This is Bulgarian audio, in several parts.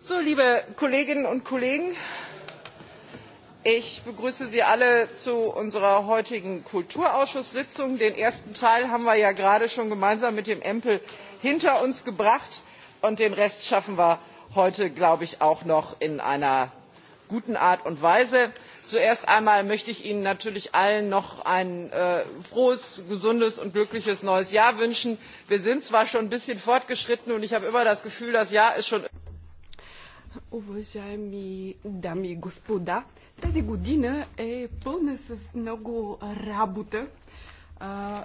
So, liebe Kolleginnen und Kollegen, ich begrüße Sie alle zu unserer heutigen Kulturausschusssitzung. Den ersten Teil haben wir ja gerade schon gemeinsam mit dem Empel hinter uns gebracht und den Rest schaffen wir heute, glaube ich, auch noch in einer guten Art und Weise zuerst einmal möchte ich ihnen natürlich allen noch ein frohes gesundes und glückliches neues jahr wünschen. wir sind zwar schon ein bisschen fortgeschritten und ich habe immer das gefühl das jahr ist schon. Уважаеми дами и господа, тази година е пълна с много работа. А,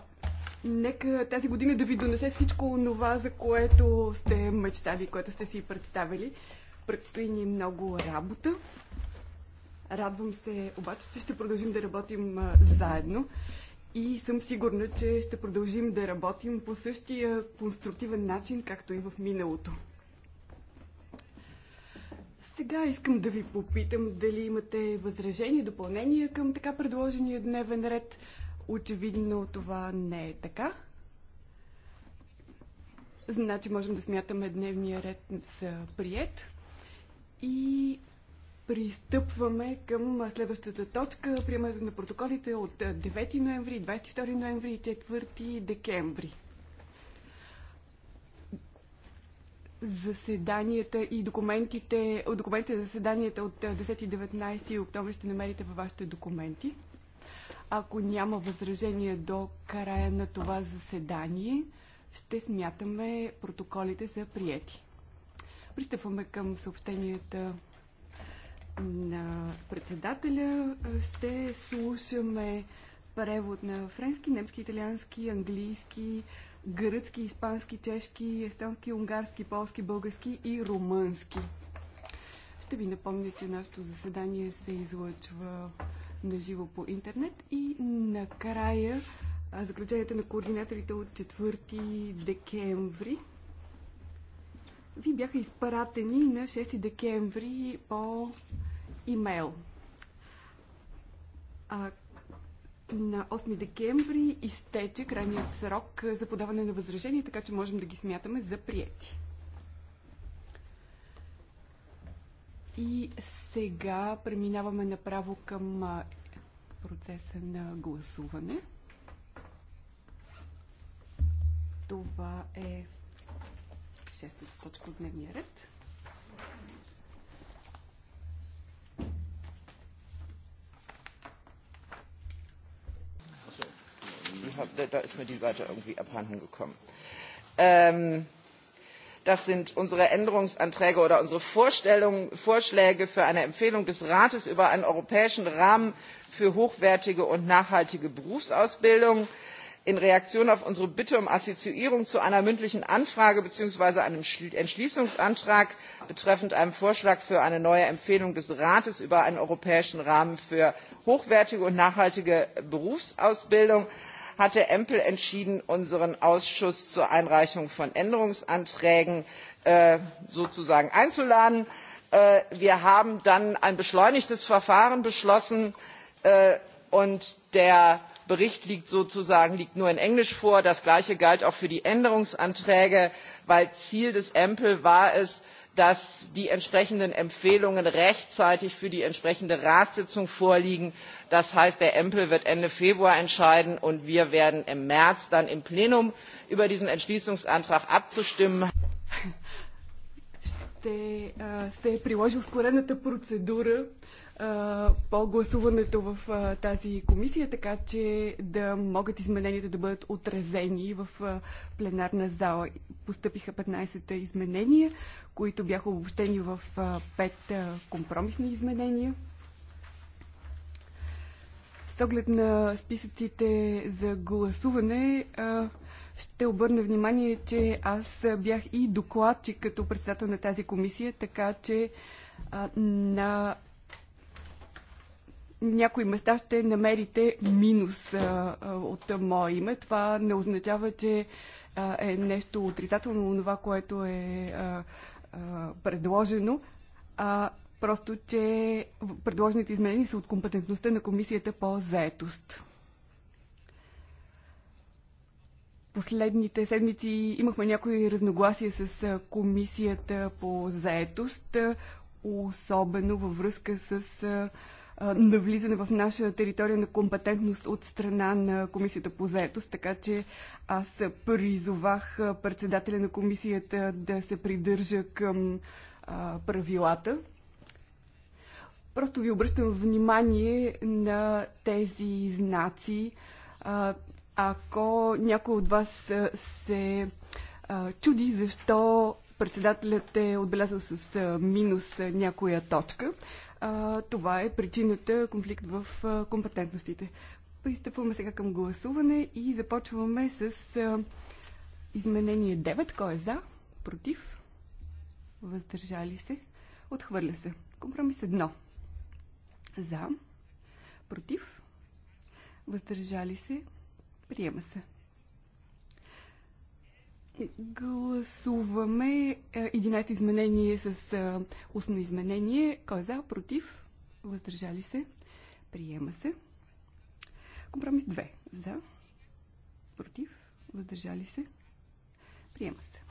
нека тази година да ви донесе всичко това, за което сте мечтали, което сте си представили. Предстои ни много работа. Радвам се обаче, че ще продължим да работим заедно и съм сигурна, че ще продължим да работим по същия конструктивен начин, както и в миналото. Сега искам да ви попитам дали имате възражения, допълнения към така предложения дневен ред. Очевидно това не е така. Значи можем да смятаме дневния ред с прият. И Пристъпваме към следващата точка. Приемането на протоколите от 9 ноември, 22 ноември и 4 декември. Заседанията и документите, документите за заседанията от 10 и 19 октомври ще намерите във вашите документи. Ако няма възражение до края на това заседание, ще смятаме протоколите за прияти. Пристъпваме към съобщенията на председателя. Ще слушаме превод на френски, немски, италиански, английски, гръцки, испански, чешки, естонски, унгарски, полски, български и румънски. Ще ви напомня, че нашето заседание се излъчва на живо по интернет и накрая заключенията на координаторите от 4 декември ви бяха изпратени на 6 декември по имейл. А, на 8 декември изтече крайният срок за подаване на възражения, така че можем да ги смятаме за прияти. И сега преминаваме направо към процеса на гласуване. Това е шестата точка от дневния ред. die, da ist mir die Seite irgendwie abhanden gekommen. Ähm, das sind unsere Änderungsanträge oder unsere Vorschläge für eine Empfehlung des Rates über einen europäischen Rahmen für hochwertige und nachhaltige Berufsausbildung in Reaktion auf unsere Bitte um Assoziierung zu einer mündlichen Anfrage bzw. einem Entschließungsantrag betreffend einem Vorschlag für eine neue Empfehlung des Rates über einen europäischen Rahmen für hochwertige und nachhaltige Berufsausbildung hat hatte empl entschieden unseren ausschuss zur einreichung von änderungsanträgen sozusagen einzuladen. wir haben dann ein beschleunigtes verfahren beschlossen und der bericht liegt sozusagen nur in englisch vor. das gleiche galt auch für die änderungsanträge denn ziel des empl war es dass die entsprechenden empfehlungen rechtzeitig für die entsprechende ratssitzung vorliegen Das heißt, der Empel wird Ende Februar entscheiden und wir werden im März dann im Plenum über diesen Entschließungsantrag abzustimmen. Ще се приложи ускорената процедура по гласуването в тази комисия, така че да могат измененията да бъдат отразени в пленарна зала. Постъпиха 15 изменения, които бяха обобщени в 5 компромисни изменения. С оглед на списъците за гласуване, ще обърна внимание, че аз бях и докладчик като председател на тази комисия, така че на някои места ще намерите минус от мое име. Това не означава, че е нещо отрицателно, това, което е предложено. А, Просто, че предложените изменения са от компетентността на комисията по заетост. Последните седмици имахме някои разногласия с комисията по заетост, особено във връзка с навлизане в наша територия на компетентност от страна на Комисията по заетост, така че аз призовах председателя на комисията да се придържа към правилата Просто ви обръщам внимание на тези знаци. Ако някой от вас се чуди защо председателят е отбелязал с минус някоя точка, това е причината конфликт в компетентностите. Пристъпваме сега към гласуване и започваме с изменение 9. Кой е за? Против? Въздържали се? Отхвърля се. Компромис 1. За. Против. Въздържали се. Приема се. Гласуваме 11 е, изменение с е, устно изменение. Кой е за? Против. Въздържали се. Приема се. Компромис 2. За. Против. Въздържали се. Приема се.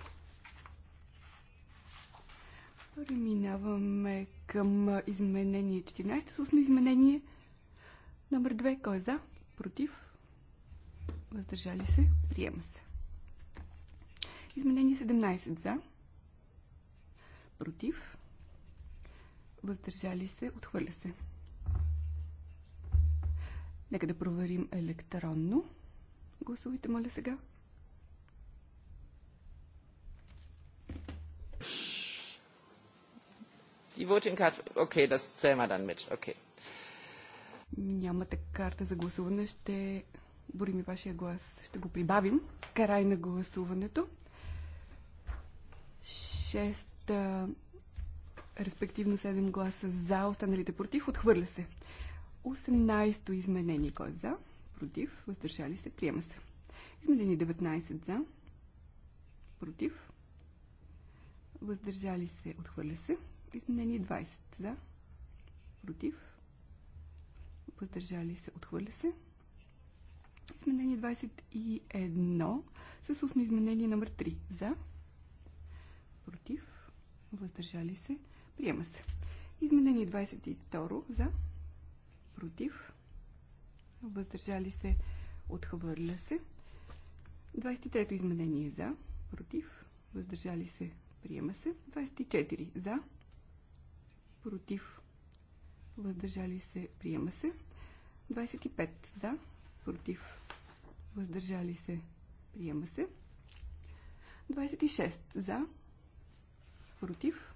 Преминаваме към изменение 14. сусно устно изменение номер 2. Кой е за? Против? Въздържали се? Приема се. Изменение 17 за. Против? Въздържали се? Отхвърля се. Нека да проверим електронно. Гласувайте, моля сега. Okay, das zählen wir dann mit. Okay. Нямате карта за гласуване. Ще борим и вашия глас. Ще го прибавим. Край на гласуването. Шест. респективно 7 гласа за, останалите против. Отхвърля се. 18-то изменение. Кой е за? Против. Въздържали се. Приема се. Изменени 19 за. Против. Въздържали се. Отхвърля се. Изменени 20 за. Против. Въздържали се. Отхвърля се. Изменение 21 с устно изменение номер 3 за. Против. Въздържали се. Приема се. Изменение 22 за. Против. Въздържали се. Отхвърля се. 23-то изменение за. Против. Въздържали се. Приема се. 24 за против, въздържали се, приема се. 25 за, против, въздържали се, приема се. 26 за, против,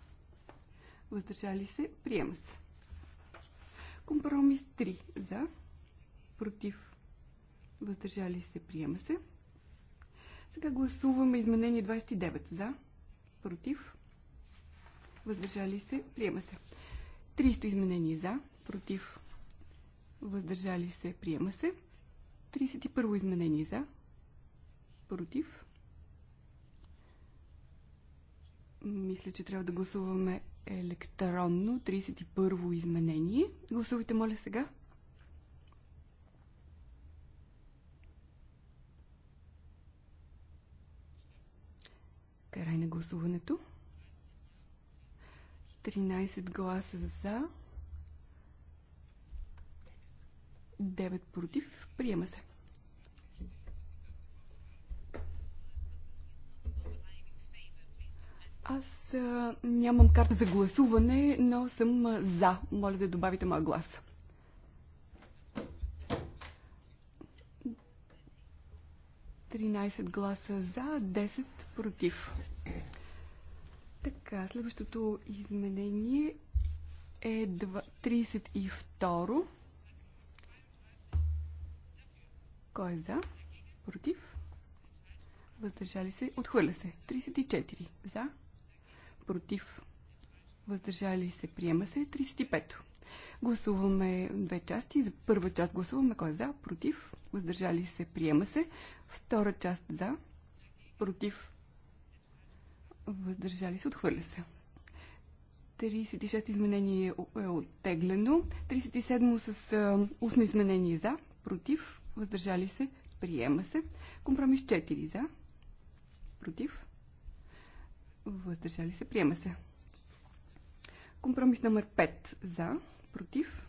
въздържали се, приема се. Компромис 3 за, против, въздържали се, приема се. Сега гласуваме изменение 29 за, против, въздържали се, приема се. 300 изменения за, против, въздържали се, приема се. 31 изменение за, против. Мисля, че трябва да гласуваме електронно. 31 изменение. Гласувайте, моля, сега. Край на гласуването. 13 гласа за, 9 против. Приема се. Аз а, нямам карта за гласуване, но съм а, за. Моля да добавите моя глас. Тринайсет гласа за, 10 против. Така, следващото изменение е 32. Кой е за? Против? Въздържали се? Отхвърля се. 34. За? Против? Въздържали се? Приема се. 35. Гласуваме две части. За първа част гласуваме кой е за? Против? Въздържали се? Приема се. Втора част за? Против? въздържали се, отхвърля се. 36 изменение е оттеглено. 37 с а, устно изменение за, против, въздържали се, приема се. Компромис 4 за, против, въздържали се, приема се. Компромис номер 5 за, против,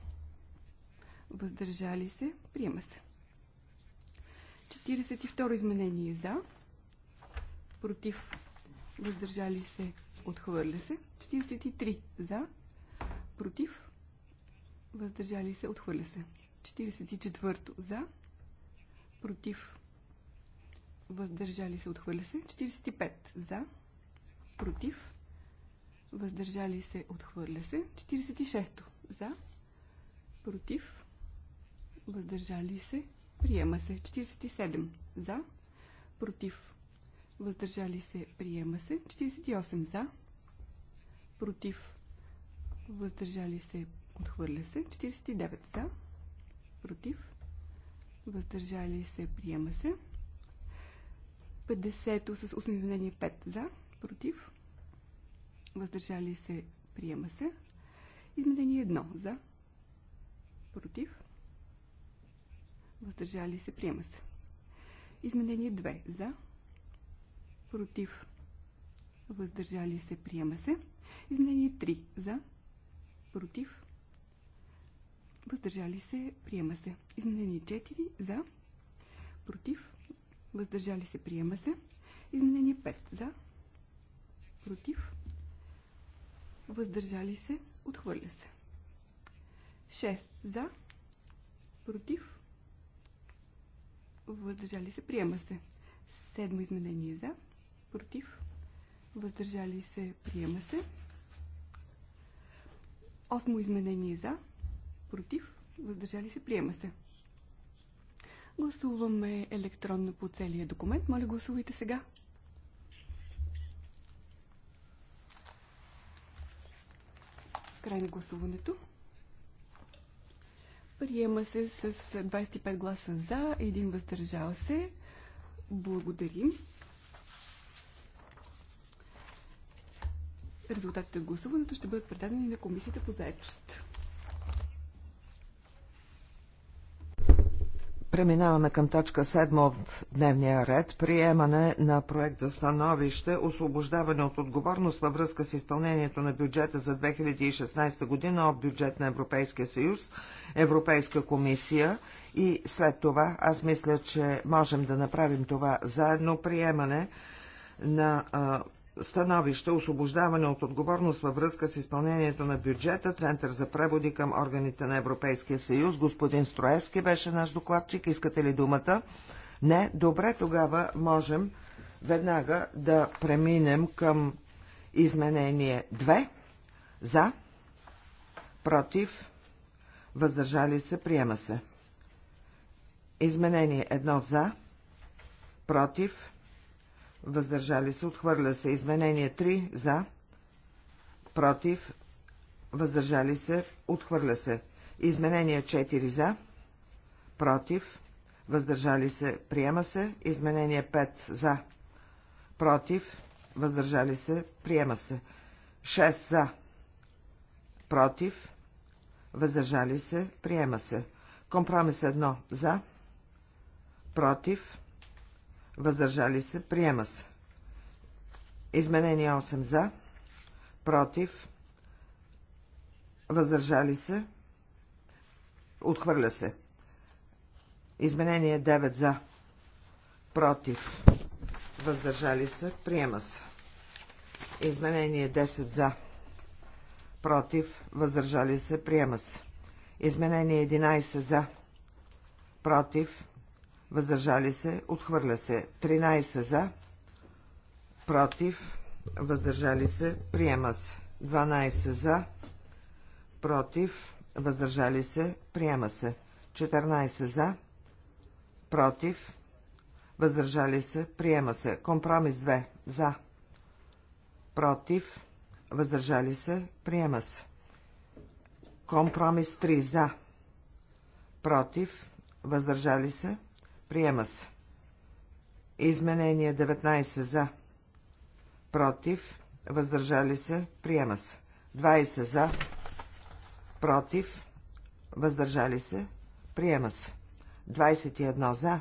въздържали се, приема се. 42 изменение за, против, въздържали се, отхвърля се. 43 за, против, въздържали се, отхвърля се. 44 за, против, въздържали се, отхвърля се. 45 за, против, въздържали се, отхвърля се. 46 за, против, въздържали се, приема се. 47 за, против, въздържали се, приема се. 48 за, против, въздържали се, отхвърля се. 49 за, против, въздържали се, приема се. 50 с устно 5 за, против, въздържали се, приема се. Изменение 1 за, против, въздържали се, приема се. Изменение 2 за, против, против, въздържали се, приема се. Изменение 3 за, против, въздържали се, приема се. Изменение 4 за, против, въздържали се, приема се. Изменение 5 за, против, въздържали се, отхвърля се. 6 за, против, въздържали се, приема се. Седмо изменение за, против, въздържали се, приема се. Осмо изменение за, против, въздържали се, приема се. Гласуваме електронно по целия документ. Моля, гласувайте сега. Край на гласуването. Приема се с 25 гласа за, един въздържал се. Благодарим. Резултатите от гласуването ще бъдат предадени на Комисията по заедност. Преминаваме към точка 7 от дневния ред. Приемане на проект за становище, освобождаване от отговорност във връзка с изпълнението на бюджета за 2016 година от бюджет на Европейския съюз, Европейска комисия и след това аз мисля, че можем да направим това заедно. Приемане на становище освобождаване от отговорност във връзка с изпълнението на бюджета, Център за преводи към органите на Европейския съюз. Господин Строевски беше наш докладчик. Искате ли думата? Не? Добре, тогава можем веднага да преминем към изменение 2. За, против, въздържали се, приема се. Изменение 1 за, против, въздържали се, отхвърля се. Изменение 3 за, против, въздържали се, отхвърля се. Изменение 4 за, против, въздържали се, приема се. Изменение 5 за, против, въздържали се, приема се. 6 за, против, въздържали се, приема се. Компромис 1 за, против, въздържали се, приема се. Изменение 8 за, против, въздържали се, отхвърля се. Изменение 9 за, против, въздържали се, приема се. Изменение 10 за, против, въздържали се, приема се. Изменение 11 за, против, въздържали се, отхвърля се. 13 за, против, въздържали се, приема се. 12 за, против, въздържали се, приема се. 14 за, против, въздържали се, приема се. Компромис 2 за, против, въздържали се, приема се. Компромис 3 за, против, въздържали се, Приема се. Изменение 19 за. Против. Въздържали се. Приема се. 20 за. Против. Въздържали се. Приема се. 21 за.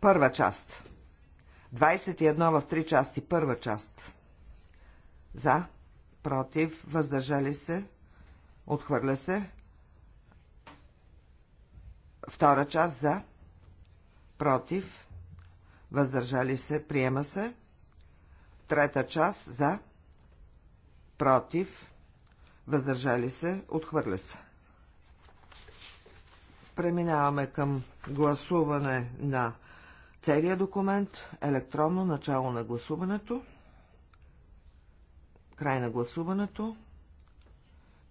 Първа част. 21 в три части. Първа част. За. Против. Въздържали се. Отхвърля се. Втора част за, против, въздържали се, приема се. Трета част за, против, въздържали се, отхвърля се. Преминаваме към гласуване на целият документ, електронно начало на гласуването, край на гласуването.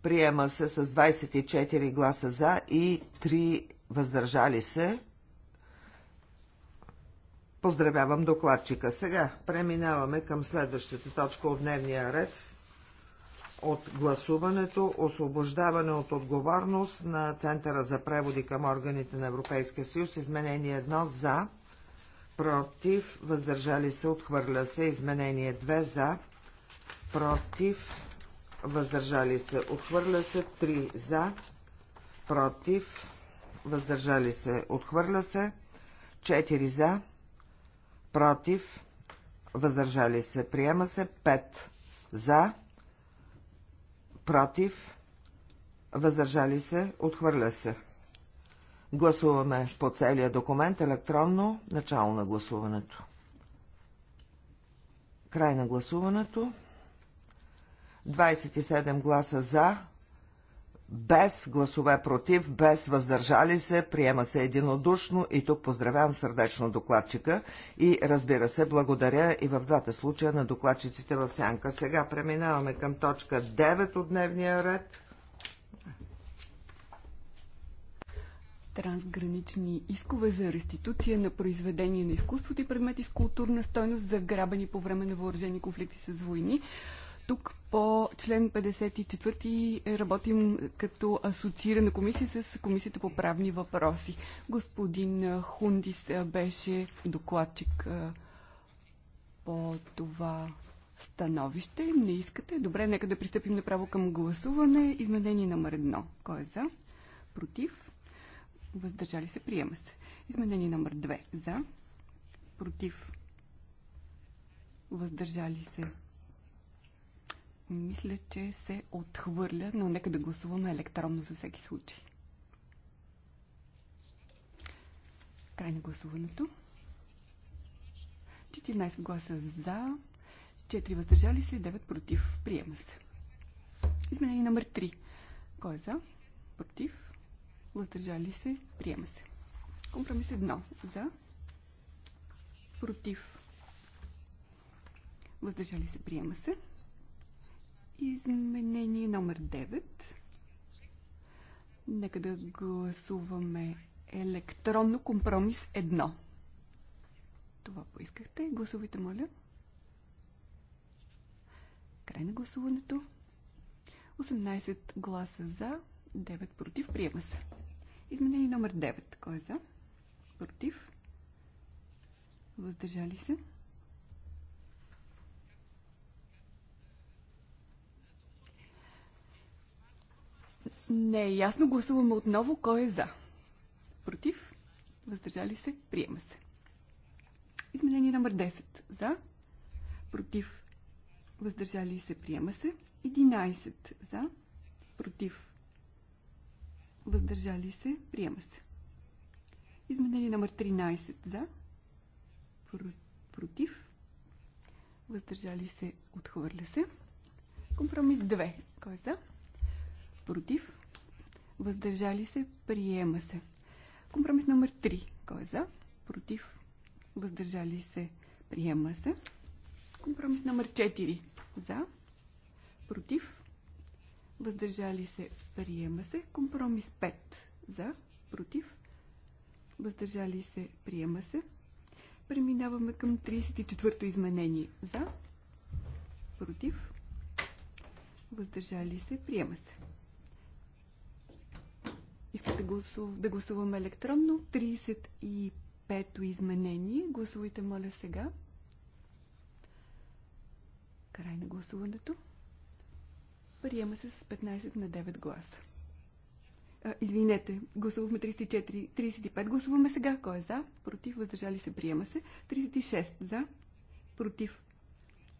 Приема се с 24 гласа за и 3 въздържали се. Поздравявам докладчика. Сега преминаваме към следващата точка от дневния ред от гласуването освобождаване от отговорност на Центъра за преводи към органите на Европейския съюз. Изменение 1 за, против, въздържали се, отхвърля се. Изменение 2 за, против, въздържали се, отхвърля се. 3 за, против, въздържали се, отхвърля се. 4 за, против, въздържали се, приема се. 5 за, против, въздържали се, отхвърля се. Гласуваме по целия документ електронно, начало на гласуването. Край на гласуването. 27 гласа за, без гласове против, без въздържали се, приема се единодушно и тук поздравявам сърдечно докладчика и разбира се, благодаря и в двата случая на докладчиците в сянка. Сега преминаваме към точка 9 от дневния ред. трансгранични искове за реституция на произведения на изкуството и предмети с културна стойност, заграбени по време на въоръжени конфликти с войни. Тук по член 54 работим като асоциирана комисия с Комисията по правни въпроси. Господин Хундис беше докладчик по това становище. Не искате? Добре, нека да пристъпим направо към гласуване. Изменение номер едно. Кой е за? Против? Въздържали се? Приема се. Изменение номер 2. За? Против? Въздържали се? Мисля, че се отхвърля, но нека да гласуваме електронно за всеки случай. Край на гласуването. 14 гласа за, 4 въздържали се, 9 против. Приема се. Изменение номер 3. Кой е за? Против. Въздържали се. Приема се. Компромис 1. За. Против. Въздържали се. Приема се. Изменение номер 9. Нека да гласуваме електронно компромис 1. Това поискахте. Гласувайте, моля. Край на гласуването. 18 гласа за, 9 против. Приема се. Изменение номер 9. Кой е за? Против. Въздържали се. Не е ясно. Гласуваме отново. Кой е за? Против? Въздържали се? Приема се. Изменение номер 10. За? Против? Въздържали се? Приема се. 11. За? Против? Въздържали се? Приема се. Изменение номер 13. За? Против? Въздържали се? Отхвърля се. Компромис 2. Кой е за? против, въздържали се, приема се. Компромис номер 3. Кой е за? Против, въздържали се, приема се. Компромис номер 4. За, против, въздържали се, приема се. Компромис 5. За, против, въздържали се, приема се. Преминаваме към 34-то изменение. За, против, въздържали се, приема се. Искате гласув... да гласуваме електронно. 35-то изменение. Гласувайте, моля, сега. Край на гласуването. Приема се с 15 на 9 гласа. А, извинете, гласувахме 34, 35 гласуваме сега. Кой е за? Против, въздържали се, приема се. 36 за, против,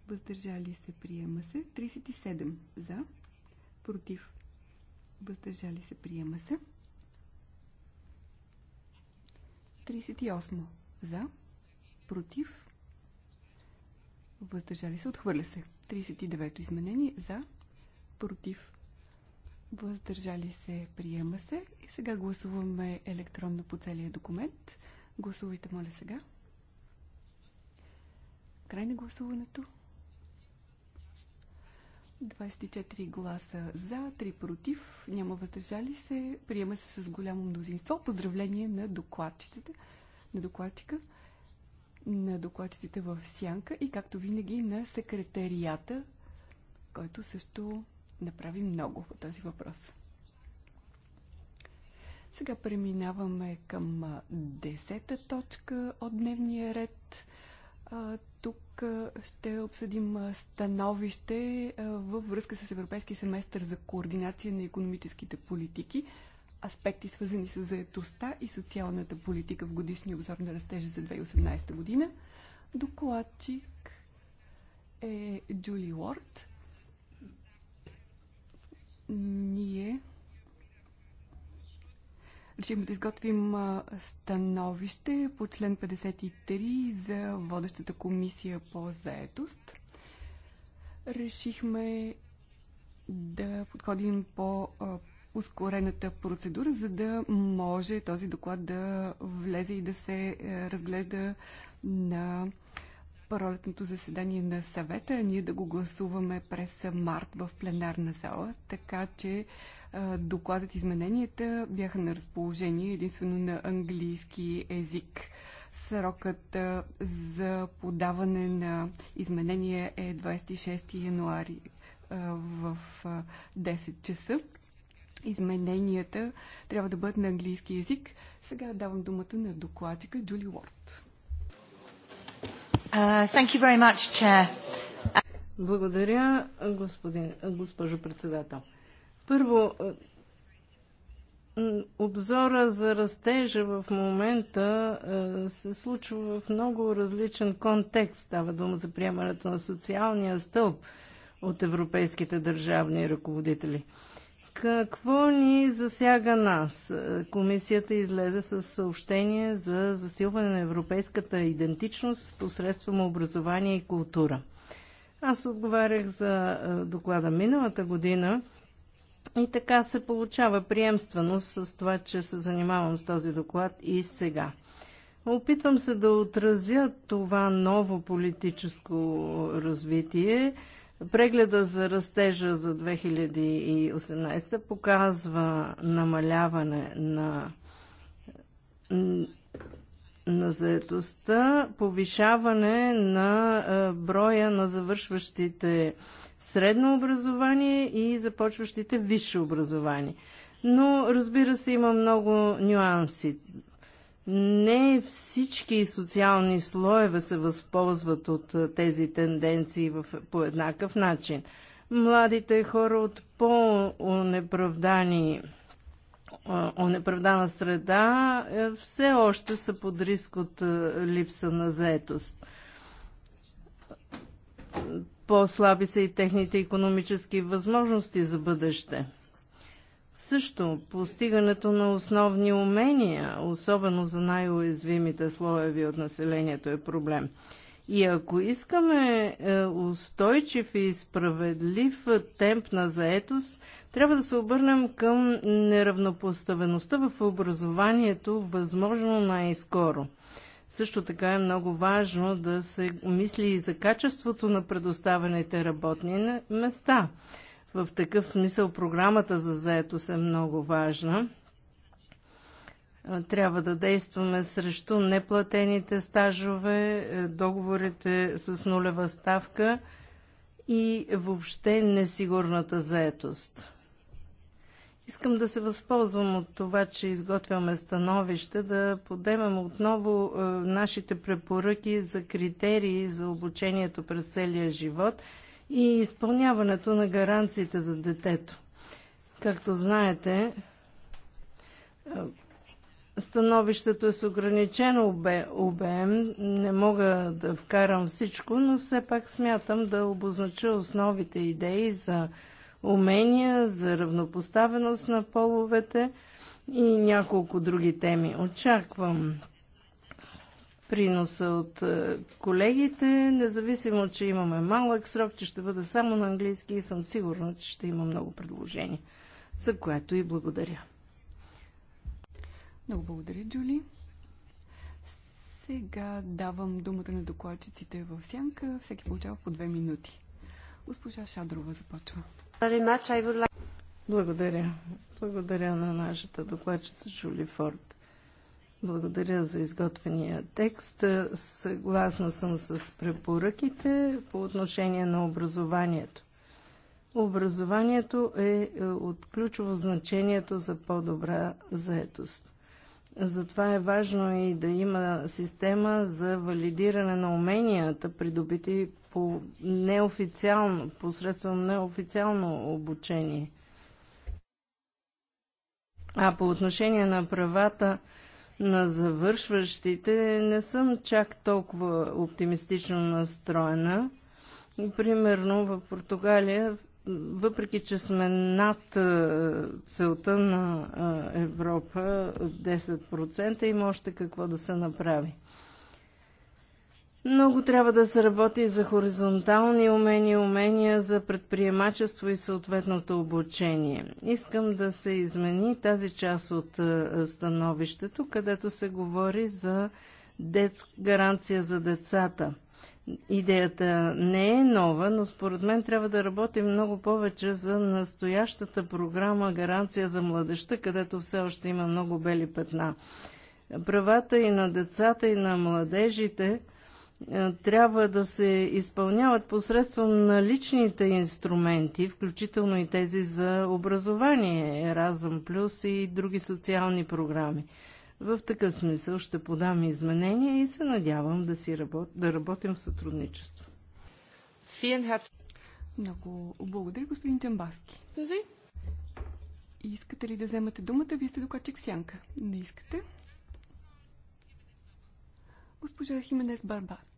въздържали се, приема се. 37 за, против, въздържали се, приема се. 38. За. Против. Въздържали се. Отхвърля се. 39. Изменение. За. Против. Въздържали се. Приема се. И сега гласуваме електронно по целия документ. Гласувайте, моля, сега. Край на гласуването. 24 гласа за, 3 против, няма въздържали се. Приема се с голямо мнозинство. Поздравление на докладчиците, на докладчика, на докладчиците в Сянка и както винаги на секретарията, който също направи много по този въпрос. Сега преминаваме към 10 точка от дневния ред. Тук ще обсъдим становище във връзка с Европейски семестър за координация на економическите политики, аспекти свързани с заетостта и социалната политика в годишния обзор на растежа за 2018 година. Докладчик е Джули Уорд. Ние решихме да изготвим становище по член 53 за водещата комисия по заетост. Решихме да подходим по ускорената процедура, за да може този доклад да влезе и да се е, разглежда на пролетното заседание на съвета, а ние да го гласуваме през март в пленарна зала, така че докладът измененията бяха на разположение единствено на английски език. Срокът за подаване на изменения е 26 януари в 10 часа. Измененията трябва да бъдат на английски язик. Сега давам думата на докладчика Джули Уорд. Uh, Благодаря, госпожо председател. Първо, обзора за растежа в момента е, се случва в много различен контекст. Става дума за приемането на социалния стълб от европейските държавни ръководители – какво ни засяга нас? Комисията излезе с съобщение за засилване на европейската идентичност посредством образование и култура. Аз отговарях за доклада миналата година и така се получава приемственост с това, че се занимавам с този доклад и сега. Опитвам се да отразя това ново политическо развитие Прегледа за растежа за 2018 показва намаляване на на заедостта, повишаване на броя на завършващите средно образование и започващите висше образование. Но, разбира се, има много нюанси. Не всички социални слоеве се възползват от тези тенденции в, по еднакъв начин. Младите хора от по неправдани онеправдана среда все още са под риск от липса на заетост. По-слаби са и техните економически възможности за бъдеще. Също постигането на основни умения, особено за най-уязвимите слоеви от населението е проблем. И ако искаме е, устойчив и справедлив темп на заетост, трябва да се обърнем към неравнопоставеността в образованието възможно най-скоро. Също така е много важно да се мисли и за качеството на предоставените работни места. В такъв смисъл програмата за заетост е много важна. Трябва да действаме срещу неплатените стажове, е, договорите с нулева ставка и въобще несигурната заетост. Искам да се възползвам от това, че изготвяме становище, да подемем отново е, нашите препоръки за критерии за обучението през целия живот – и изпълняването на гаранциите за детето. Както знаете, е, становището е с ограничен обем, не мога да вкарам всичко, но все пак смятам да обознача основите идеи за умения, за равнопоставеност на половете и няколко други теми. Очаквам приноса от е, колегите. Независимо, че имаме малък срок, че ще бъде само на английски и съм сигурна, че ще има много предложения, за което и благодаря. Много благодаря, Джули. Сега давам думата на докладчиците в сянка. Всеки получава по две минути. Госпожа Шадрова започва. Благодаря. Благодаря на нашата докладчица Жули Форд. Благодаря за изготвения текст. Съгласна съм с препоръките по отношение на образованието. Образованието е, е от ключово значението за по-добра заетост. Затова е важно и да има система за валидиране на уменията, придобити по неофициално, посредством неофициално обучение. А по отношение на правата на завършващите не съм чак толкова оптимистично настроена. Примерно в Португалия, въпреки че сме над целта на Европа 10%, има още какво да се направи. Много трябва да се работи за хоризонтални умения, умения за предприемачество и съответното обучение. Искам да се измени тази част от е, становището, където се говори за дет... гаранция за децата. Идеята не е нова, но според мен трябва да работим много повече за настоящата програма Гаранция за младеща, където все още има много бели петна. Правата и на децата, и на младежите – е, трябва да се изпълняват посредством наличните инструменти, включително и тези за образование, Еразъм Плюс и други социални програми. В такъв смисъл ще подам изменения и се надявам да, си работ... да работим в сътрудничество. Много благодаря, господин Джамбаски. Искате ли да вземате думата? Вие сте докачек сянка. Не искате? Госпожа Хименес Барбат.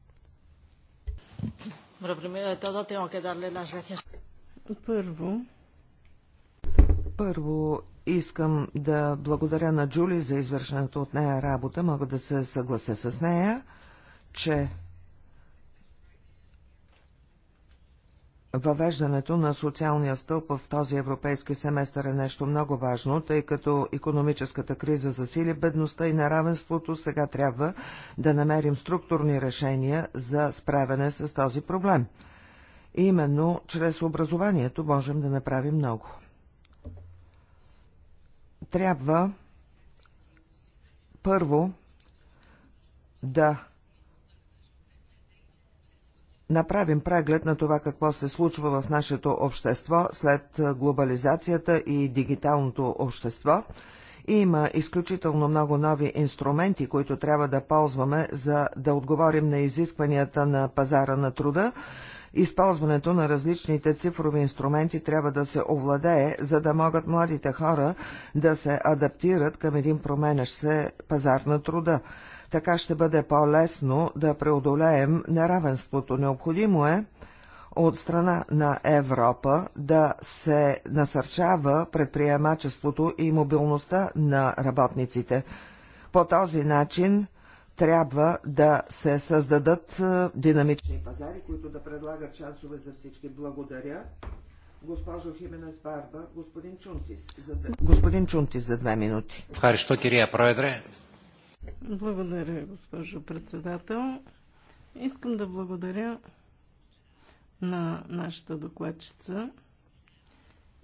Bueno, primero de todo tengo que darle las gracias. Първо, първо искам да благодаря на Джули за извършената от нея работа. Мога да се съглася с нея, че Въвеждането на социалния стълб в този европейски семестър е нещо много важно, тъй като економическата криза засили бедността и неравенството, сега трябва да намерим структурни решения за справяне с този проблем. И именно чрез образованието можем да направим много. Трябва първо да направим преглед на това какво се случва в нашето общество след глобализацията и дигиталното общество. И има изключително много нови инструменти, които трябва да ползваме, за да отговорим на изискванията на пазара на труда. Използването на различните цифрови инструменти трябва да се овладее, за да могат младите хора да се адаптират към един променящ се пазар на труда. Така ще бъде по-лесно да преодолеем неравенството. Необходимо е от страна на Европа да се насърчава предприемачеството и мобилността на работниците. По този начин трябва да се създадат е, динамични пазари, които да предлагат часове за всички. Благодаря. Госпожо Хименес Барба, господин Чунтис, за две... господин Чунтис за две минути. Харишто, Кирия, проедре. Благодаря, госпожо председател. Искам да благодаря на нашата докладчица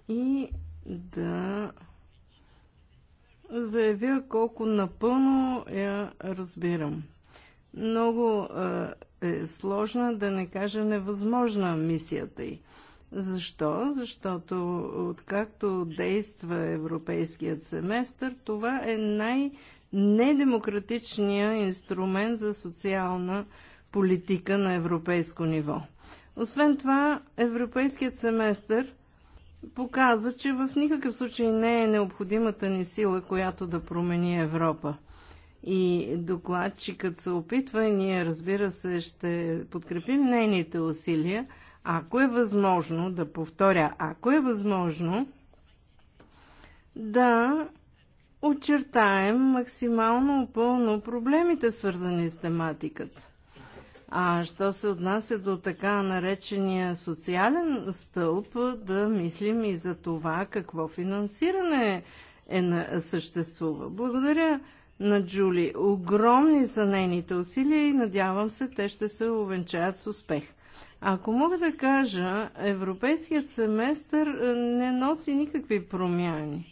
и да заявя колко напълно я разбирам. Много е сложна, да не кажа невъзможна мисията й. Защо? Защото откакто действа европейският семестър, това е най- недемократичния инструмент за социална политика на европейско ниво. Освен това, европейският семестър показа, че в никакъв случай не е необходимата ни сила, която да промени Европа. И докладчикът се опитва и ние, разбира се, ще подкрепим нейните усилия, ако е възможно, да повторя, ако е възможно, да очертаем максимално пълно проблемите, свързани с тематиката. А що се отнася до така наречения социален стълб, да мислим и за това какво финансиране е на, съществува. Благодаря на Джули. Огромни са нейните усилия и надявам се те ще се увенчаят с успех. Ако мога да кажа, европейският семестър е, не носи никакви промяни.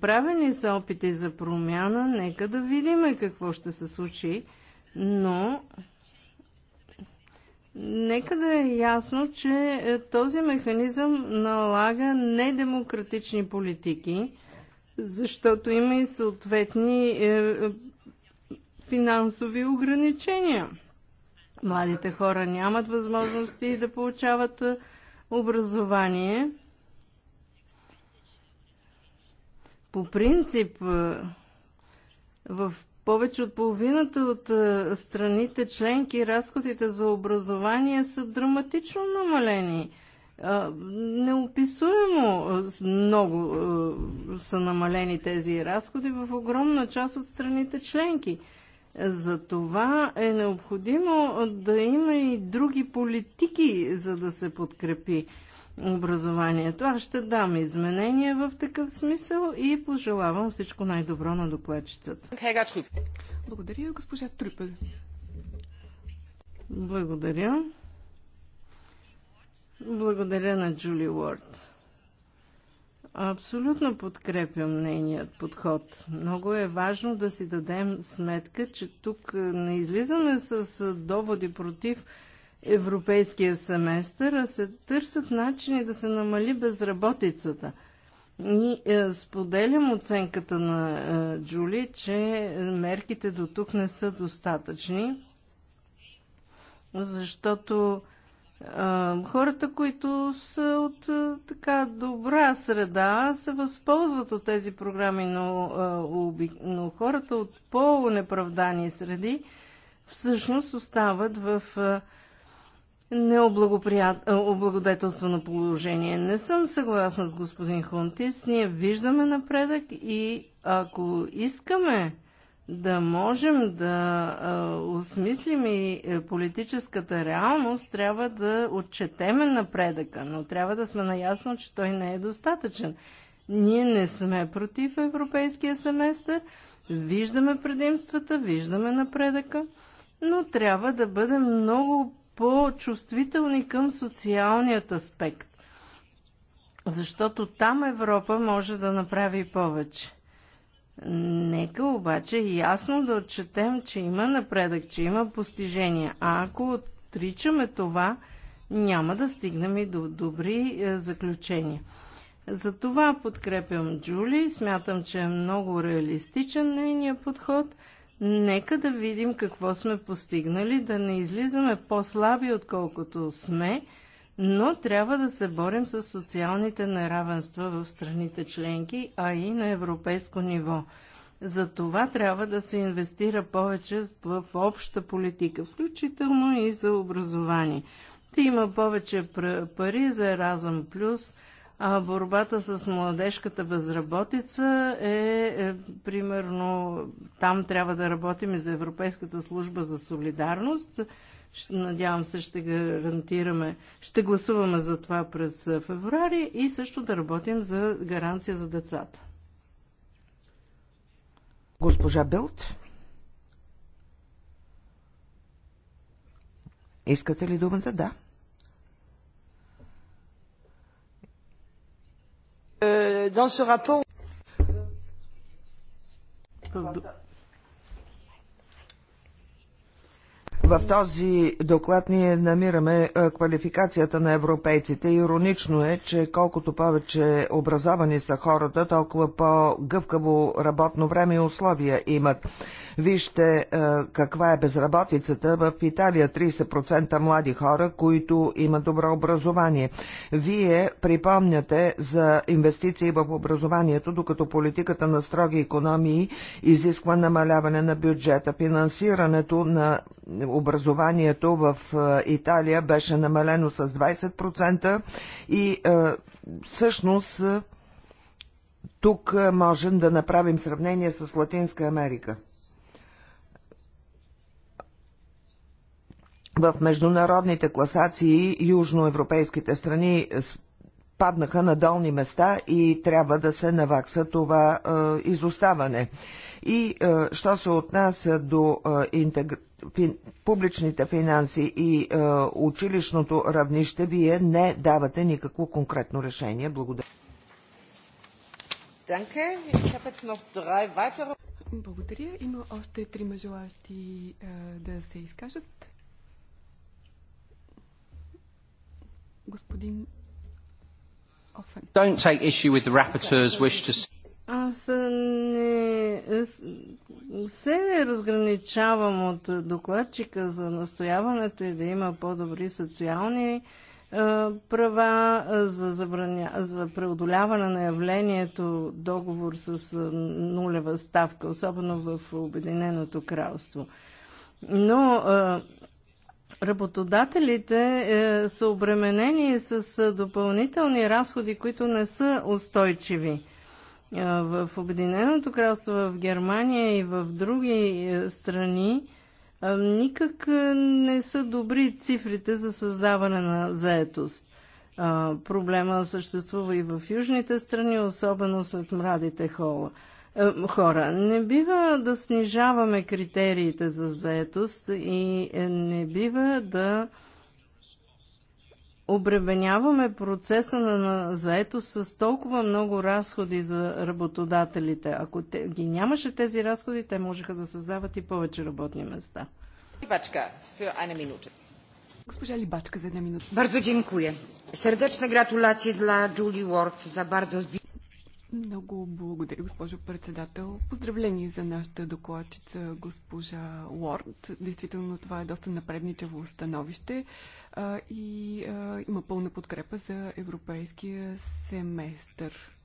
Правени са опити за промяна, нека да видим какво ще се случи, но нека да е ясно, че е, този механизъм налага недемократични политики, защото има и съответни е, е, финансови ограничения. Младите хора нямат възможности да получават образование – по принцип в повече от половината от страните членки разходите за образование са драматично намалени. Неописуемо много са намалени тези разходи в огромна част от страните членки. За това е необходимо да има и други политики, за да се подкрепи образованието. Аз ще дам изменения в такъв смисъл и пожелавам всичко най-добро на докладчицата. Благодаря, госпожа Трюпел. Благодаря. Благодаря на Джули Уорд. Абсолютно подкрепям нейният подход. Много е важно да си дадем сметка, че тук не излизаме с доводи против европейския семестър, а се търсят начини да се намали безработицата. Ни, е, споделям оценката на е, Джули, че мерките до тук не са достатъчни, защото е, хората, които са от така добра среда, се възползват от тези програми, но, но хората от по-неправдани среди всъщност остават в необлагодетелствено е, положение. Не съм съгласна с господин Хунтис. Ние виждаме напредък и ако искаме да можем да а, е, осмислим и е, политическата реалност, трябва да отчетеме напредъка, но трябва да сме наясно, че той не е достатъчен. Ние не сме против европейския семестър, виждаме предимствата, виждаме напредъка, но трябва да бъдем много по-чувствителни към социалният аспект. Защото там Европа може да направи повече. Нека обаче ясно да отчетем, че има напредък, че има постижения. А ако отричаме това, няма да стигнем и до добри заключения. заключения. Затова подкрепям Джули. Смятам, че е много реалистичен нейният подход – Нека да видим какво сме постигнали, да не излизаме по-слаби, отколкото сме, но трябва да се борим с социалните неравенства в страните членки, а и на европейско ниво. За това трябва да се инвестира повече в обща политика, включително и за образование. Да има повече пари за Еразъм Плюс – а борбата с младежката безработица е, е, примерно, там трябва да работим и за Европейската служба за солидарност. Надявам се, ще гарантираме, ще гласуваме за това през е, феврари и също да работим за гаранция за децата. Госпожа Белт, искате ли думата? Да. Dans ce rapport... В този доклад ние намираме е, квалификацията на европейците. Иронично е, че колкото повече образовани са хората, толкова по-гъвкаво работно време и условия имат. Вижте е, каква е безработицата. В Италия 30% млади хора, които имат добро образование. Вие припомняте за инвестиции в образованието, докато политиката на строги економии изисква намаляване на бюджета. Финансирането на образованието в е, Италия беше намалено с 20% и е, всъщност е, тук можем да направим сравнение с Латинска Америка. В международните класации южноевропейските страни паднаха на долни места и трябва да се навакса това е, изоставане. И е, що се отнася до е, интег... фин... публичните финанси и е, училищното равнище, вие не давате никакво конкретно решение. Благодаря. Благодаря. Има още трима желащи е, да се изкажат. Господин Don't take issue with the rapporteur's wish to... Аз не се разграничавам от докладчика за настояването и да има по-добри социални е, права за, забраня... за преодоляване на явлението договор с е, нулева ставка, особено в Обединеното кралство. Но е, Работодателите е, са обременени с е, допълнителни разходи, които не са устойчиви. Е, в Обединеното кралство, в Германия и в други е, страни никак не са добри цифрите за създаване на заетост. Проблема съществува и в южните страни, особено след младите хора. Е, хора. Не бива да снижаваме критериите за заетост и е, не бива да обременяваме процеса на заетост с толкова много разходи за работодателите. Ако те, ги нямаше тези разходи, те можеха да създават и повече работни места. Либачка, Госпожа Либачка за една минута. Бързо dziękuję. Сърдечна гратулация для Джули Уорд за bardzo zbliżone. Много благодаря, госпожо председател. Поздравление за нашата докладчица, госпожа Уорд. Действително това е доста напредничево становище а, и а, има пълна подкрепа за европейския семестър.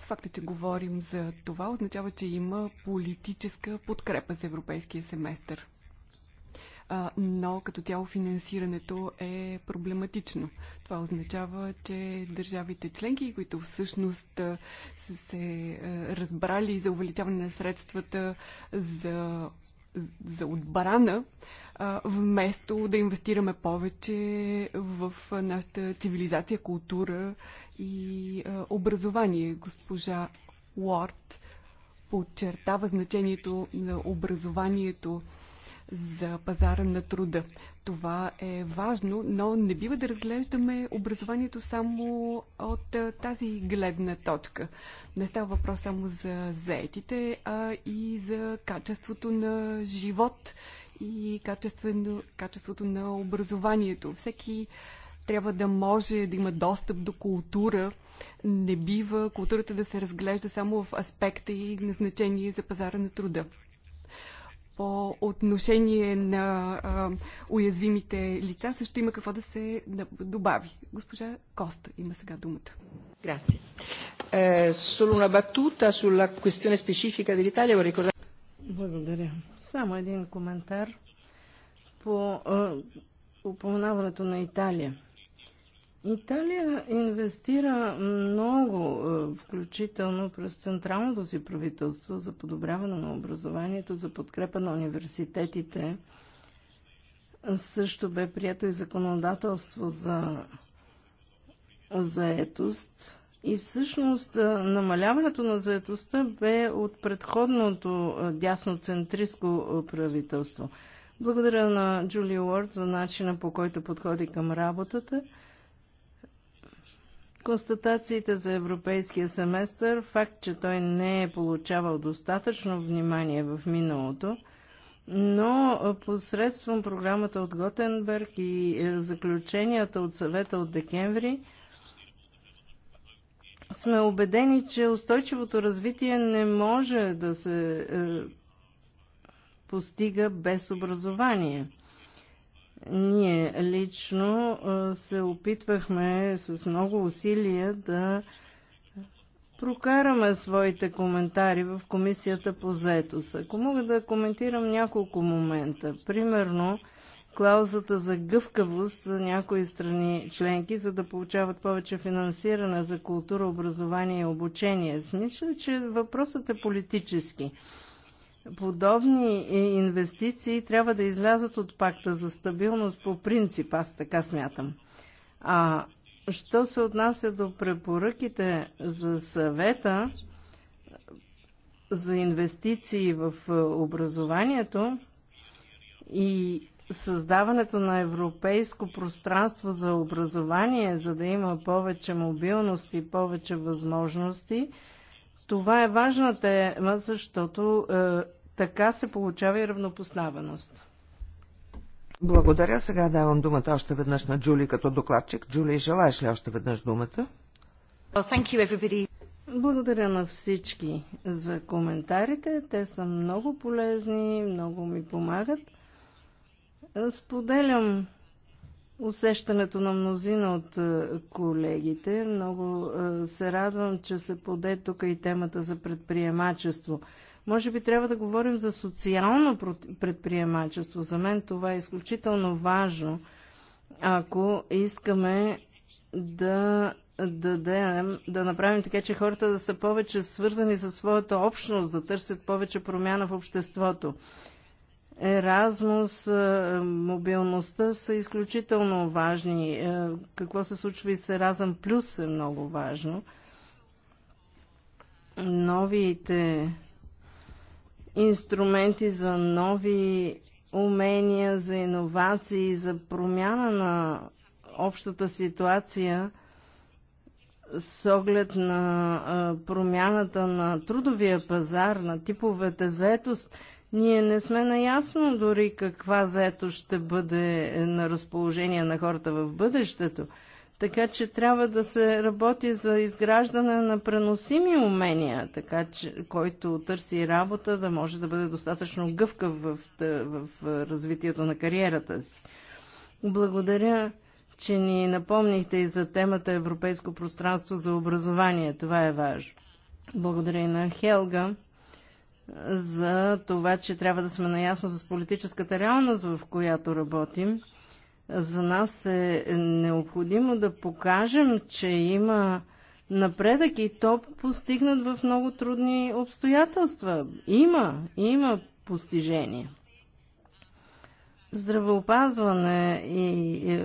Факта, че говорим за това, означава, че има политическа подкрепа за европейския семестър но като цяло финансирането е проблематично. Това означава, че държавите членки, които всъщност са се разбрали за увеличаване на средствата за за отбрана, вместо да инвестираме повече в нашата цивилизация, култура и образование. Госпожа Уорд подчертава значението на образованието за пазара на труда. Това е важно, но не бива да разглеждаме образованието само от тази гледна точка. Не става въпрос само за заетите, а и за качеството на живот и качеството на образованието. Всеки трябва да може да има достъп до култура. Не бива културата да се разглежда само в аспекта и назначение за пазара на труда по отношение на а, уязвимите лица също има какво да се добави. Госпожа Коста има сега думата. Е, Благодаря. Само един коментар по е, упоменаването на Италия. Италия инвестира много, е, включително през централното си правителство за подобряване на образованието, за подкрепа на университетите. Също бе прието и законодателство за заетост. И всъщност е, намаляването на заетостта бе от предходното е, дясноцентристко правителство. Благодаря на Джули Уорд за начина по който подходи към работата – Констатациите за европейския семестър, факт, че той не е получавал достатъчно внимание в миналото, но посредством програмата от Готенберг и е, заключенията от съвета от декември, сме убедени, че устойчивото развитие не може да се е, постига без образование. Ние лично се опитвахме с много усилия да прокараме своите коментари в комисията по заетост. Ако мога да коментирам няколко момента. Примерно, клаузата за гъвкавост за някои страни членки, за да получават повече финансиране за култура, образование и обучение. Мисля, че въпросът е политически подобни инвестиции трябва да излязат от пакта за стабилност по принцип, аз така смятам. А що се отнася до препоръките за съвета за инвестиции в образованието и създаването на европейско пространство за образование, за да има повече мобилност и повече възможности – това е важна тема, защото е, така се получава и равнопоставеност. Благодаря. Сега давам думата още веднъж на Джули като докладчик. Джули, желаеш ли още веднъж думата? Well, Благодаря на всички за коментарите. Те са много полезни, много ми помагат. Споделям усещането на мнозина от е, колегите. Много е, се радвам, че се поде тук и темата за предприемачество. Може би трябва да говорим за социално предприемачество. За мен това е изключително важно, ако искаме да дадем, да направим така, че хората да са повече свързани със своята общност, да търсят повече промяна в обществото. Еразмус, е, мобилността са изключително важни. Е, какво се случва и с Еразъм Плюс е много важно. Новите инструменти за нови умения, за иновации, за промяна на общата ситуация с оглед на е, промяната на трудовия пазар, на типовете заетост – ние не сме наясно дори каква заето ще бъде на разположение на хората в бъдещето. Така че трябва да се работи за изграждане на преносими умения, така че който търси работа да може да бъде достатъчно гъвкав в, в, в развитието на кариерата си. Благодаря, че ни напомнихте и за темата Европейско пространство за образование. Това е важно. Благодаря и на Хелга за това, че трябва да сме наясно с политическата реалност, в която работим. За нас е необходимо да покажем, че има напредък и то постигнат в много трудни обстоятелства. Има, има постижения. Здравеопазване и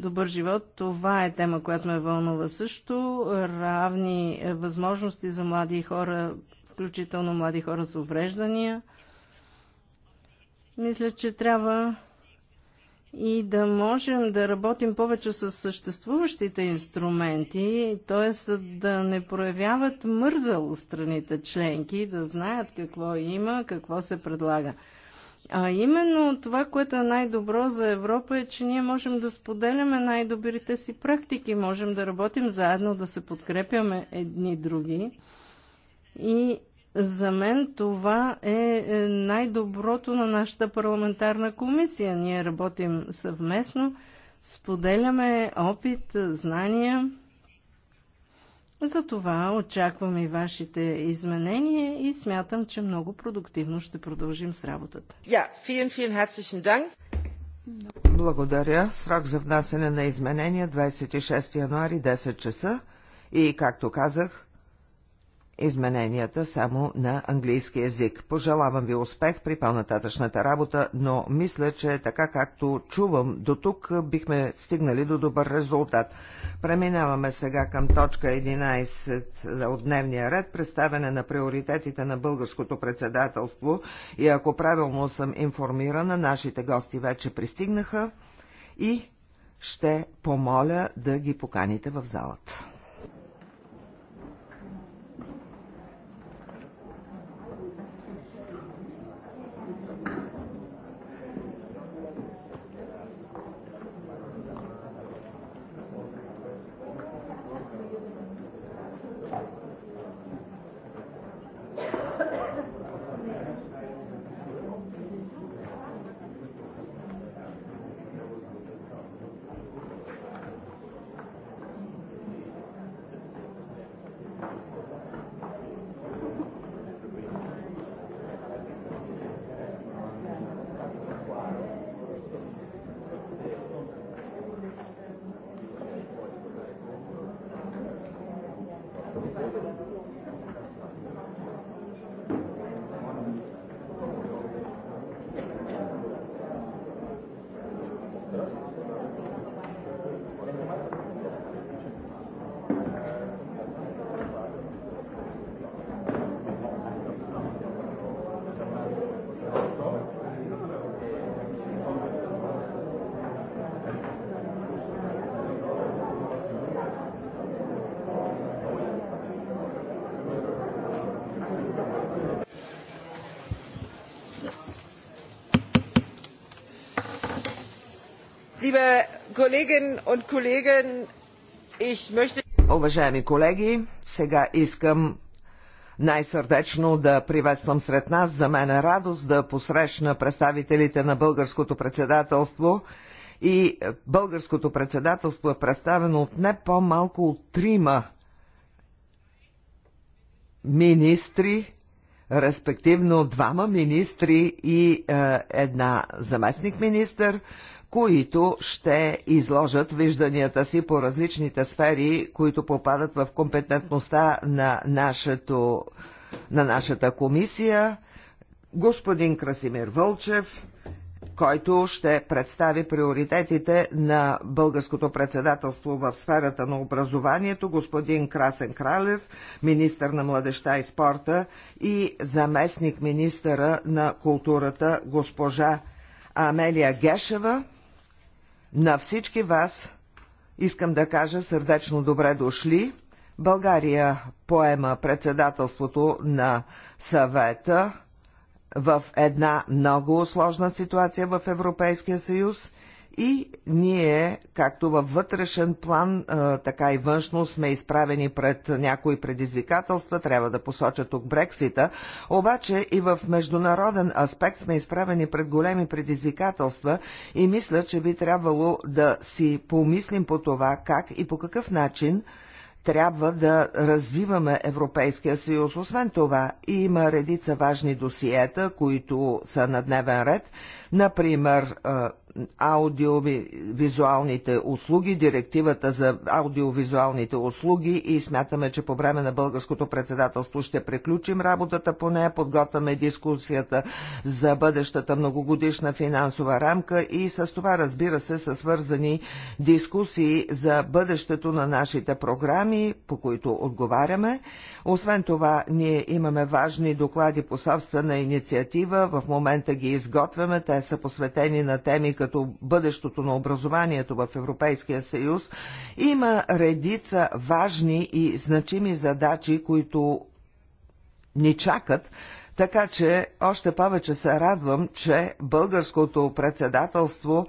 добър живот, това е тема, която ме вълнува също. Равни възможности за млади хора включително млади хора с увреждания. Мисля, че трябва и да можем да работим повече с съществуващите инструменти, т.е. да не проявяват мързал страните членки, да знаят какво има, какво се предлага. А именно това, което е най-добро за Европа е, че ние можем да споделяме най-добрите си практики, можем да работим заедно, да се подкрепяме едни други. И за мен това е, е най-доброто на нашата парламентарна комисия. Ние работим съвместно, споделяме опит, знания. Затова очаквам и вашите изменения и смятам, че много продуктивно ще продължим с работата. Ja, vielen, vielen herzlichen Dank. Благодаря. Срок за внасене на изменения 26 януари 10 часа и, както казах, измененията само на английски язик. Пожелавам ви успех при по-нататъчната работа, но мисля, че така както чувам до тук, бихме стигнали до добър резултат. Преминаваме сега към точка 11 от дневния ред, представяне на приоритетите на българското председателство и ако правилно съм информирана, нашите гости вече пристигнаха и ще помоля да ги поканите в залата. Уважаеми колеги, сега искам най-сърдечно да приветствам сред нас. За мен е радост да посрещна представителите на българското председателство и българското председателство е представено от не по-малко от трима министри, респективно двама министри и е, една заместник-министър които ще изложат вижданията си по различните сфери, които попадат в компетентността на, нашето, на нашата комисия. Господин Красимир Вълчев, който ще представи приоритетите на българското председателство в сферата на образованието, господин Красен Кралев, министър на младеща и спорта и заместник министъра на културата госпожа Амелия Гешева. На всички вас искам да кажа сърдечно добре дошли. България поема председателството на съвета в една много сложна ситуация в Европейския съюз – и ние, както във вътрешен план, така и външно, сме изправени пред някои предизвикателства. Трябва да посоча тук Брексита. Обаче и в международен аспект сме изправени пред големи предизвикателства и мисля, че би трябвало да си помислим по това как и по какъв начин трябва да развиваме Европейския съюз. Освен това, има редица важни досиета, които са на дневен ред. Например, аудиовизуалните услуги, директивата за аудиовизуалните услуги и смятаме, че по време на българското председателство ще приключим работата по нея, подготвяме дискусията за бъдещата многогодишна финансова рамка и с това разбира се са свързани дискусии за бъдещето на нашите програми, по които отговаряме. Освен това, ние имаме важни доклади по собствена инициатива. В момента ги изготвяме. Те са посветени на теми като бъдещето на образованието в Европейския съюз. Има редица важни и значими задачи, които ни чакат. Така че още повече се радвам, че българското председателство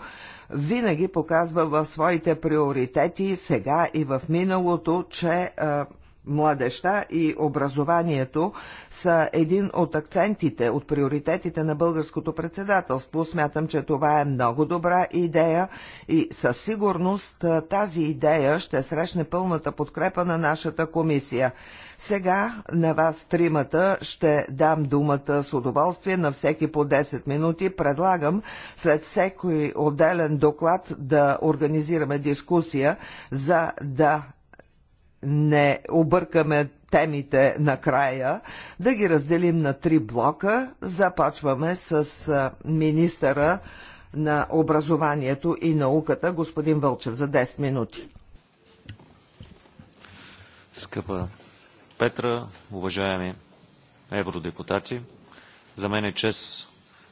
винаги показва в своите приоритети сега и в миналото, че а, е, младеща и образованието са един от акцентите, от приоритетите на българското председателство. Смятам, че това е много добра идея и със сигурност тази идея ще срещне пълната подкрепа на нашата комисия. Сега на вас тримата ще дам думата с удоволствие на всеки по 10 минути. Предлагам след всеки отделен доклад да организираме дискусия, за да не объркаме темите накрая, да ги разделим на три блока. Започваме с министъра на образованието и науката, господин Вълчев, за 10 минути. Скъпа Петра, уважаеми евродепутати, за мен е чест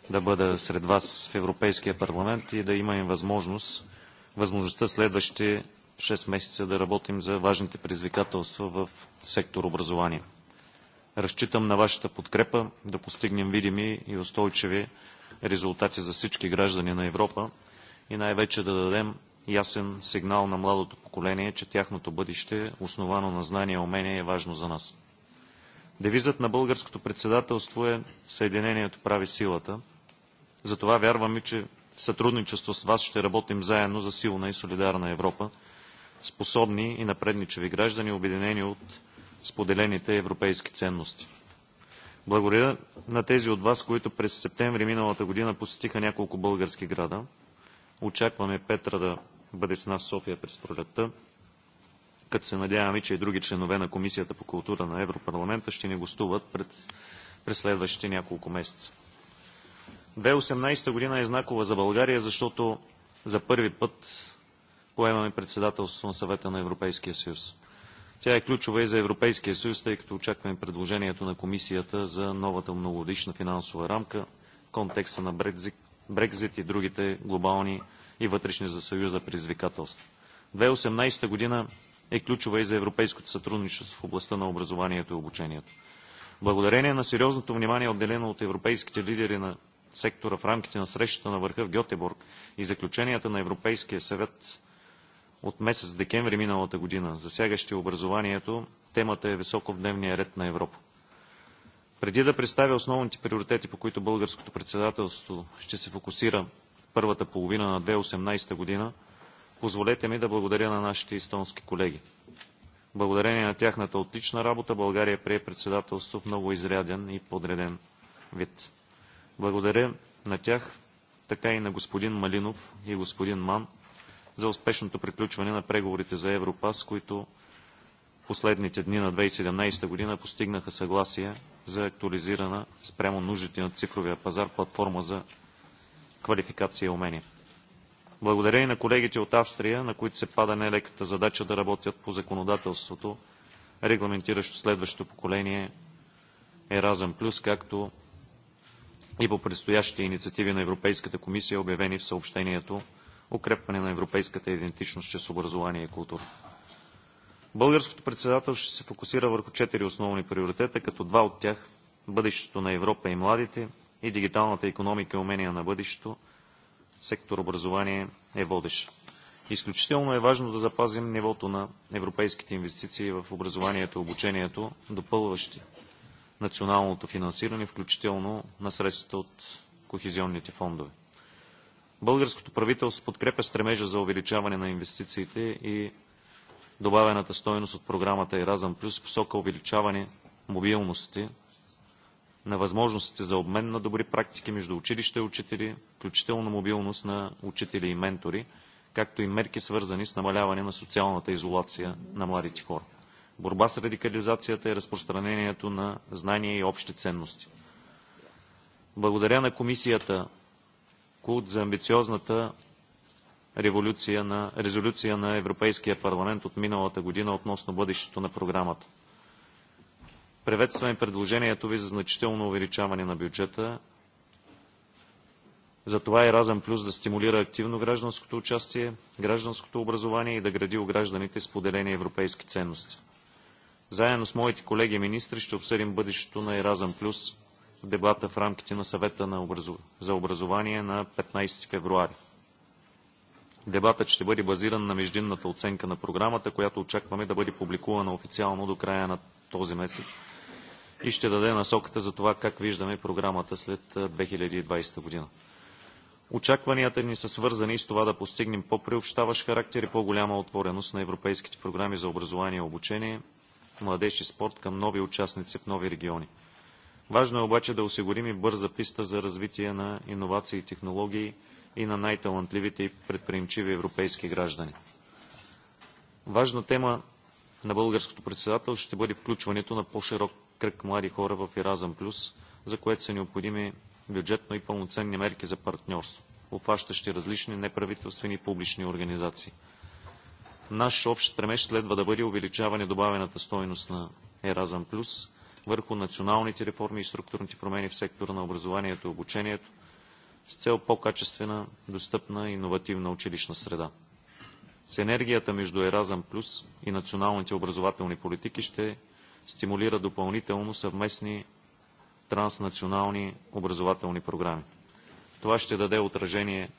да бъда сред вас в Европейския парламент и да имам възможност, възможността следващите 6 месеца да работим за важните предизвикателства в сектор образование. Разчитам на вашата подкрепа да постигнем видими и устойчиви резултати за всички граждани на Европа и най-вече да дадем ясен сигнал на младото поколение, че тяхното бъдеще, основано на знания и умения, е важно за нас. Девизът на българското председателство е Съединението прави силата. Затова вярваме, че в сътрудничество с вас ще работим заедно за силна и солидарна Европа, способни и напредничеви граждани, обединени от споделените европейски ценности. Благодаря на тези от вас, които през септември миналата година посетиха няколко български града. Очакваме Петра да бъде с нас в София през пролетта, като се надяваме, че и други членове на Комисията по култура на Европарламента ще ни гостуват пред, през следващите няколко месеца. 2018 година е знакова за България, защото за първи път поемаме председателството на Съвета на Европейския съюз. Тя е ключова и за Европейския съюз, тъй като очакваме предложението на комисията за новата многогодишна финансова рамка, контекста на Брекзит, Брекзит и другите глобални и вътрешни за Съюза предизвикателства. 2018 година е ключова и за европейското сътрудничество в областта на образованието и обучението. Благодарение на сериозното внимание, отделено от европейските лидери на сектора в рамките на срещата на върха в Гьотеборг и заключенията на Европейския съвет от месец декември миналата година, засягащи образованието, темата е високо в дневния ред на Европа. Преди да представя основните приоритети, по които българското председателство ще се фокусира първата половина на 2018 година, позволете ми да благодаря на нашите естонски колеги. Благодарение на тяхната отлична работа България прие председателство в много изряден и подреден вид. Благодаря на тях, така и на господин Малинов и господин Ман – за успешното приключване на преговорите за Европас, които последните дни на 2017 година постигнаха съгласие за актуализирана спрямо нуждите на цифровия пазар платформа за квалификация и умения. Благодаря и на колегите от Австрия, на които се пада нелеката задача да работят по законодателството, регламентиращо следващото поколение Еразъм Плюс, както и по предстоящите инициативи на Европейската комисия, обявени в съобщението укрепване на европейската идентичност чрез образование и култура. Българското председателство ще се фокусира върху четири основни приоритета, като два от тях – бъдещето на Европа и младите и дигиталната економика и умения на бъдещето, сектор образование е водещ. Изключително е важно да запазим нивото на европейските инвестиции в образованието и обучението, допълващи националното финансиране, включително на средствата от кохезионните фондове. Българското правителство подкрепя стремежа за увеличаване на инвестициите и добавената стойност от програмата Еразъм Плюс в посока увеличаване мобилности на възможностите за обмен на добри практики между училища и учители, включително мобилност на учители и ментори, както и мерки свързани с намаляване на социалната изолация на младите хора. Борба с радикализацията и е разпространението на знания и общи ценности. Благодаря на Комисията култ за амбициозната революция на, резолюция на Европейския парламент от миналата година относно бъдещето на програмата. Приветстваме предложението ви за значително увеличаване на бюджета. Затова е разен Плюс да стимулира активно гражданското участие, гражданското образование и да гради у гражданите споделени европейски ценности. Заедно с моите колеги министри ще обсъдим бъдещето на Еразъм Плюс дебата в рамките на съвета на образу... за образование на 15 февруари. Дебатът ще бъде базиран на междинната оценка на програмата, която очакваме да бъде публикувана официално до края на този месец и ще даде насоката за това как виждаме програмата след 2020 година. Очакванията ни са свързани с това да постигнем по-приобщаващ характер и по-голяма отвореност на европейските програми за образование и обучение, младеж и спорт към нови участници в нови региони. Важно е обаче да осигурим и бърза писта за развитие на иновации и технологии и на най-талантливите и предприемчиви европейски граждани. Важна тема на българското председател ще бъде включването на по-широк кръг млади хора в Еразъм Плюс, за което са необходими бюджетно и пълноценни мерки за партньорство, обхващащи различни неправителствени и публични организации. Наш общ стремеж следва да бъде увеличаване добавената стойност на Еразъм Плюс върху националните реформи и структурните промени в сектора на образованието и обучението с цел по-качествена, достъпна и иновативна училищна среда. Синергията между Еразъм Плюс и националните образователни политики ще стимулира допълнително съвместни транснационални образователни програми. Това ще даде отражение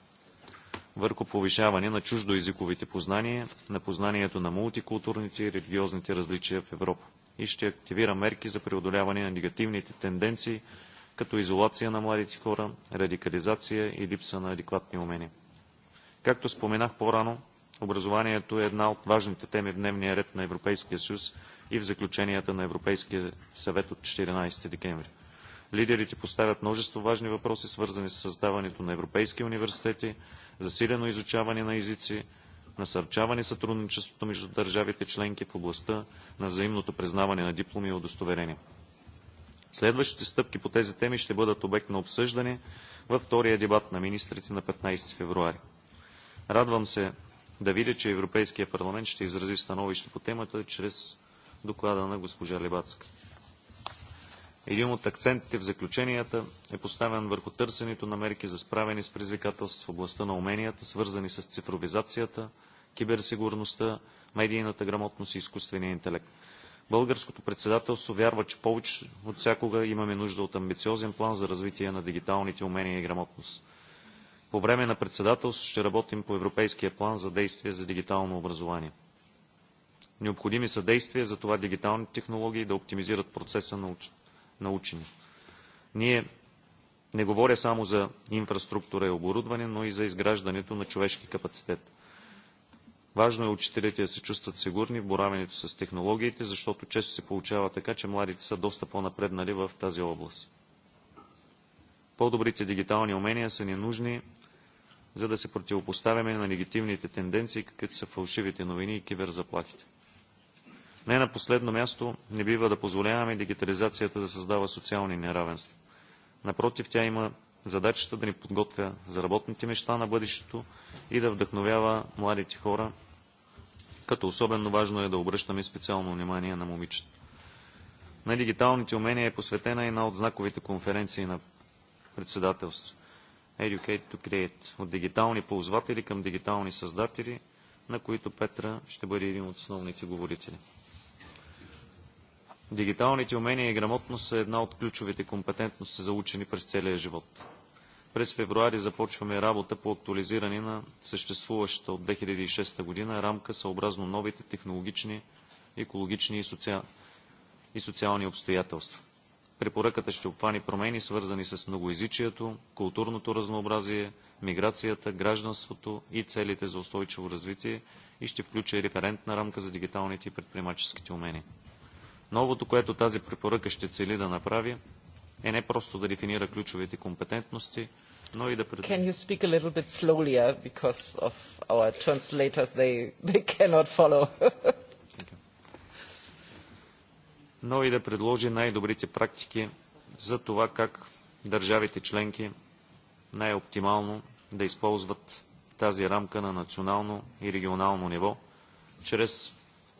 върху повишаване на чуждоязиковите познания, на познанието на мултикултурните и религиозните различия в Европа и ще активира мерки за преодоляване на негативните тенденции, като изолация на младите хора, радикализация и липса на адекватни умения. Както споменах по-рано, образованието е една от важните теми в дневния ред на Европейския съюз и в заключенията на Европейския съвет от 14 декември. Лидерите поставят множество важни въпроси, свързани с създаването на европейски университети, засилено изучаване на езици, насърчаване сътрудничеството между държавите членки в областта на взаимното признаване на дипломи и удостоверения. Следващите стъпки по тези теми ще бъдат обект на обсъждане във втория дебат на министрите на 15 февруари. Радвам се да видя, че Европейския парламент ще изрази становище по темата чрез доклада на госпожа Лебацка. Един от акцентите в заключенията е поставен върху търсенето на мерки за справяне с предизвикателства в областта на уменията, свързани с цифровизацията, киберсигурността, медийната грамотност и изкуствения интелект. Българското председателство вярва, че повече от всякога имаме нужда от амбициозен план за развитие на дигиталните умения и грамотност. По време на председателство ще работим по Европейския план за действие за дигитално образование. Необходими са действия за това дигиталните технологии да оптимизират процеса на научени. Ние не говоря само за инфраструктура и оборудване, но и за изграждането на човешки капацитет. Важно е учителите да се чувстват сигурни в боравенето с технологиите, защото често се получава така, че младите са доста по-напреднали в тази област. По-добрите дигитални умения са ни нужни, за да се противопоставяме на негативните тенденции, каквито са фалшивите новини и киберзаплахите. Не на последно място, не бива да позволяваме дигитализацията да създава социални неравенства. Напротив, тя има задачата да ни подготвя за работните мечта на бъдещето и да вдъхновява младите хора, като особено важно е да обръщаме специално внимание на момичета. На дигиталните умения е посветена една от знаковите конференции на председателство. Educate to Create. От дигитални ползватели към дигитални създатели, на които Петра ще бъде един от основните говорители. Дигиталните умения и грамотност са една от ключовите компетентности за учени през целия живот. През февруари започваме работа по актуализиране на съществуващата от 2006 година рамка съобразно новите технологични, екологични и, социал... и социални обстоятелства. Препоръката ще обхване промени, свързани с многоизичието, културното разнообразие, миграцията, гражданството и целите за устойчиво развитие и ще включи референтна рамка за дигиталните и предприемаческите умения. Новото, което тази препоръка ще цели да направи, е не просто да дефинира ключовите компетентности, но и да пред... Can you speak a little bit slowlier uh, because of our translators they, they cannot follow. но и да предложи най-добрите практики за това как държавите членки най-оптимално да използват тази рамка на национално и регионално ниво чрез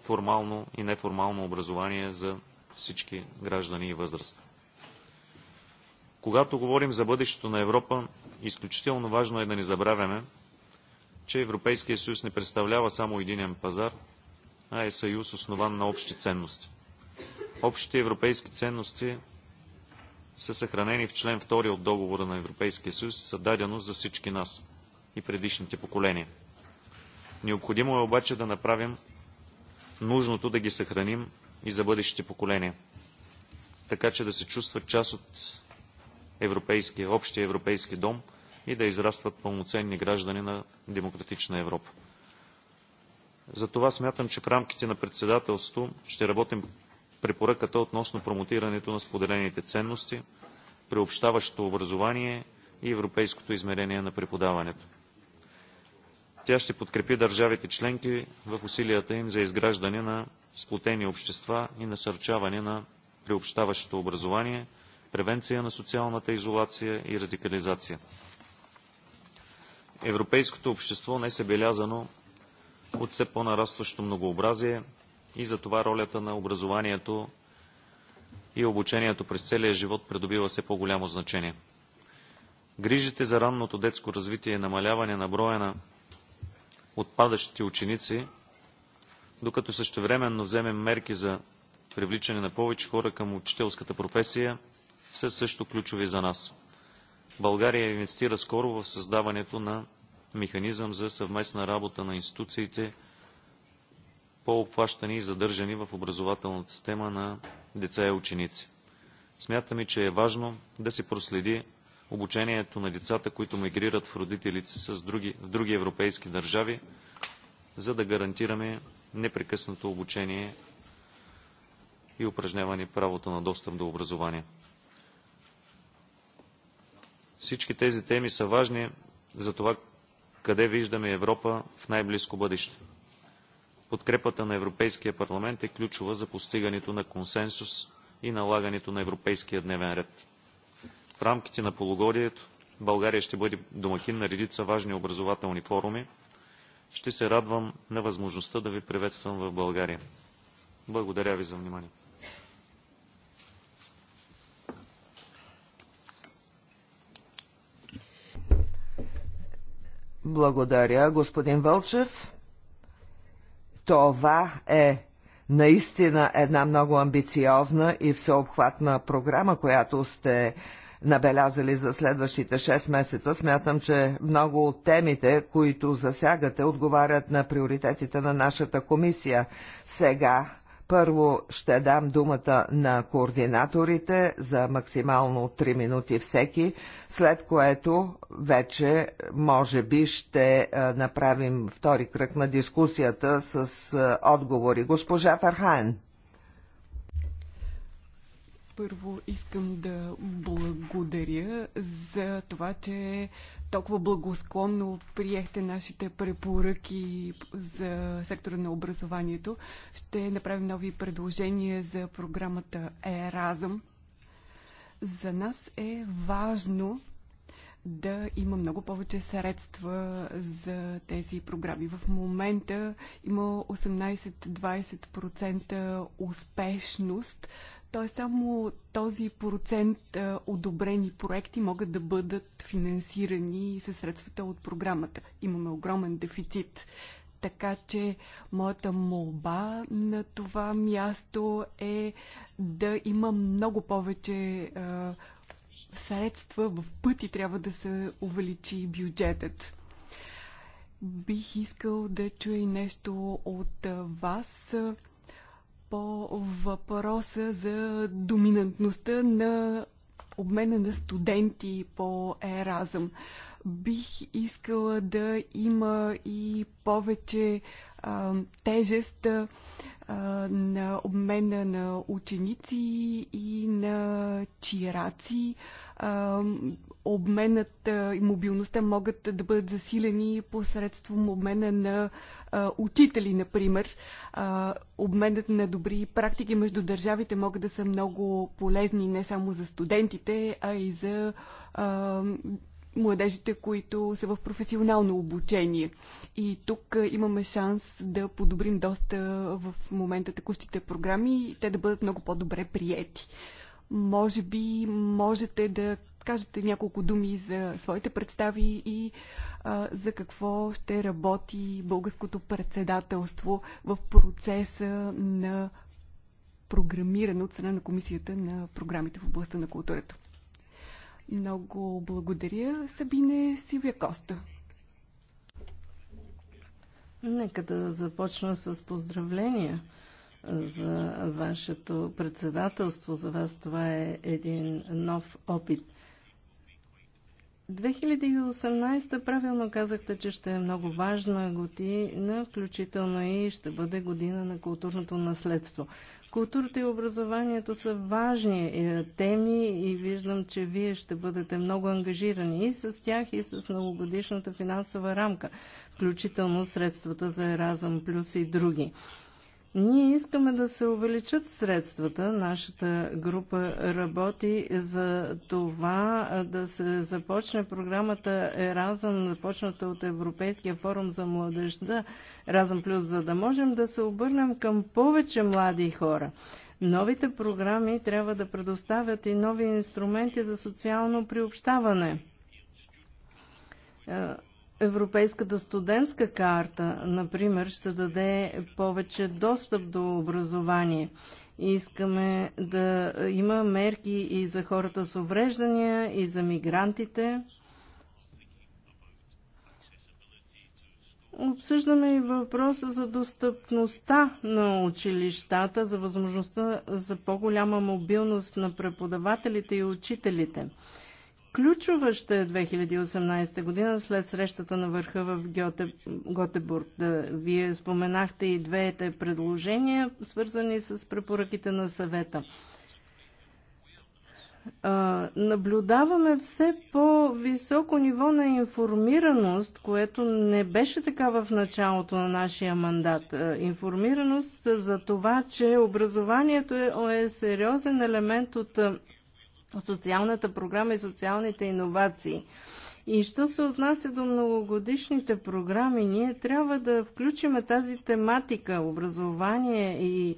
формално и неформално образование за всички граждани и възраст. Когато говорим за бъдещето на Европа, изключително важно е да не забравяме, че Европейския съюз не представлява само единен пазар, а е съюз основан на общи ценности. Общите европейски ценности са съхранени в член 2 от договора на Европейския съюз, са дадено за всички нас и предишните поколения. Необходимо е обаче да направим нужното да ги съхраним и за бъдещите поколения, така че да се чувстват част от европейския, общия европейски дом и да израстват пълноценни граждани на демократична Европа. Затова смятам, че в рамките на председателство ще работим препоръката относно промотирането на споделените ценности, приобщаващото образование и европейското измерение на преподаването. Тя ще подкрепи държавите членки в усилията им за изграждане на сплотени общества и насърчаване на приобщаващото образование, превенция на социалната изолация и радикализация. Европейското общество не се белязано от все по-нарастващо многообразие и за това ролята на образованието и обучението през целия живот придобива все по-голямо значение. Грижите за ранното детско развитие и намаляване на броя на отпадащите ученици, докато същевременно вземем мерки за привличане на повече хора към учителската професия, са също ключови за нас. България инвестира скоро в създаването на механизъм за съвместна работа на институциите по обхващане и задържане в образователната система на деца и ученици. Смятаме, че е важно да се проследи обучението на децата, които мигрират в родителите с други, в други европейски държави, за да гарантираме непрекъснато обучение и упражняване правото на достъп до образование. Всички тези теми са важни за това къде виждаме Европа в най-близко бъдеще. Подкрепата на Европейския парламент е ключова за постигането на консенсус и налагането на европейския дневен ред. В рамките на полугодието България ще бъде домакин на редица важни образователни форуми. Ще се радвам на възможността да ви приветствам в България. Благодаря ви за внимание. Благодаря, господин Вълчев. Това е наистина една много амбициозна и всеобхватна програма, която сте набелязали за следващите 6 месеца. Смятам, че много от темите, които засягате, отговарят на приоритетите на нашата комисия. Сега първо ще дам думата на координаторите за максимално 3 минути всеки, след което вече може би ще е, направим втори кръг на дискусията с е, отговори. Госпожа Фархайн. Първо искам да благодаря за това, че толкова благосклонно приехте нашите препоръки за сектора на образованието. Ще направим нови предложения за програмата Еразъм. За нас е важно да има много повече средства за тези програми. В момента има 18-20% успешност Тоест само този процент е, одобрени проекти могат да бъдат финансирани със средствата от програмата. Имаме огромен дефицит. Така че моята молба на това място е да има много повече а, е, средства, в пъти трябва да се увеличи бюджетът. Бих искал да чуя и нещо от е, вас по въпроса за доминантността на обмена на студенти по Еразъм. Бих искала да има и повече а, тежест а, на обмена на ученици и на чираци. А, обменът и мобилността могат да бъдат засилени посредством обмена на учители, например. Обменът на добри практики между държавите могат да са много полезни не само за студентите, а и за младежите, които са в професионално обучение. И тук имаме шанс да подобрим доста в момента текущите програми и те да бъдат много по-добре приети. Може би можете да кажете няколко думи за своите представи и а, за какво ще работи българското председателство в процеса на програмиране от страна на Комисията на програмите в областта на културата. Много благодаря, Сабине Сивия Коста. Нека да започна с поздравления за вашето председателство. За вас това е един нов опит. 2018 правилно казахте, че ще е много важна година, включително и ще бъде година на културното наследство. Културата и образованието са важни е, теми и виждам, че вие ще бъдете много ангажирани и с тях, и с новогодишната финансова рамка, включително средствата за Еразъм Плюс и други. Ние искаме да се увеличат средствата. Нашата група работи за това да се започне програмата Еразъм, започната от Европейския форум за младежда Еразъм Плюс, за да можем да се обърнем към повече млади хора. Новите програми трябва да предоставят и нови инструменти за социално приобщаване Европейската студентска карта, например, ще даде повече достъп до образование. Искаме да има мерки и за хората с увреждания, и за мигрантите. Обсъждаме и въпроса за достъпността на училищата, за възможността за по-голяма мобилност на преподавателите и учителите. Ключова ще е 2018 година след срещата на върха в Гьоте, Готебург. Да, вие споменахте и двете предложения, свързани с препоръките на съвета. А, наблюдаваме все по-високо ниво на информираност, което не беше така в началото на нашия мандат. А, информираност за това, че образованието е, е сериозен елемент от социалната програма и социалните иновации. И що се отнася до многогодишните програми, ние трябва да включим тази тематика образование и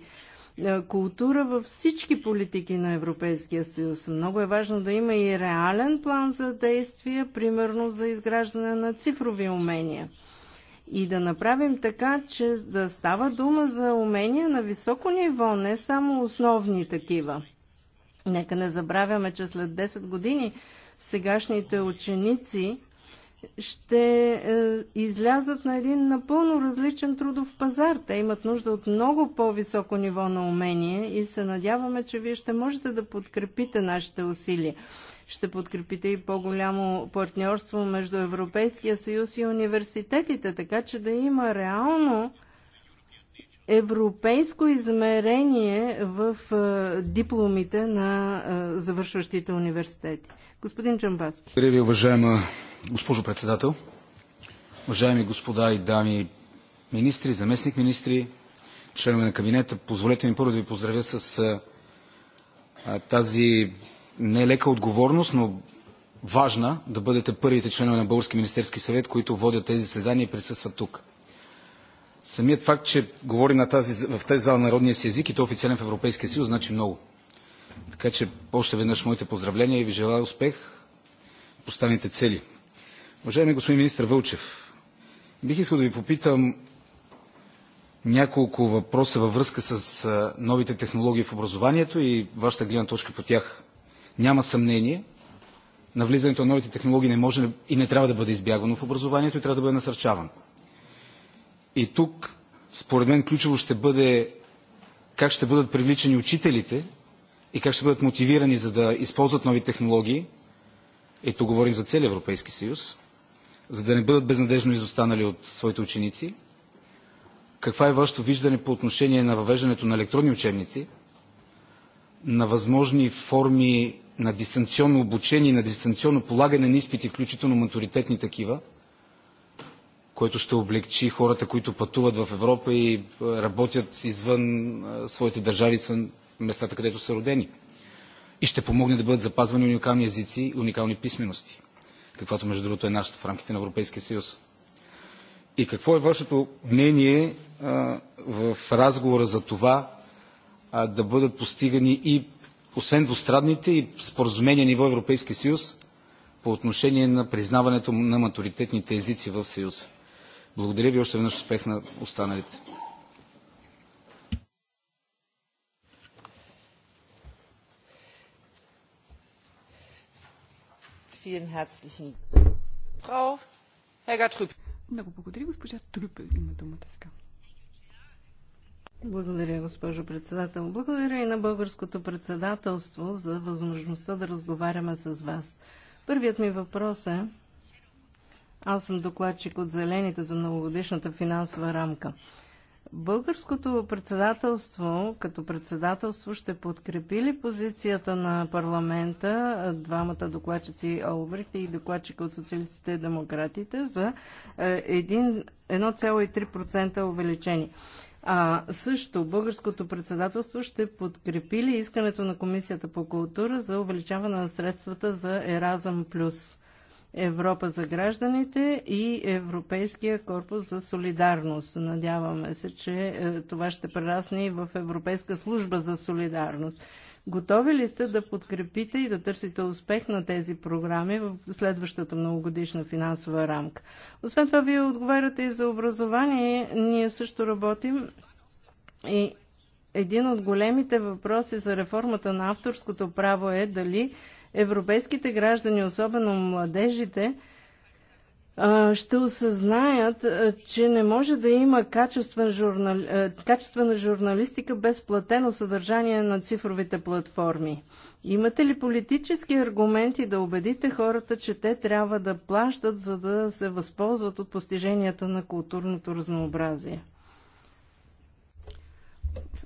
е, култура във всички политики на Европейския съюз. Много е важно да има и реален план за действие, примерно за изграждане на цифрови умения. И да направим така, че да става дума за умения на високо ниво, не само основни такива. Нека не забравяме, че след 10 години сегашните ученици ще е, излязат на един напълно различен трудов пазар. Те имат нужда от много по-високо ниво на умение и се надяваме, че вие ще можете да подкрепите нашите усилия. Ще подкрепите и по-голямо партньорство между Европейския съюз и университетите, така че да има реално европейско измерение в дипломите на завършващите университети. Господин Чамбаски. Благодаря ви, уважаема госпожо председател. Уважаеми господа и дами министри, заместник министри, членове на кабинета, позволете ми първо да ви поздравя с а, тази нелека отговорност, но важна да бъдете първите членове на Български министерски съвет, които водят тези заседания и присъстват тук. Самият факт, че говори на тази, в тази зала народния си език и то официален в Европейския съюз, значи много. Така че още веднъж моите поздравления и ви желая успех в поставените цели. Уважаеми господин министр Вълчев, бих искал да ви попитам няколко въпроса във връзка с новите технологии в образованието и вашата гледна точка по тях. Няма съмнение, навлизането на новите технологии не може и не трябва да бъде избягвано в образованието и трябва да бъде насърчавано. И тук, според мен, ключово ще бъде как ще бъдат привличани учителите и как ще бъдат мотивирани за да използват нови технологии. Ето говорим за целия Европейски съюз, за да не бъдат безнадежно изостанали от своите ученици. Каква е вашето виждане по отношение на въвеждането на електронни учебници, на възможни форми на дистанционно обучение, на дистанционно полагане на изпити, включително матуритетни такива – което ще облегчи хората, които пътуват в Европа и е, работят извън е, своите държави, извън местата, където са родени. И ще помогне да бъдат запазвани уникални езици и уникални писмености, каквато между другото е нашата в рамките на Европейския съюз. И какво е вашето мнение а, е, в разговора за това а, да бъдат постигани и освен двустранните и споразумения ниво Европейски съюз по отношение на признаването на матуритетните езици в Съюза? Благодаря ви още веднъж успех на останалите. Много благодаря, госпожа Трупе има думата сега. Благодаря, госпожо председател. Благодаря и на българското председателство за възможността да разговаряме с вас. Първият ми въпрос е аз съм докладчик от Зелените за многогодишната финансова рамка. Българското председателство, като председателство, ще подкрепи ли позицията на парламента, двамата докладчици Олбрихт и докладчика от социалистите и демократите, за 1,3% е, увеличение? А също българското председателство ще подкрепи ли искането на Комисията по култура за увеличаване на средствата за Еразъм Плюс? Европа за гражданите и Европейския корпус за солидарност. Надяваме се, че е, това ще прерасне и в Европейска служба за солидарност. Готови ли сте да подкрепите и да търсите успех на тези програми в следващата многогодишна финансова рамка? Освен това, вие отговаряте и за образование. Ние също работим и един от големите въпроси за реформата на авторското право е дали европейските граждани, особено младежите, ще осъзнаят, че не може да има качествен журнал... качествена журналистика без платено съдържание на цифровите платформи. Имате ли политически аргументи да убедите хората, че те трябва да плащат, за да се възползват от постиженията на културното разнообразие?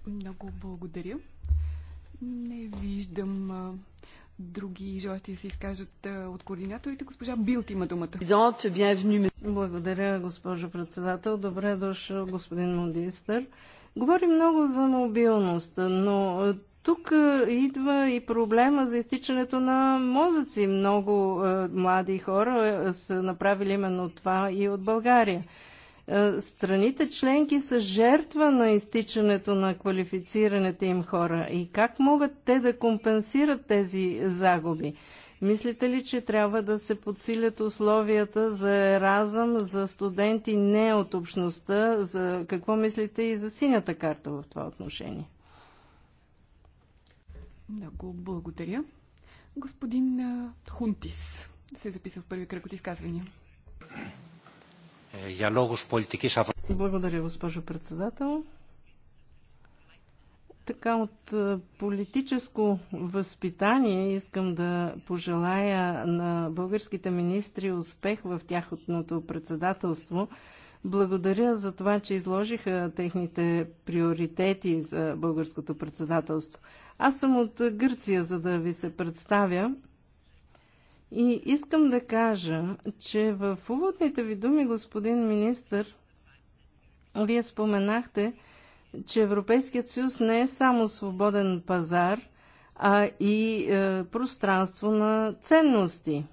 Много благодаря. Не виждам други желащи да се изкажат от координаторите. Госпожа Билт има думата. Благодаря, госпожо председател. Добре е дошъл, господин Модистър. Говори много за мобилност, но тук идва и проблема за изтичането на мозъци. Много млади хора са направили именно това и от България. Е, страните членки са жертва на изтичането на квалифицираните им хора и как могат те да компенсират тези загуби? Мислите ли, че трябва да се подсилят условията за разъм за студенти не от общността? За какво мислите и за синята карта в това отношение? Много благодаря. Господин е, Хунтис се е записа в първи кръг от изказвания. Е, για λόγους πολιτικής Благодаря, госпожо председател. Така от е, политическо възпитание искам да пожелая на българските министри успех в тяхното председателство. Благодаря за това, че изложиха техните приоритети за българското председателство. Аз съм от Гърция, за да ви се представя. И искам да кажа, че в уводните ви думи, господин министр, вие споменахте, че Европейският съюз не е само свободен пазар, а и е, пространство на ценности.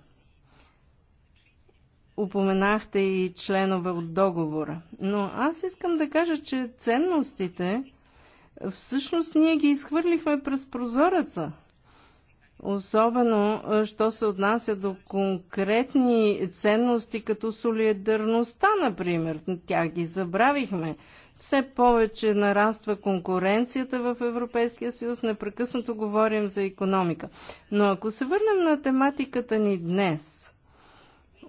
Упоменахте и членове от договора. Но аз искам да кажа, че ценностите всъщност ние ги изхвърлихме през прозореца особено що се отнася до конкретни ценности, като солидарността, например. Тя ги забравихме. Все повече нараства конкуренцията в Европейския съюз, непрекъснато говорим за економика. Но ако се върнем на тематиката ни днес,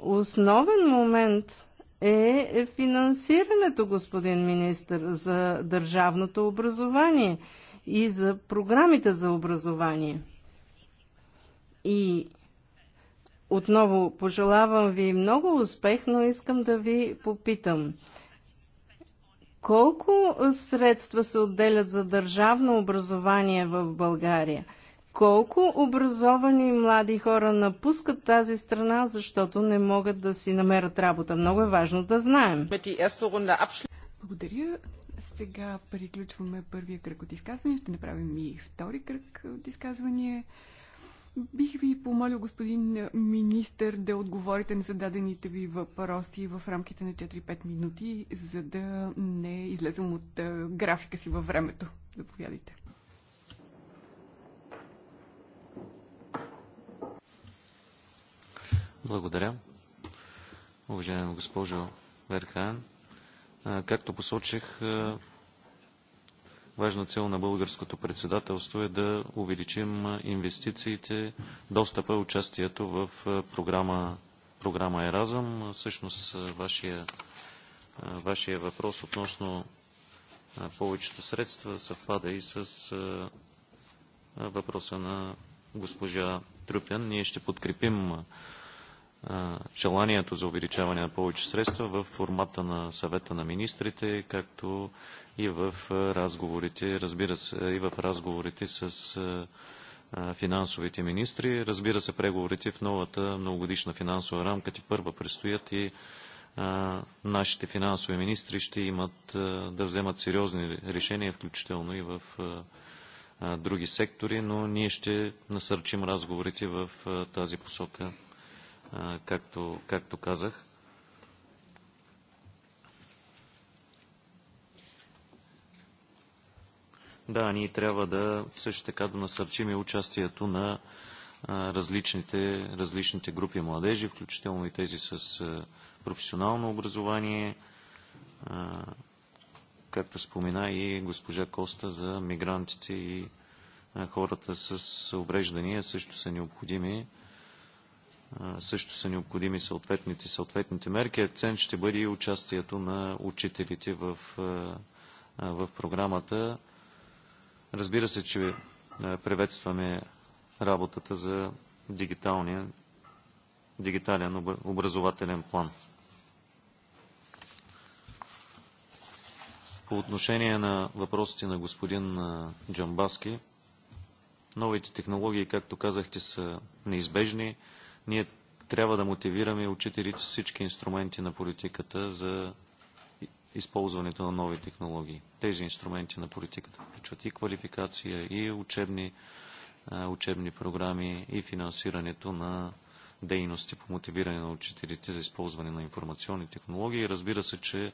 основен момент е финансирането, господин министр, за държавното образование и за програмите за образование – и отново пожелавам ви много успех, но искам да ви попитам. Колко средства се отделят за държавно образование в България? Колко образовани млади хора напускат тази страна, защото не могат да си намерят работа? Много е важно да знаем. Ами, Благодаря. Сега приключваме първия кръг от изказвания. Ще направим и втори кръг от изказвания. Бих ви помолил, господин е, министр, да отговорите на зададените ви въпроси в рамките на 4-5 минути, за да не излезем от е, графика си във времето. Заповядайте. Благодаря. Уважаема госпожо Верхан, е, както посочих, Важна цел на българското председателство е да увеличим инвестициите, достъпа участието в програма, програма Еразъм. Всъщност, вашия, вашия въпрос относно повечето средства съвпада и с въпроса на госпожа Трюпян. Ние ще подкрепим желанието за увеличаване на повече средства в формата на съвета на министрите, както и в разговорите, разбира се, и в разговорите с финансовите министри. Разбира се, преговорите в новата многогодишна финансова рамка ти първа предстоят и нашите финансови министри ще имат да вземат сериозни решения, включително и в други сектори, но ние ще насърчим разговорите в тази посока, както, както казах. Да, ние трябва да също така да насърчим и участието на различните, различните групи младежи, включително и тези с професионално образование, както спомена и госпожа Коста за мигрантите и хората с увреждания също са необходими също са необходими съответните, съответните мерки. Акцент ще бъде и участието на учителите в, в програмата. Разбира се, че е, приветстваме работата за дигиталния, дигитален образователен план. По отношение на въпросите на господин е, Джамбаски, новите технологии, както казахте, са неизбежни. Ние трябва да мотивираме учителите всички инструменти на политиката за използването на нови технологии. Тези инструменти на политиката включват и квалификация, и учебни, учебни програми, и финансирането на дейности по мотивиране на учителите за използване на информационни технологии. Разбира се, че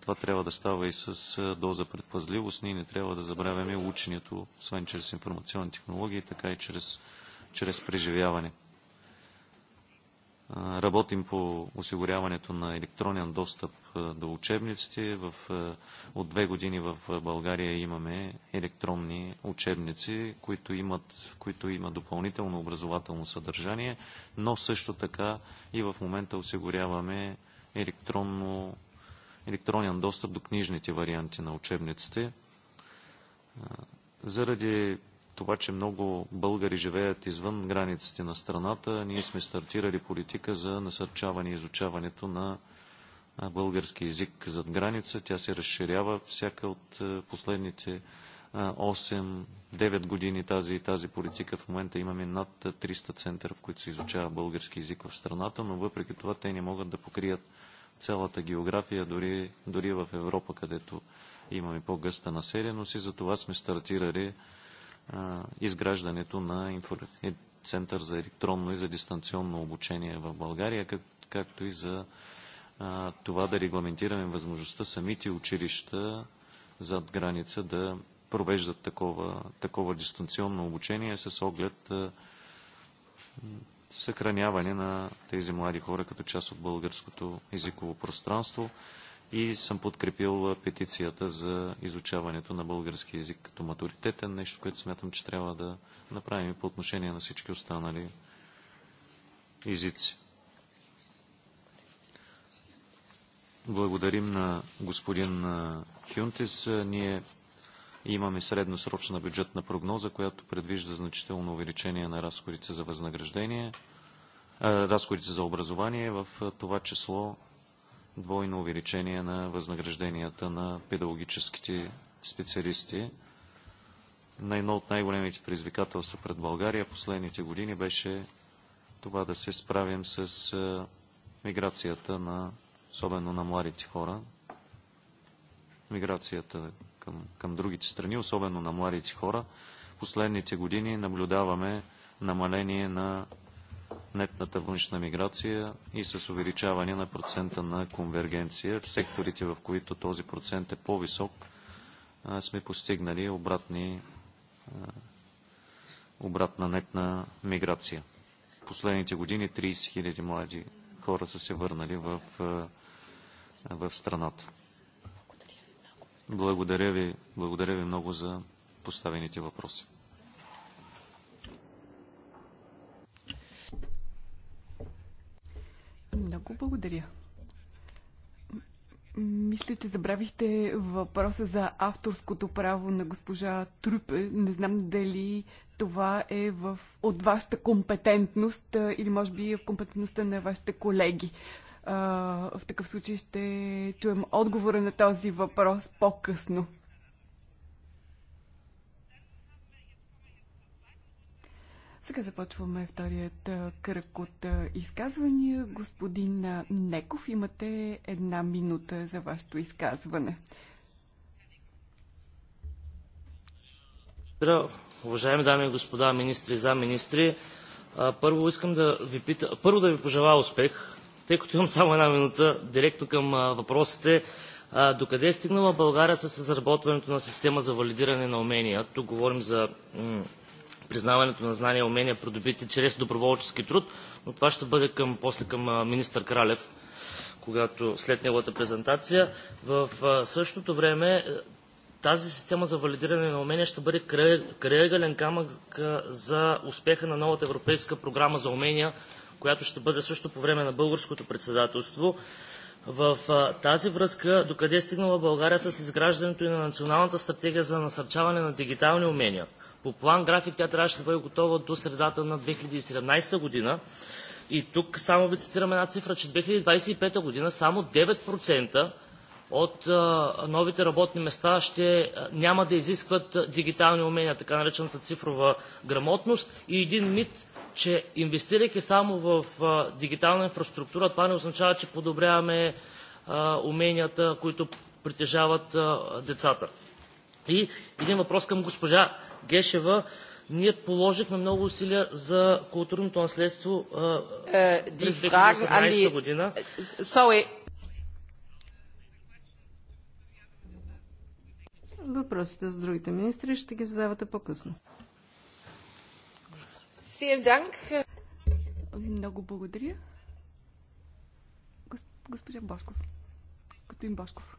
това трябва да става и с доза предпазливост. Ние не трябва да забравяме ученето, освен чрез информационни технологии, така и чрез, чрез преживяване. Работим по осигуряването на електронен достъп до учебниците. В, от две години в България имаме електронни учебници, които имат, които имат допълнително образователно съдържание, но също така и в момента осигуряваме електронно, електронен достъп до книжните варианти на учебниците. Заради това, че много българи живеят извън границите на страната, ние сме стартирали политика за насърчаване и изучаването на български язик зад граница. Тя се разширява всяка от последните 8-9 години тази, тази политика. В момента имаме над 300 центъра, в които се изучава български язик в страната, но въпреки това те не могат да покрият цялата география, дори, дори в Европа, където имаме по-гъста населеност и за това сме стартирали изграждането на е, Център за електронно и за дистанционно обучение в България, как, както и за а, това да регламентираме възможността самите училища зад граница да провеждат такова, такова дистанционно обучение с оглед а, съхраняване на тези млади хора като част от българското езиково пространство и съм подкрепил петицията за изучаването на български язик като матуритетен, нещо, което смятам, че трябва да направим и по отношение на всички останали езици. Благодарим на господин Хюнтис. Ние имаме средносрочна бюджетна прогноза, която предвижда значително увеличение на разходите за възнаграждение, разходите за образование, в това число двойно увеличение на възнагражденията на педагогическите специалисти. На едно от най-големите предизвикателства пред България последните години беше това да се справим с миграцията на, особено на младите хора, миграцията към, към другите страни, особено на младите хора. Последните години наблюдаваме намаление на нетната външна миграция и с увеличаване на процента на конвергенция. В секторите, в които този процент е по-висок, сме постигнали обратни, обратна нетна миграция. В Последните години 30 000 млади хора са се върнали в, в страната. Благодаря ви, благодаря ви много за поставените въпроси. Много благодаря. Мисля, че забравихте въпроса за авторското право на госпожа Трупе. Не знам дали това е в, от вашата компетентност или може би е в компетентността на вашите колеги. в такъв случай ще чуем отговора на този въпрос по-късно. Сега започваме вторият кръг от изказвания. Господин Неков, имате една минута за вашето изказване. Уважаеми дами и господа министри и замминистри, първо искам да ви пита, първо да ви пожелая успех, тъй като имам само една минута директно към въпросите. Докъде е стигнала България с разработването на система за валидиране на умения? Тук говорим за признаването на знания и умения, придобити чрез доброволчески труд, но това ще бъде към, после към министър Кралев, когато след неговата презентация. В същото време е, тази система за валидиране на умения ще бъде крайъгълен камък за успеха на новата европейска програма за умения, която ще бъде също по време на българското председателство. В тази връзка, докъде е стигнала България с изграждането и на Националната стратегия за насърчаване на дигитални умения – по план график тя трябваше да бъде готова до средата на 2017 година. И тук само ви цитирам една цифра, че 2025 година само 9% от новите работни места ще няма да изискват дигитални умения, така наречената цифрова грамотност. И един мит, че инвестирайки само в дигитална инфраструктура, това не означава, че подобряваме уменията, които притежават децата. И един въпрос към госпожа Гешева. Ние положихме много усилия за културното наследство е, през 2018 година. Sorry. Въпросите с другите министри ще ги задавате по-късно. Много благодаря. Госп... Госпожа Бошков. Господин Бошков.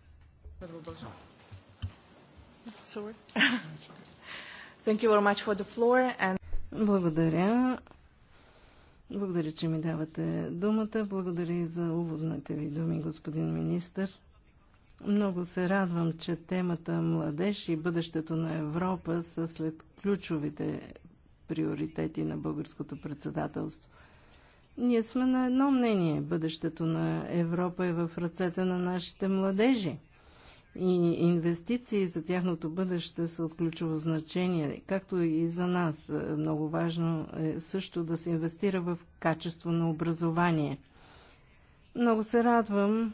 Първо Бошков. Благодаря. Благодаря, че ми давате думата. Благодаря и за уводните ви думи, господин министр. Много се радвам, че темата младеж и бъдещето на Европа са след ключовите приоритети на българското председателство. Ние сме на едно мнение. Бъдещето на Европа е в ръцете на нашите младежи и инвестиции за тяхното бъдеще са от ключово значение, както и за нас. Много важно е също да се инвестира в качество на образование. Много се радвам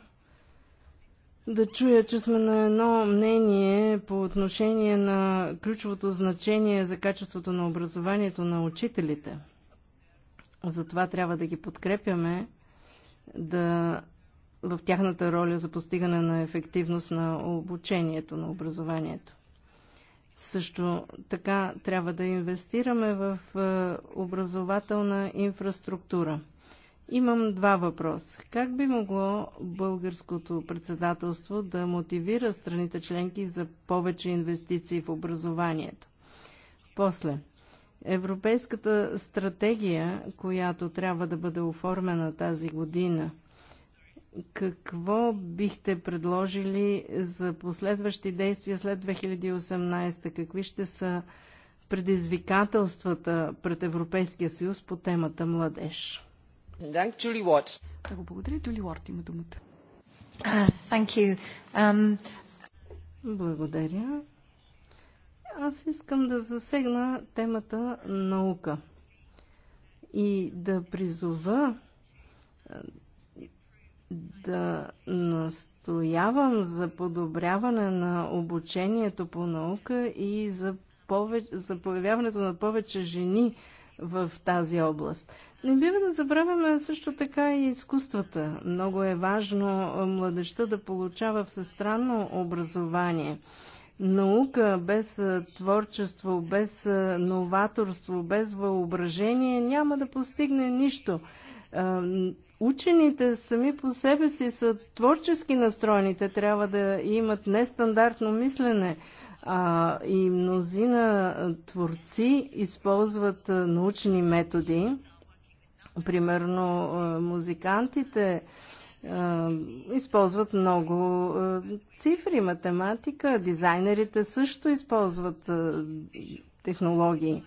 да чуя, че сме на едно мнение по отношение на ключовото значение за качеството на образованието на учителите. Затова трябва да ги подкрепяме да в тяхната роля за постигане на ефективност на обучението, на образованието. Също така трябва да инвестираме в е, образователна инфраструктура. Имам два въпроса. Как би могло българското председателство да мотивира страните членки за повече инвестиции в образованието? После, Европейската стратегия, която трябва да бъде оформена тази година – какво бихте предложили за последващи действия след 2018? Какви ще са предизвикателствата пред Европейския съюз по темата младеж? Много благодаря. Джули Уорд има думата. um... Благодаря. Аз искам да засегна темата наука и да призова да настоявам за подобряване на обучението по наука и за, повече, за появяването на повече жени в тази област. Не бива да забравяме също така и изкуствата. Много е важно младеща да получава всестранно образование. Наука без творчество, без новаторство, без въображение няма да постигне нищо учените сами по себе си са творчески настроени. Те трябва да имат нестандартно мислене. А, и мнозина творци използват научни методи. Примерно музикантите използват много цифри, математика, дизайнерите също използват технологии.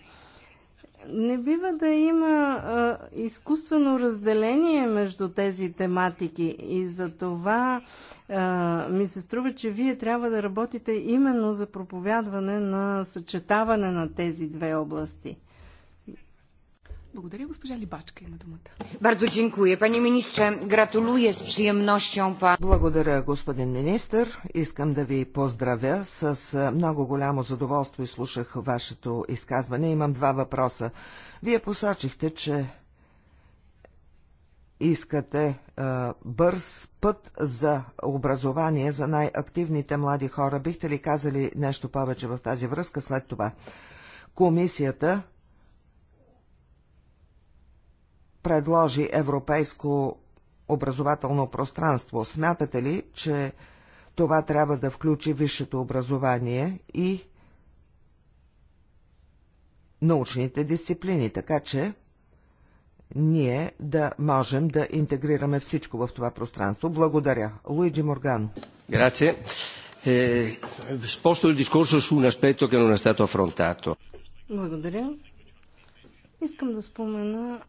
Не бива да има а, изкуствено разделение между тези тематики и за това а, ми се струва, че вие трябва да работите именно за проповядване на съчетаване на тези две области – благодаря, госпожа Либачка има думата. Бардо dziękuję, пани ministrze. Гратулуя с przyjemnością па. Благодаря, господин министр. Искам да ви поздравя. С е, много голямо задоволство изслушах вашето изказване. Имам два въпроса. Вие посочихте, че искате а, е, бърз път за образование за най-активните млади хора. Бихте ли казали нещо повече в тази връзка след това? Комисията предложи европейско образователно пространство. Смятате ли, че това трябва да включи висшето образование и научните дисциплини, така че ние да можем да интегрираме всичко в това пространство. Благодаря. Луиджи Моргано. Грация. Е, спосто sposto дискурсо с un aspetto che non è stato affrontato. Благодаря. Искам да спомена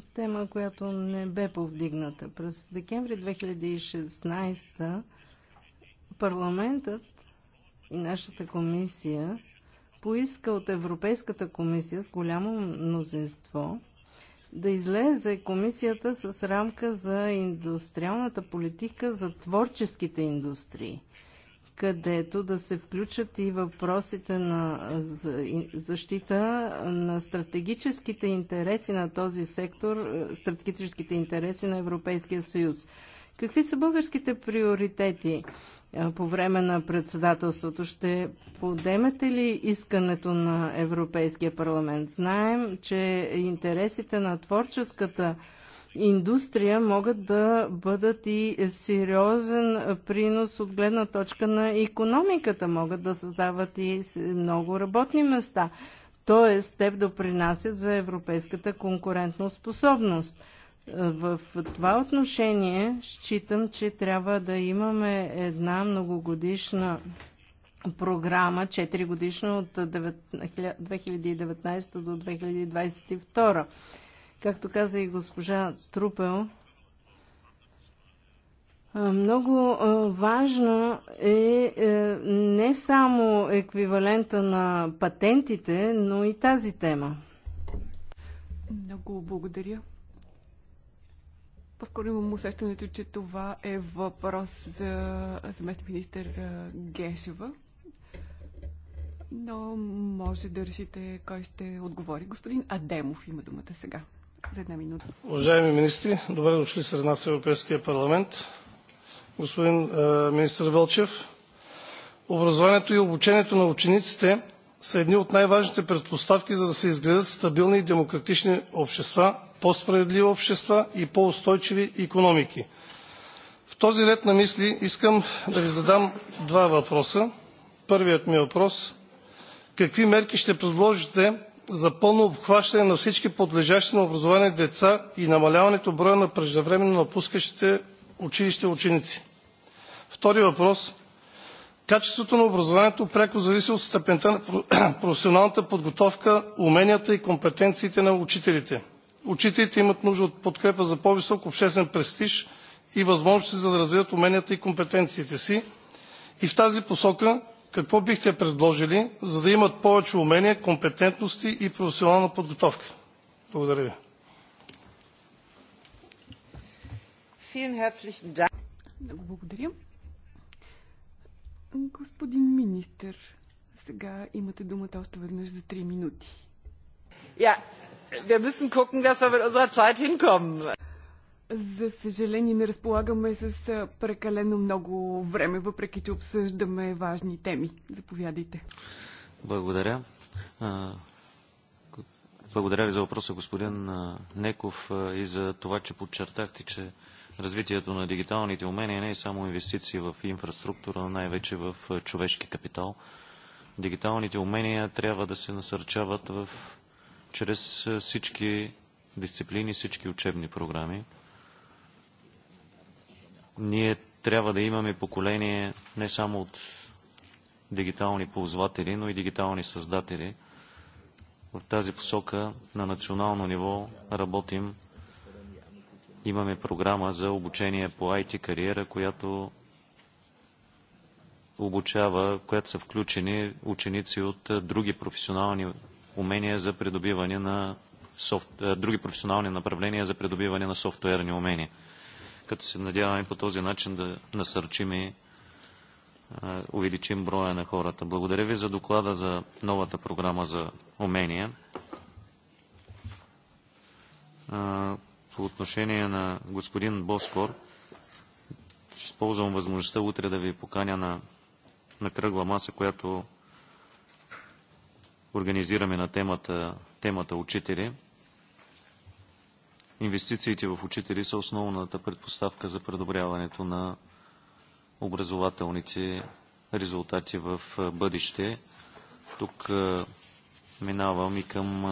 тема, която не бе повдигната. През декември 2016 парламентът и нашата комисия поиска от Европейската комисия с голямо мнозинство да излезе комисията с рамка за индустриалната политика за творческите индустрии където да се включат и въпросите на защита на стратегическите интереси на този сектор, е, стратегическите интереси на Европейския съюз. Какви са българските приоритети е, по време на председателството? Ще подемете ли искането на Европейския парламент? Знаем, че интересите на творческата индустрия могат да бъдат и сериозен принос от гледна точка на економиката, могат да създават и много работни места. Тоест, те допринасят за европейската конкурентоспособност. В това отношение считам, че трябва да имаме една многогодишна програма, 4 годишна от 2019 до 2022 Както каза и госпожа Трупел, много важно е, е не само еквивалента на патентите, но и тази тема. Много благодаря. По-скоро имам усещането, че това е въпрос за заместник министър Гешева. Но може да решите кой ще отговори. Господин Адемов има думата сега. За една минута. Уважаеми министри, добре дошли сред нас в Европейския парламент. Господин е, министр Вълчев, образованието и обучението на учениците са едни от най-важните предпоставки за да се изградят стабилни и демократични общества, по-справедливи общества и по-устойчиви икономики. В този ред на мисли искам да ви задам два въпроса. Първият ми е въпрос – какви мерки ще предложите за пълно обхващане на всички подлежащи на образование деца и намаляването броя на преждевременно напускащите училище ученици. Втори въпрос. Качеството на образованието пряко зависи от степента на професионалната подготовка, уменията и компетенциите на учителите. Учителите имат нужда от подкрепа за по-висок обществен престиж и възможности за да развият уменията и компетенциите си. И в тази посока какво бихте предложили, за да имат повече умения, компетентности и професионална подготовка? Благодаря ви. Много благодаря. Господин министр, сега имате думата още веднъж за 3 минути. Ja, wir müssen gucken, dass wir mit unserer Zeit hinkommen. За съжаление не разполагаме с прекалено много време, въпреки че обсъждаме важни теми. Заповядайте. Благодаря. Благодаря ви за въпроса, господин Неков, и за това, че подчертахте, че развитието на дигиталните умения не е само инвестиции в инфраструктура, но най-вече в човешки капитал. Дигиталните умения трябва да се насърчават в, чрез всички дисциплини, всички учебни програми ние трябва да имаме поколение не само от дигитални ползватели, но и дигитални създатели. В тази посока на национално ниво работим. Имаме програма за обучение по IT кариера, която обучава, която са включени ученици от други професионални умения за придобиване на софт... други професионални направления за придобиване на софтуерни умения като се надяваме по този начин да насърчим и увеличим броя на хората. Благодаря ви за доклада за новата програма за умения. По отношение на господин Боскор, ще използвам възможността утре да ви поканя на, на кръгла маса, която организираме на темата, темата учители – инвестициите в учители са основната предпоставка за предобряването на образователните резултати в бъдеще. Тук минавам и към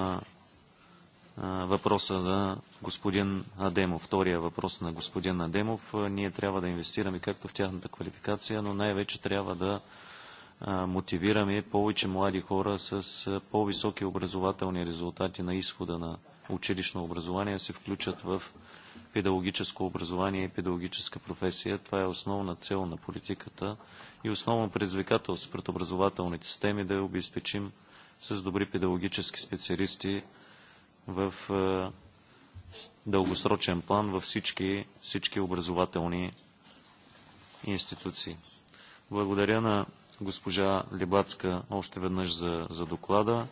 въпроса на господин Адемов, втория въпрос на господин Адемов. Ние трябва да инвестираме както в тяхната квалификация, но най-вече трябва да мотивираме повече млади хора с по-високи образователни резултати на изхода на училищно образование се включат в педагогическо образование и педагогическа професия. Това е основна цел на политиката и основно предизвикателство пред образователните системи да я обезпечим с добри педагогически специалисти в е, дългосрочен план във всички, всички образователни институции. Благодаря на госпожа Лебацка още веднъж за, за доклада.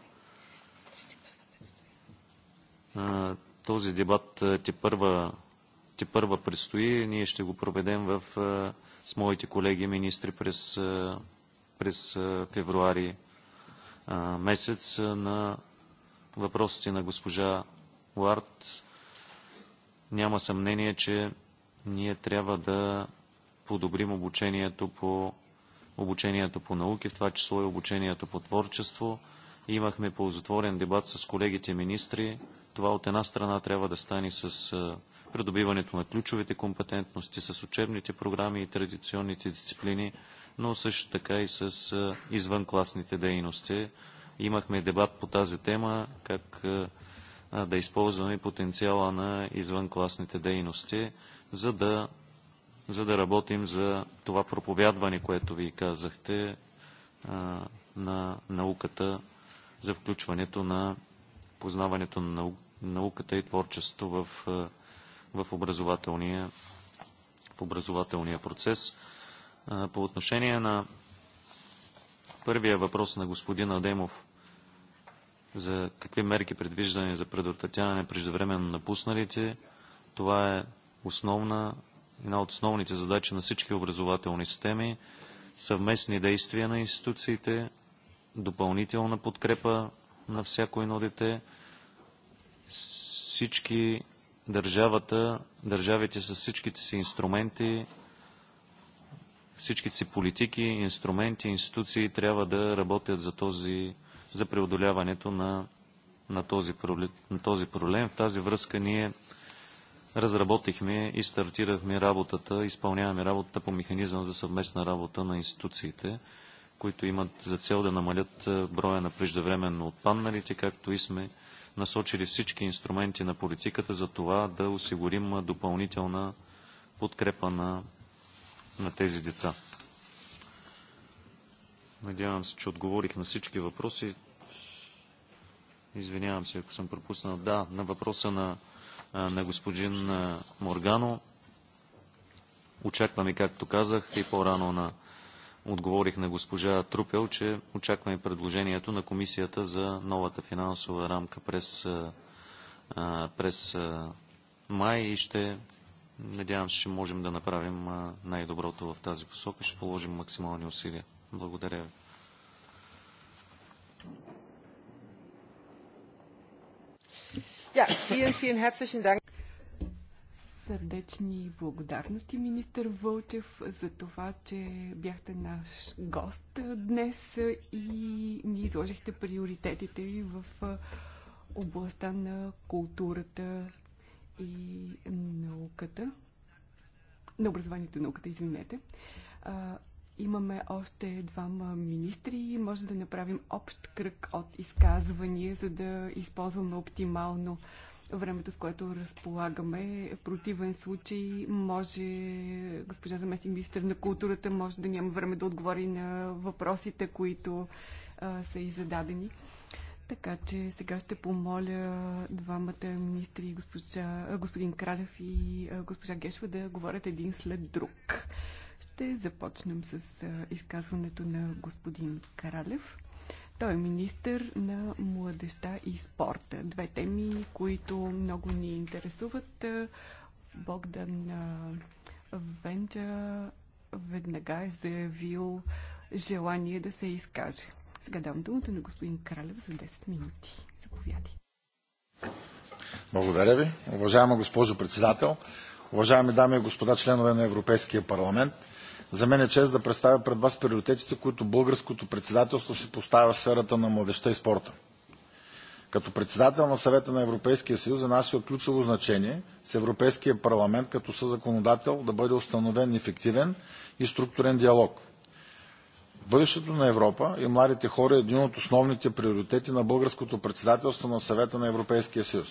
Този дебат те първа, те първа предстои. Ние ще го проведем в, с моите колеги министри през, през февруари месец на въпросите на госпожа Уарт. Няма съмнение, че ние трябва да подобрим обучението по, обучението по науки, в това число и обучението по творчество. Имахме ползотворен дебат с колегите министри. Това от една страна трябва да стане с придобиването на ключовите компетентности, с учебните програми и традиционните дисциплини, но също така и с извънкласните дейности. Имахме дебат по тази тема, как да използваме потенциала на извънкласните дейности, за да, за да работим за това проповядване, което ви казахте, на науката за включването на познаването на, науката науката и творчеството в, в, образователния, в образователния процес. По отношение на първия въпрос на господин Адемов за какви мерки предвиждане за предотвратяване преждевременно напусналите, това е основна, една от основните задачи на всички образователни системи, съвместни действия на институциите, допълнителна подкрепа на всяко едно дете – всички държавата, държавите с всичките си инструменти, всичките си политики, инструменти, институции трябва да работят за, този, за преодоляването на, на, този, на този проблем. В тази връзка ние разработихме и стартирахме работата, изпълняваме работата по механизъм за съвместна работа на институциите, които имат за цел да намалят броя на преждевременно отпадналите, както и сме насочили всички инструменти на политиката за това да осигурим допълнителна подкрепа на, на тези деца. Надявам се, че отговорих на всички въпроси. Извинявам се, ако съм пропуснал. Да, на въпроса на, на господин Моргано. Очакваме, както казах и по-рано на отговорих на госпожа Трупел, че очакваме предложението на комисията за новата финансова рамка през, през май и ще надявам се, че можем да направим най-доброто в тази посока. Ще положим максимални усилия. Благодаря ви. Ja, vielen, vielen herzlichen Dank сърдечни благодарности, министър Вълчев, за това, че бяхте наш гост днес и ни изложихте приоритетите ви в областта на културата и науката. На образованието и науката, извинете. Имаме още двама министри и може да направим общ кръг от изказвания, за да използваме оптимално времето, с което разполагаме. В противен случай може госпожа заместник министър на културата може да няма време да отговори на въпросите, които а, са и зададени. Така че сега ще помоля двамата министри, госпожа, господин Кралев и госпожа Гешва, да говорят един след друг. Ще започнем с изказването на господин Кралев. Той е министър на младеща и спорта. Две теми, които много ни интересуват. Богдан Венча веднага е заявил желание да се изкаже. Сега давам думата на господин Кралев за 10 минути. Заповядайте. Благодаря ви. Уважаема госпожо председател, уважаеми дами и господа членове на Европейския парламент – за мен е чест да представя пред вас приоритетите, които българското председателство си поставя в сферата на младеща и спорта. Като председател на съвета на Европейския съюз за нас е от ключово значение с Европейския парламент като съзаконодател да бъде установен ефективен и структурен диалог. Бъдещето на Европа и младите хора е един от основните приоритети на българското председателство на съвета на Европейския съюз.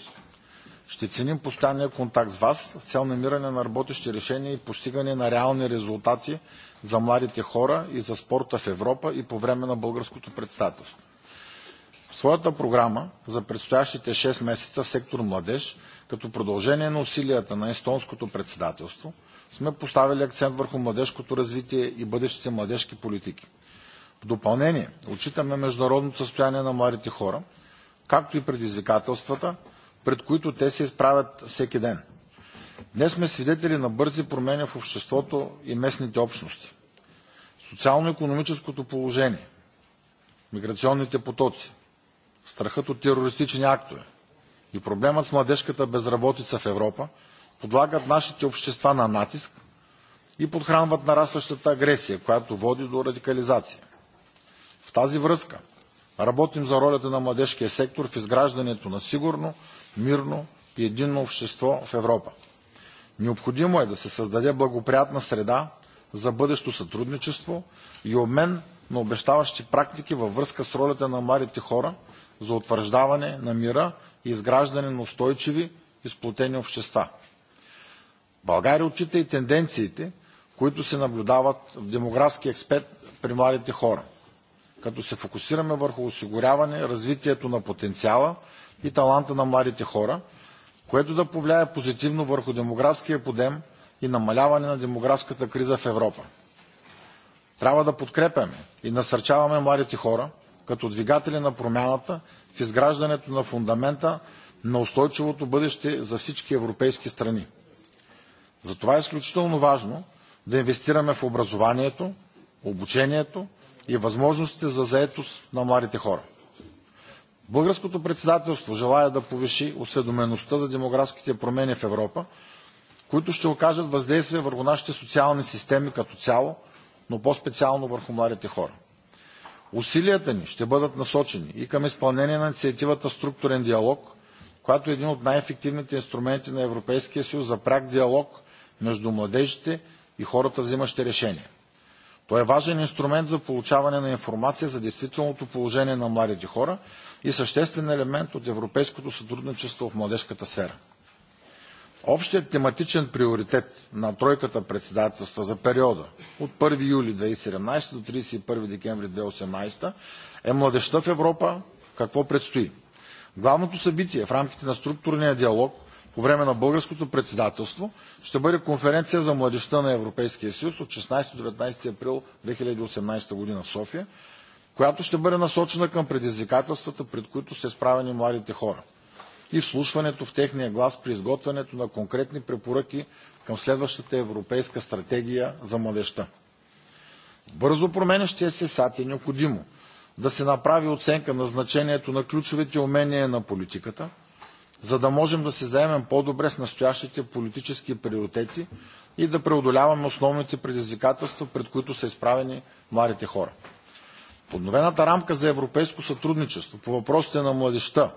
Ще ценим постоянния контакт с Вас с цел намиране на работещи решения и постигане на реални резултати за младите хора и за спорта в Европа и по време на българското председателство. В своята програма за предстоящите 6 месеца в сектор младеж, като продължение на усилията на естонското председателство, сме поставили акцент върху младежкото развитие и бъдещите младежки политики. В допълнение, отчитаме международното състояние на младите хора, както и предизвикателствата, пред които те се изправят всеки ден. Днес сме свидетели на бързи промени в обществото и местните общности. Социално-економическото положение, миграционните потоци, страхът от терористични актове и проблемът с младежката безработица в Европа подлагат нашите общества на натиск и подхранват нарастващата агресия, която води до радикализация. В тази връзка работим за ролята на младежкия сектор в изграждането на сигурно, мирно и единно общество в Европа. Необходимо е да се създаде благоприятна среда за бъдещо сътрудничество и обмен на обещаващи практики във връзка с ролята на младите хора за утвърждаване на мира и изграждане на устойчиви и сплотени общества. България отчита и тенденциите, които се наблюдават в демографски експерт при младите хора, като се фокусираме върху осигуряване развитието на потенциала и таланта на младите хора, което да повлияе позитивно върху демографския подем и намаляване на демографската криза в Европа. Трябва да подкрепяме и насърчаваме младите хора като двигатели на промяната в изграждането на фундамента на устойчивото бъдеще за всички европейски страни. Затова е изключително важно да инвестираме в образованието, обучението и възможностите за заетост на младите хора. Българското председателство желая да повиши осведомеността за демографските промени в Европа, които ще окажат въздействие върху нашите социални системи като цяло, но по-специално върху младите хора. Усилията ни ще бъдат насочени и към изпълнение на инициативата Структурен диалог, която е един от най-ефективните инструменти на Европейския съюз за пряк диалог между младежите и хората, взимащи решения. Той е важен инструмент за получаване на информация за действителното положение на младите хора – и съществен елемент от европейското сътрудничество в младежката сфера. Общият тематичен приоритет на тройката председателства за периода от 1 юли 2017 до 31 декември 2018 е Младежта в Европа – какво предстои? Главното събитие в рамките на структурния диалог по време на българското председателство ще бъде конференция за младежта на Европейския съюз от 16-19 април 2018 година в София, която ще бъде насочена към предизвикателствата, пред които са изправени младите хора и вслушването в техния глас при изготвянето на конкретни препоръки към следващата Европейска стратегия за младеща. бързо променящия се сад е необходимо да се направи оценка на значението на ключовите умения на политиката, за да можем да се заемем по-добре с настоящите политически приоритети и да преодоляваме основните предизвикателства, пред които са изправени младите хора. Подновената рамка за европейско сътрудничество по въпросите на младеща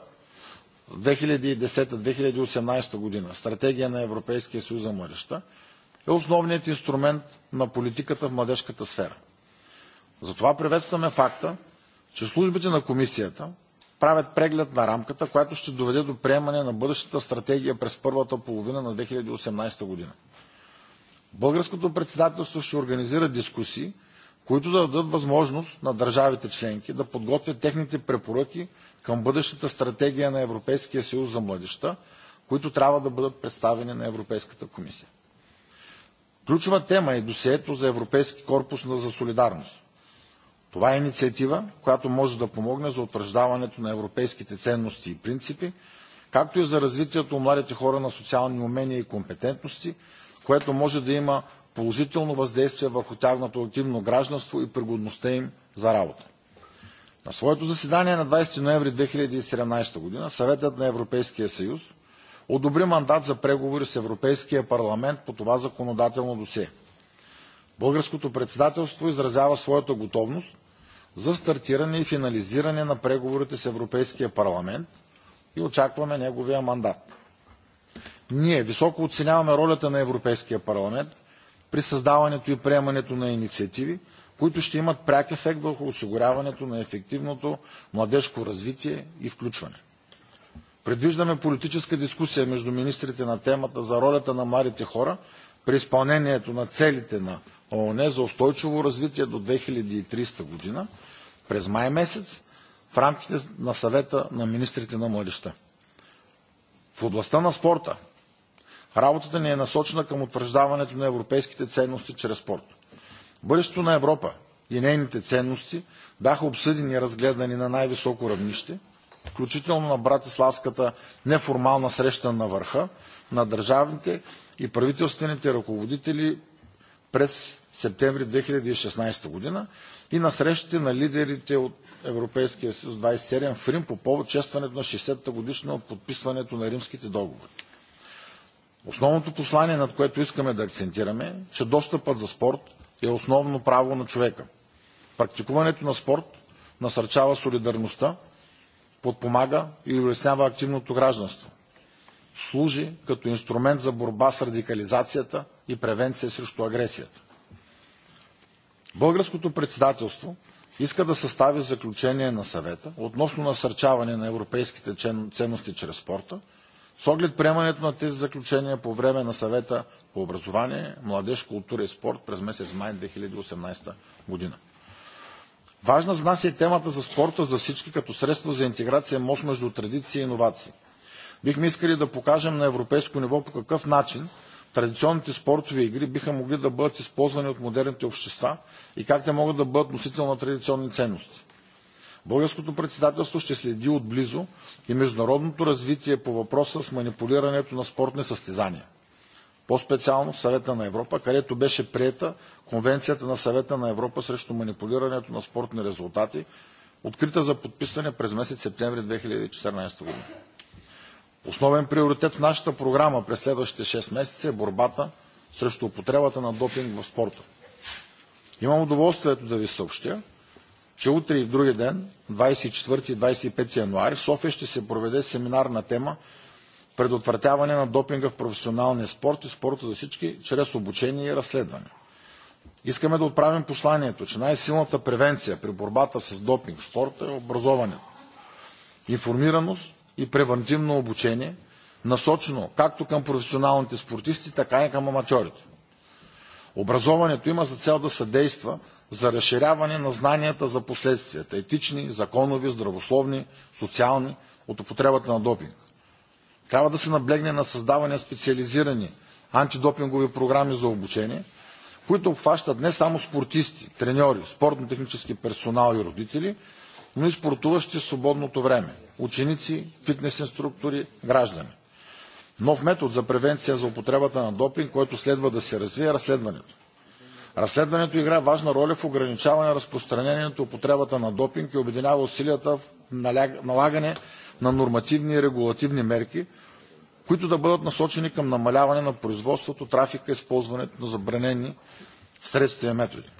2010-2018 година, стратегия на Европейския съюз за младеща, е основният инструмент на политиката в младежката сфера. Затова приветстваме факта, че службите на комисията правят преглед на рамката, която ще доведе до приемане на бъдещата стратегия през първата половина на 2018 година. Българското председателство ще организира дискусии които да дадат възможност на държавите членки да подготвят техните препоръки към бъдещата стратегия на Европейския съюз за младеща, които трябва да бъдат представени на Европейската комисия. Ключова тема е досието за Европейски корпус за солидарност. Това е инициатива, която може да помогне за утвърждаването на европейските ценности и принципи, както и за развитието у младите хора на социални умения и компетентности, което може да има положително въздействие върху тяхното активно гражданство и пригодността им за работа. На своето заседание на 20 ноември 2017 г. Съветът на Европейския съюз одобри мандат за преговори с Европейския парламент по това законодателно досие. Българското председателство изразява своята готовност за стартиране и финализиране на преговорите с Европейския парламент и очакваме неговия мандат. Ние високо оценяваме ролята на Европейския парламент при създаването и приемането на инициативи, които ще имат пряк ефект върху осигуряването на ефективното младежко развитие и включване. Предвиждаме политическа дискусия между министрите на темата за ролята на младите хора при изпълнението на целите на ООН за устойчиво развитие до 2030 година през май месец в рамките на съвета на министрите на младеща. В областта на спорта Работата ни е насочена към утвърждаването на европейските ценности чрез спорт. Бъдещето на Европа и нейните ценности бяха обсъдени и разгледани на най-високо равнище, включително на братиславската неформална среща на върха на държавните и правителствените ръководители през септември 2016 година и на срещите на лидерите от Европейския съюз 27 в Рим по повод честването на 60-та годишна от подписването на римските договори. Основното послание, над което искаме да акцентираме, е, че достъпът за спорт е основно право на човека. Практикуването на спорт насърчава солидарността, подпомага и улеснява активното гражданство. Служи като инструмент за борба с радикализацията и превенция срещу агресията. Българското председателство иска да състави заключение на съвета относно насърчаване на европейските ценности чрез спорта – с оглед приемането на тези заключения по време на съвета по образование, младеж, култура и спорт през месец май 2018 година. Важна за нас е темата за спорта за всички като средство за интеграция мост между традиции и иновации. Бихме искали да покажем на европейско ниво по какъв начин традиционните спортови игри биха могли да бъдат използвани от модерните общества и как те могат да бъдат носител на традиционни ценности. Българското председателство ще следи отблизо и международното развитие по въпроса с манипулирането на спортни състезания. По-специално в Съвета на Европа, където беше приета Конвенцията на Съвета на Европа срещу манипулирането на спортни резултати, открита за подписване през месец септември 2014 година. Основен приоритет в нашата програма през следващите 6 месеца е борбата срещу употребата на допинг в спорта. Имам удоволствието да ви съобщя, че утре и в другия ден, 24 и 25 януари, в София ще се проведе семинар на тема предотвратяване на допинга в професионалния спорт и спорта за всички чрез обучение и разследване. Искаме да отправим посланието, че най-силната превенция при борбата с допинг в спорта е образованието. Информираност и превентивно обучение, насочено както към професионалните спортисти, така и към аматьорите. Образованието има за цел да съдейства за разширяване на знанията за последствията – етични, законови, здравословни, социални, от употребата на допинг. Трябва да се наблегне на създаване специализирани антидопингови програми за обучение, които обхващат не само спортисти, треньори, спортно-технически персонал и родители, но и спортуващи в свободното време, ученици, фитнес инструктори, граждани. Нов метод за превенция за употребата на допинг, който следва да се развие, е разследването. Разследването играе важна роля в ограничаване разпространението и употребата на допинг и обединява усилията в налагане на нормативни и регулативни мерки, които да бъдат насочени към намаляване на производството, трафика и използването на забранени средства и методи.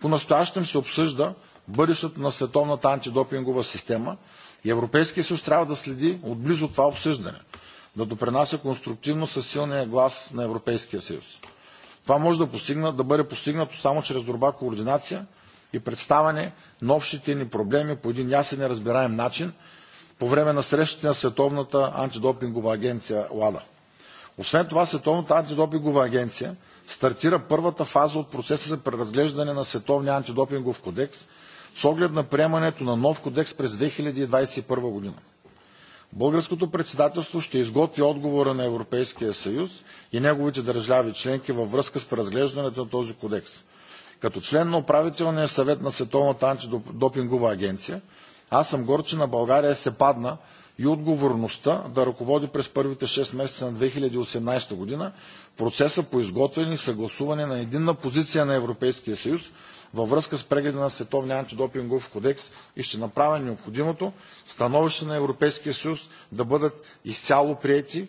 Понастоящем се обсъжда бъдещето на световната антидопингова система и Европейския съюз трябва да следи отблизо това обсъждане, да допринася конструктивно със силния глас на Европейския съюз. Това може да, постигна, да бъде постигнато само чрез друга координация и представане на общите ни проблеми по един ясен и разбираем начин по време на срещите на Световната антидопингова агенция ЛАДА. Освен това, Световната антидопингова агенция стартира първата фаза от процеса за преразглеждане на Световния антидопингов кодекс с оглед на приемането на нов кодекс през 2021 година. Българското председателство ще изготви отговора на Европейския съюз и неговите държави членки във връзка с преразглеждането на този кодекс. Като член на управителния съвет на Световната антидопингова агенция, аз съм горд, че на България се падна и отговорността да ръководи през първите 6 месеца на 2018 година процеса по изготвяне и съгласуване на единна позиция на Европейския съюз във връзка с прегледа на Световния антидопингов кодекс и ще направя необходимото становище на Европейския съюз да бъдат изцяло приети,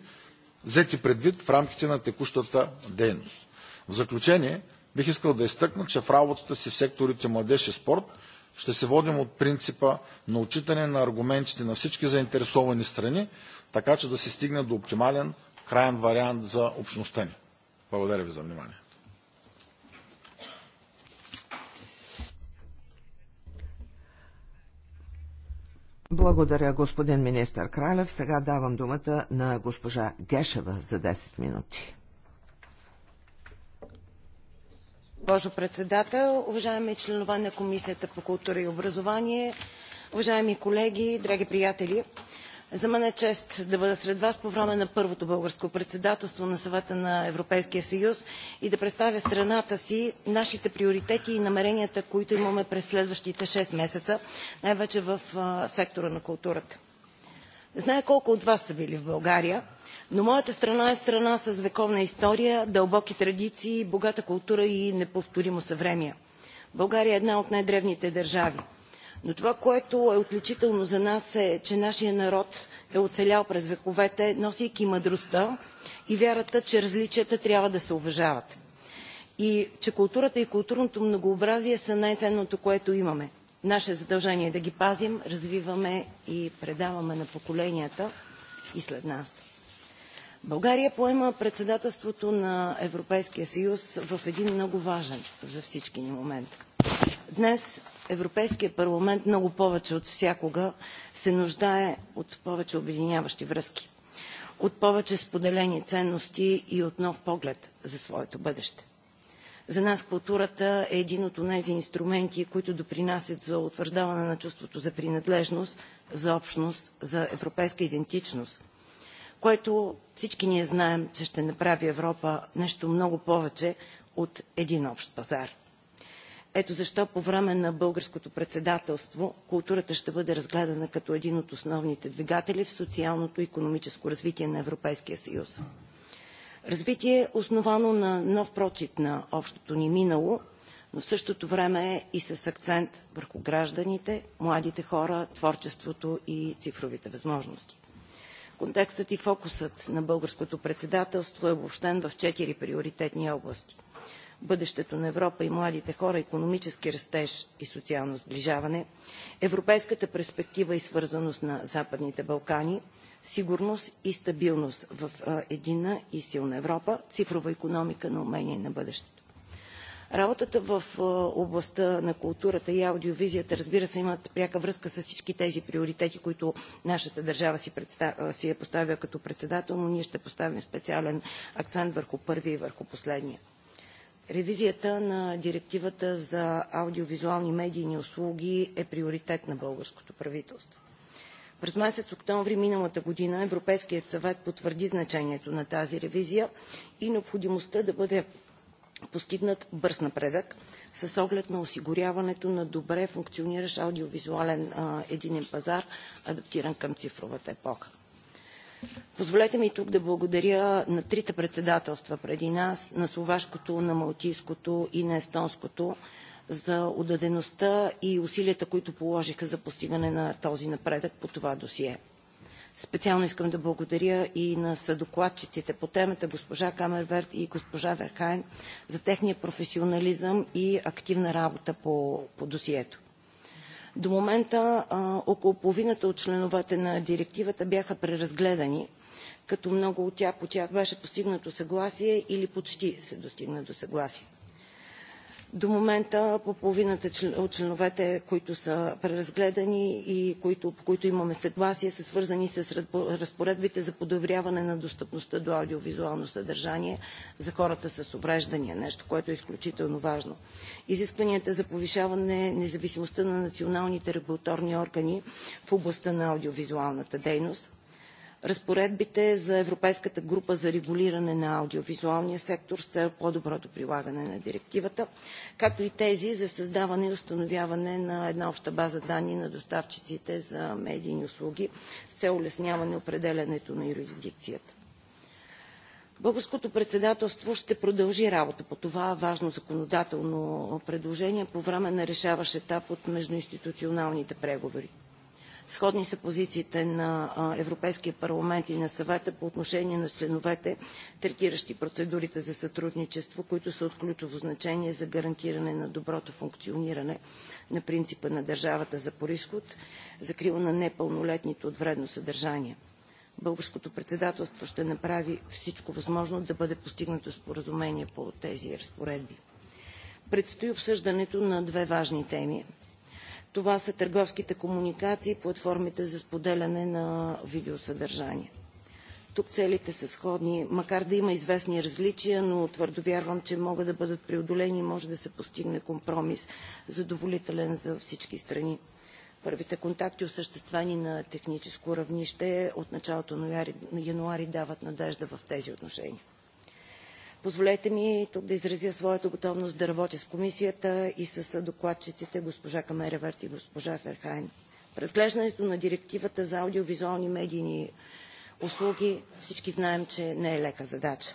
взети предвид в рамките на текущата дейност. В заключение, бих искал да изтъкна, че в работата си в секторите младеж и спорт ще се водим от принципа на отчитане на аргументите на всички заинтересовани страни, така че да се стигне до оптимален краен вариант за общността ни. Благодаря ви за внимание. Благодаря, господин министър Кралев. Сега давам думата на госпожа Гешева за 10 минути. Госпожо председател, уважаеми членове на Комисията по култура и образование, уважаеми колеги, драги приятели! За мен е чест да бъда сред вас по време на първото българско председателство на Съвета на Европейския съюз и да представя страната си, нашите приоритети и намеренията, които имаме през следващите 6 месеца, най-вече в сектора на културата. Зная колко от вас са били в България, но моята страна е страна с вековна история, дълбоки традиции, богата култура и неповторимо съвремие. България е една от най-древните държави. Но това, което е отличително за нас е, че нашия народ е оцелял през вековете, носейки мъдростта и вярата, че различията трябва да се уважават. И че културата и културното многообразие са най-ценното, което имаме. Наше задължение е да ги пазим, развиваме и предаваме на поколенията и след нас. България поема председателството на Европейския съюз в един много важен за всички ни момент. Днес Европейският парламент много повече от всякога се нуждае от повече обединяващи връзки, от повече споделени ценности и от нов поглед за своето бъдеще. За нас културата е един от тези инструменти, които допринасят за утвърждаване на чувството за принадлежност, за общност, за европейска идентичност, което всички ние знаем, че ще направи Европа нещо много повече от един общ пазар. Ето защо по време на българското председателство културата ще бъде разгледана като един от основните двигатели в социалното и економическо развитие на Европейския съюз. Развитие основано на нов прочит на общото ни минало, но в същото време е и с акцент върху гражданите, младите хора, творчеството и цифровите възможности. Контекстът и фокусът на българското председателство е обобщен в четири приоритетни области – бъдещето на Европа и младите хора, економически растеж и социално сближаване, европейската перспектива и свързаност на Западните Балкани, сигурност и стабилност в единна и силна Европа, цифрова економика на умение на бъдещето. Работата в областта на културата и аудиовизията, разбира се, имат пряка връзка с всички тези приоритети, които нашата държава си, представ... си е поставя като председател, но ние ще поставим специален акцент върху първи и върху последния. Ревизията на директивата за аудиовизуални медийни услуги е приоритет на българското правителство. През месец октомври миналата година Европейският съвет потвърди значението на тази ревизия и необходимостта да бъде постигнат бърз напредък с оглед на осигуряването на добре функциониращ аудиовизуален единен пазар, адаптиран към цифровата епоха. Позволете ми тук да благодаря на трите председателства преди нас, на словашкото, на малтийското и на естонското, за отдадеността и усилията, които положиха за постигане на този напредък по това досие. Специално искам да благодаря и на съдокладчиците по темата госпожа Камерверт и госпожа Верхайн за техния професионализъм и активна работа по, по досието. До момента около половината от членовете на директивата бяха преразгледани, като много от тях по тях беше постигнато съгласие или почти се достигна до съгласие. До момента по половината от членовете, които са преразгледани и които, по които имаме съгласие, са свързани с разпоредбите за подобряване на достъпността до аудиовизуално съдържание за хората с увреждания, нещо, което е изключително важно. Изискванията за повишаване независимостта на националните регулаторни органи в областта на аудиовизуалната дейност, разпоредбите за Европейската група за регулиране на аудиовизуалния сектор с цел по-доброто прилагане на директивата, както и тези за създаване и установяване на една обща база данни на доставчиците за медийни услуги с цел улесняване определянето на юрисдикцията. Българското председателство ще продължи работа по това важно законодателно предложение по време на решаващ етап от междуинституционалните преговори. Сходни са позициите на Европейския парламент и на съвета по отношение на членовете, третиращи процедурите за сътрудничество, които са от ключово значение за гарантиране на доброто функциониране на принципа на държавата за происход, закрила на непълнолетните от вредно съдържание. Българското председателство ще направи всичко възможно да бъде постигнато споразумение по тези разпоредби. Предстои обсъждането на две важни теми – това са търговските комуникации, платформите за споделяне на видеосъдържание. Тук целите са сходни, макар да има известни различия, но твърдо вярвам, че могат да бъдат преодолени и може да се постигне компромис, задоволителен за всички страни. Първите контакти, осъществени на техническо равнище от началото на януари, дават надежда в тези отношения. Позволете ми тук да изразя своята готовност да работя с комисията и с докладчиците госпожа Камеревърт и госпожа Ферхайн. Разглеждането на директивата за аудиовизуални медийни услуги всички знаем, че не е лека задача.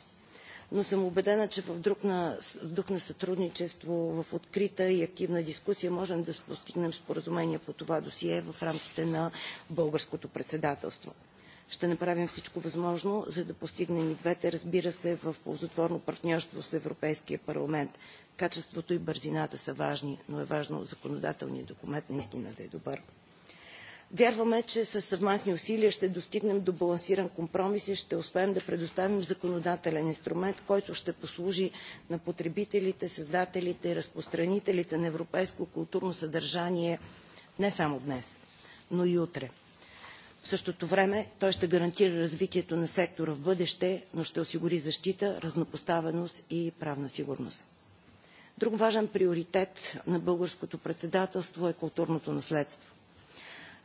Но съм убедена, че в на, в дух на сътрудничество, в открита и активна дискусия можем да постигнем споразумение по това досие в рамките на българското председателство. Ще направим всичко възможно, за да постигнем и двете, разбира се, в ползотворно партньорство с Европейския парламент. Качеството и бързината са важни, но е важно законодателният документ наистина да е добър. Вярваме, че с съвместни усилия ще достигнем до балансиран компромис и ще успеем да предоставим законодателен инструмент, който ще послужи на потребителите, създателите и разпространителите на европейско културно съдържание не само днес, но и утре. В същото време той ще гарантира развитието на сектора в бъдеще, но ще осигури защита, разнопоставеност и правна сигурност. Друг важен приоритет на българското председателство е културното наследство.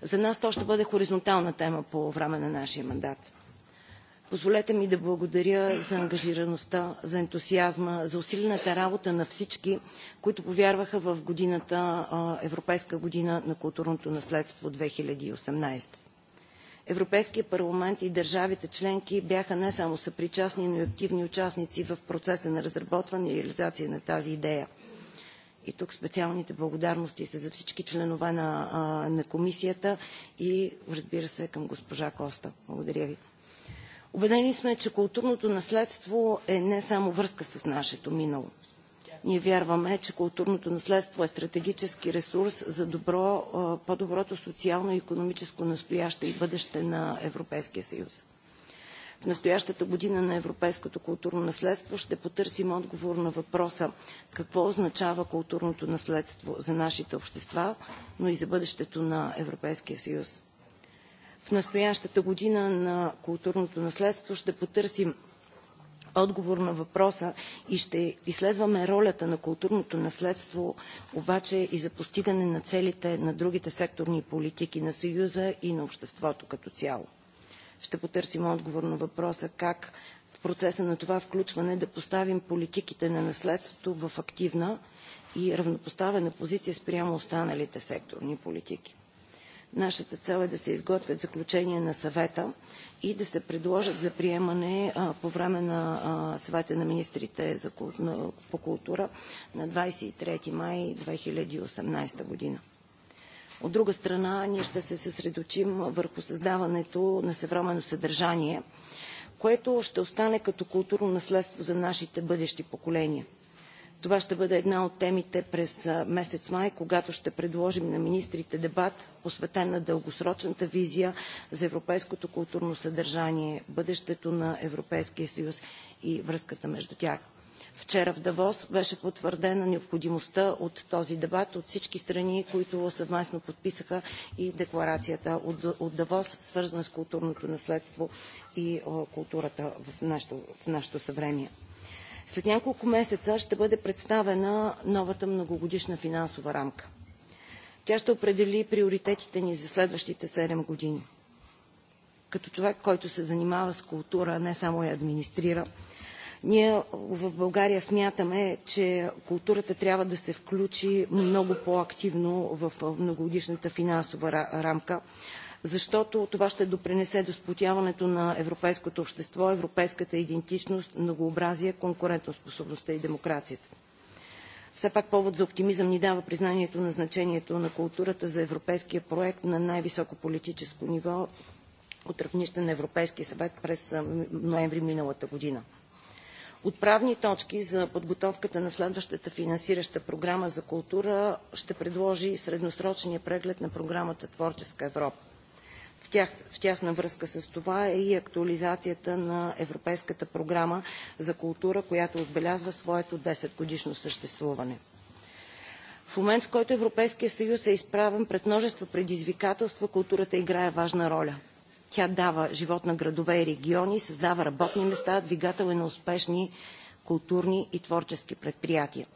За нас то ще бъде хоризонтална тема по време на нашия мандат. Позволете ми да благодаря за ангажираността, за ентусиазма, за усилената работа на всички, които повярваха в годината, Европейска година на културното наследство 2018. Европейският парламент и държавите членки бяха не само съпричастни, но и активни участници в процеса на разработване и реализация на тази идея. И тук специалните благодарности са за всички членове на, на комисията и разбира се към госпожа Коста. Благодаря ви. Обедени сме, че културното наследство е не само връзка с нашето минало. Ние вярваме, че културното наследство е стратегически ресурс за добро, по-доброто социално и економическо настояще и бъдеще на Европейския съюз. В настоящата година на европейското културно наследство ще потърсим отговор на въпроса какво означава културното наследство за нашите общества, но и за бъдещето на Европейския съюз. В настоящата година на културното наследство ще потърсим отговор на въпроса и ще изследваме ролята на културното наследство, обаче и за постигане на целите на другите секторни политики на Съюза и на обществото като цяло. Ще потърсим отговор на въпроса как в процеса на това включване да поставим политиките на наследството в активна и равнопоставена позиция спрямо останалите секторни политики. Нашата цел е да се изготвят заключения на съвета и да се предложат за приемане а, по време на а, съвета на министрите за, на, по култура на 23 май 2018 година. От друга страна, ние ще се съсредочим върху създаването на съвременно съдържание, което ще остане като културно наследство за нашите бъдещи поколения – това ще бъде една от темите през месец май, когато ще предложим на министрите дебат, посветен на дългосрочната визия за европейското културно съдържание, бъдещето на Европейския съюз и връзката между тях. Вчера в Давос беше потвърдена необходимостта от този дебат от всички страни, които съвместно подписаха и декларацията от, Давос, свързана с културното наследство и културата в нашето, в нашето съвремие. След няколко месеца ще бъде представена новата многогодишна финансова рамка. Тя ще определи приоритетите ни за следващите 7 години. Като човек, който се занимава с култура, не само я администрира, ние в България смятаме, че културата трябва да се включи много по-активно в многогодишната финансова рамка, защото това ще допринесе до сплотяването на европейското общество, европейската идентичност, многообразие, конкурентоспособността и демокрацията. Все пак повод за оптимизъм ни дава признанието на значението на културата за европейския проект на най-високо политическо ниво от равнище на Европейския съвет през ноември миналата година. Отправни точки за подготовката на следващата финансираща програма за култура ще предложи средносрочния преглед на програмата Творческа Европа. В тясна връзка с това е и актуализацията на Европейската програма за култура, която отбелязва своето 10-годишно съществуване. В момент, в който Европейския съюз е изправен пред множество предизвикателства, културата играе важна роля. Тя дава живот на градове и региони, създава работни места, двигател е на успешни културни и творчески предприятия.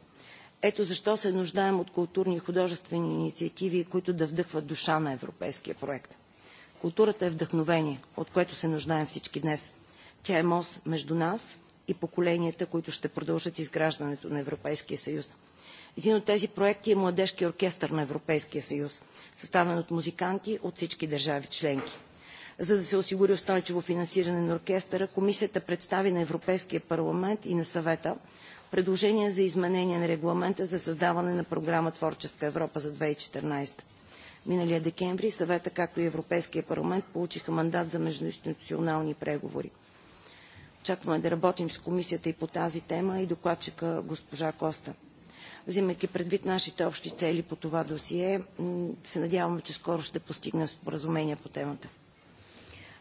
Ето защо се нуждаем от културни и художествени инициативи, които да вдъхват душа на европейския проект. Културата е вдъхновение, от което се нуждаем всички днес. Тя е мост между нас и поколенията, които ще продължат изграждането на Европейския съюз. Един от тези проекти е Младежки оркестър на Европейския съюз, съставен от музиканти от всички държави членки. За да се осигури устойчиво финансиране на оркестъра, комисията представи на Европейския парламент и на съвета предложение за изменение на регламента за създаване на програма Творческа Европа за 2014 миналия декември, съвета, както и Европейския парламент, получиха мандат за междуинституционални преговори. Очакваме да работим с комисията и по тази тема и докладчика госпожа Коста. Взимайки предвид нашите общи цели по това досие, се надяваме, че скоро ще постигнем споразумение по темата.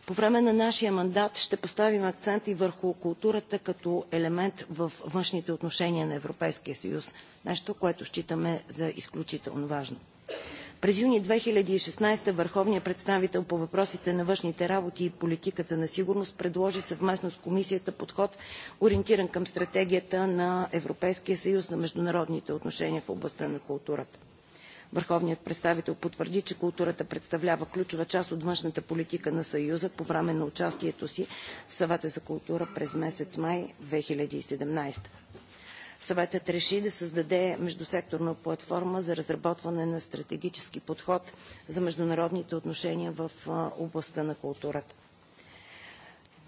По време на нашия мандат ще поставим акцент и върху културата като елемент в външните отношения на Европейския съюз, нещо, което считаме за изключително важно. През юни 2016 върховният представител по въпросите на външните работи и политиката на сигурност предложи съвместно с Комисията подход, ориентиран към стратегията на Европейския съюз на международните отношения в областта на културата. Върховният представител потвърди, че културата представлява ключова част от външната политика на Съюза по време на участието си в Съвета за култура през месец май 2017. Съветът реши да създаде междусекторна платформа за разработване на стратегически подход за международните отношения в областта на културата.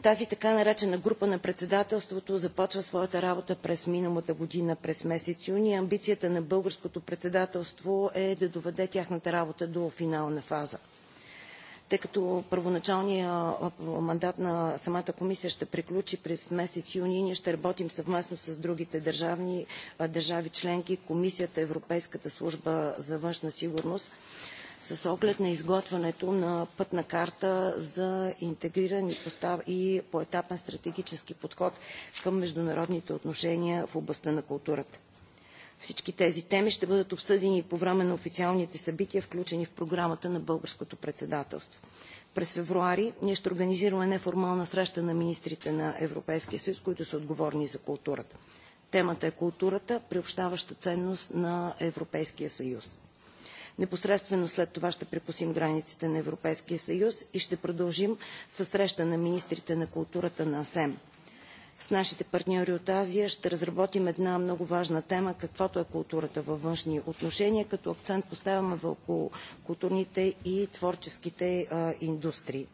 Тази така наречена група на председателството започва своята работа през миналата година, през месец юни. Амбицията на българското председателство е да доведе тяхната работа до финална фаза тъй като първоначалният мандат на самата комисия ще приключи през месец юни, ние ще работим съвместно с другите държавни, държави членки, комисията, Европейската служба за външна сигурност с оглед на изготвянето на пътна карта за интегриран и, постав... и поетапен стратегически подход към международните отношения в областта на културата. Всички тези теми ще бъдат обсъдени по време на официалните събития, включени в програмата на българското председателство. През февруари ние ще организираме неформална среща на министрите на Европейския съюз, които са отговорни за културата. Темата е културата, приобщаваща ценност на Европейския съюз. Непосредствено след това ще препусим границите на Европейския съюз и ще продължим със среща на министрите на културата на СЕМ – с нашите партньори от Азия ще разработим една много важна тема, каквото е културата във външни отношения, като акцент поставяме върху културните и творческите а, индустрии.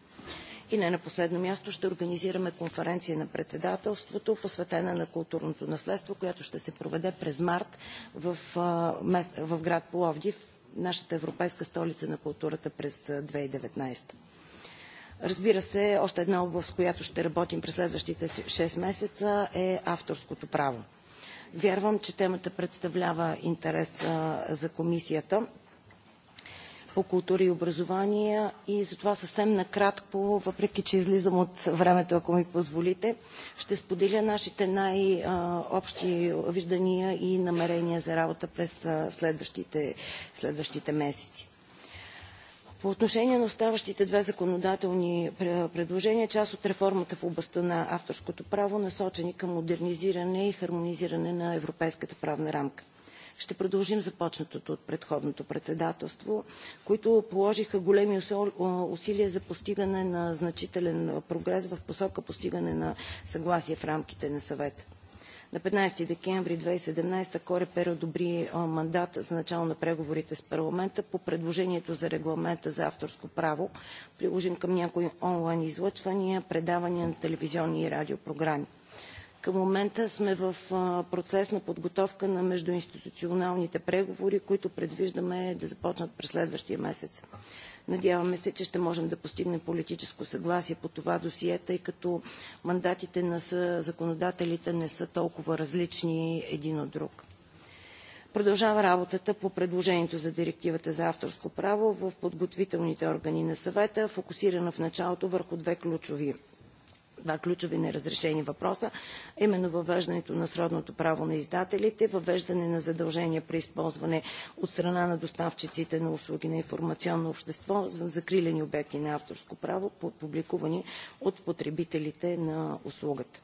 И не на последно място ще организираме конференция на председателството, посветена на културното наследство, която ще се проведе през март в, в град Пловдив, нашата европейска столица на културата през 2019. Разбира се, още една област, в която ще работим през следващите 6 месеца е авторското право. Вярвам, че темата представлява интерес за комисията по култура и образование и затова съвсем накратко, въпреки че излизам от времето, ако ми позволите, ще споделя нашите най-общи виждания и намерения за работа през следващите, следващите месеци. По отношение на оставащите две законодателни предложения, част от реформата в областта на авторското право, насочени към модернизиране и хармонизиране на европейската правна рамка. Ще продължим започнатото от предходното председателство, които положиха големи усилия за постигане на значителен прогрес в посока постигане на съгласие в рамките на съвета. На 15 декември 2017 Корепер одобри мандат за начало на преговорите с парламента по предложението за регламента за авторско право, приложим към някои онлайн излъчвания, предавания на телевизионни и радиопрограми. Към момента сме в процес на подготовка на междуинституционалните преговори, които предвиждаме да започнат през следващия месец. Надяваме се, че ще можем да постигнем политическо съгласие по това досие, тъй като мандатите на законодателите не са толкова различни един от друг. Продължава работата по предложението за директивата за авторско право в подготвителните органи на съвета, фокусирана в началото върху две ключови два ключови неразрешени въпроса, именно въвеждането на сродното право на издателите, въвеждане на задължения при използване от страна на доставчиците на услуги на информационно общество за закрилени обекти на авторско право, публикувани от потребителите на услугата.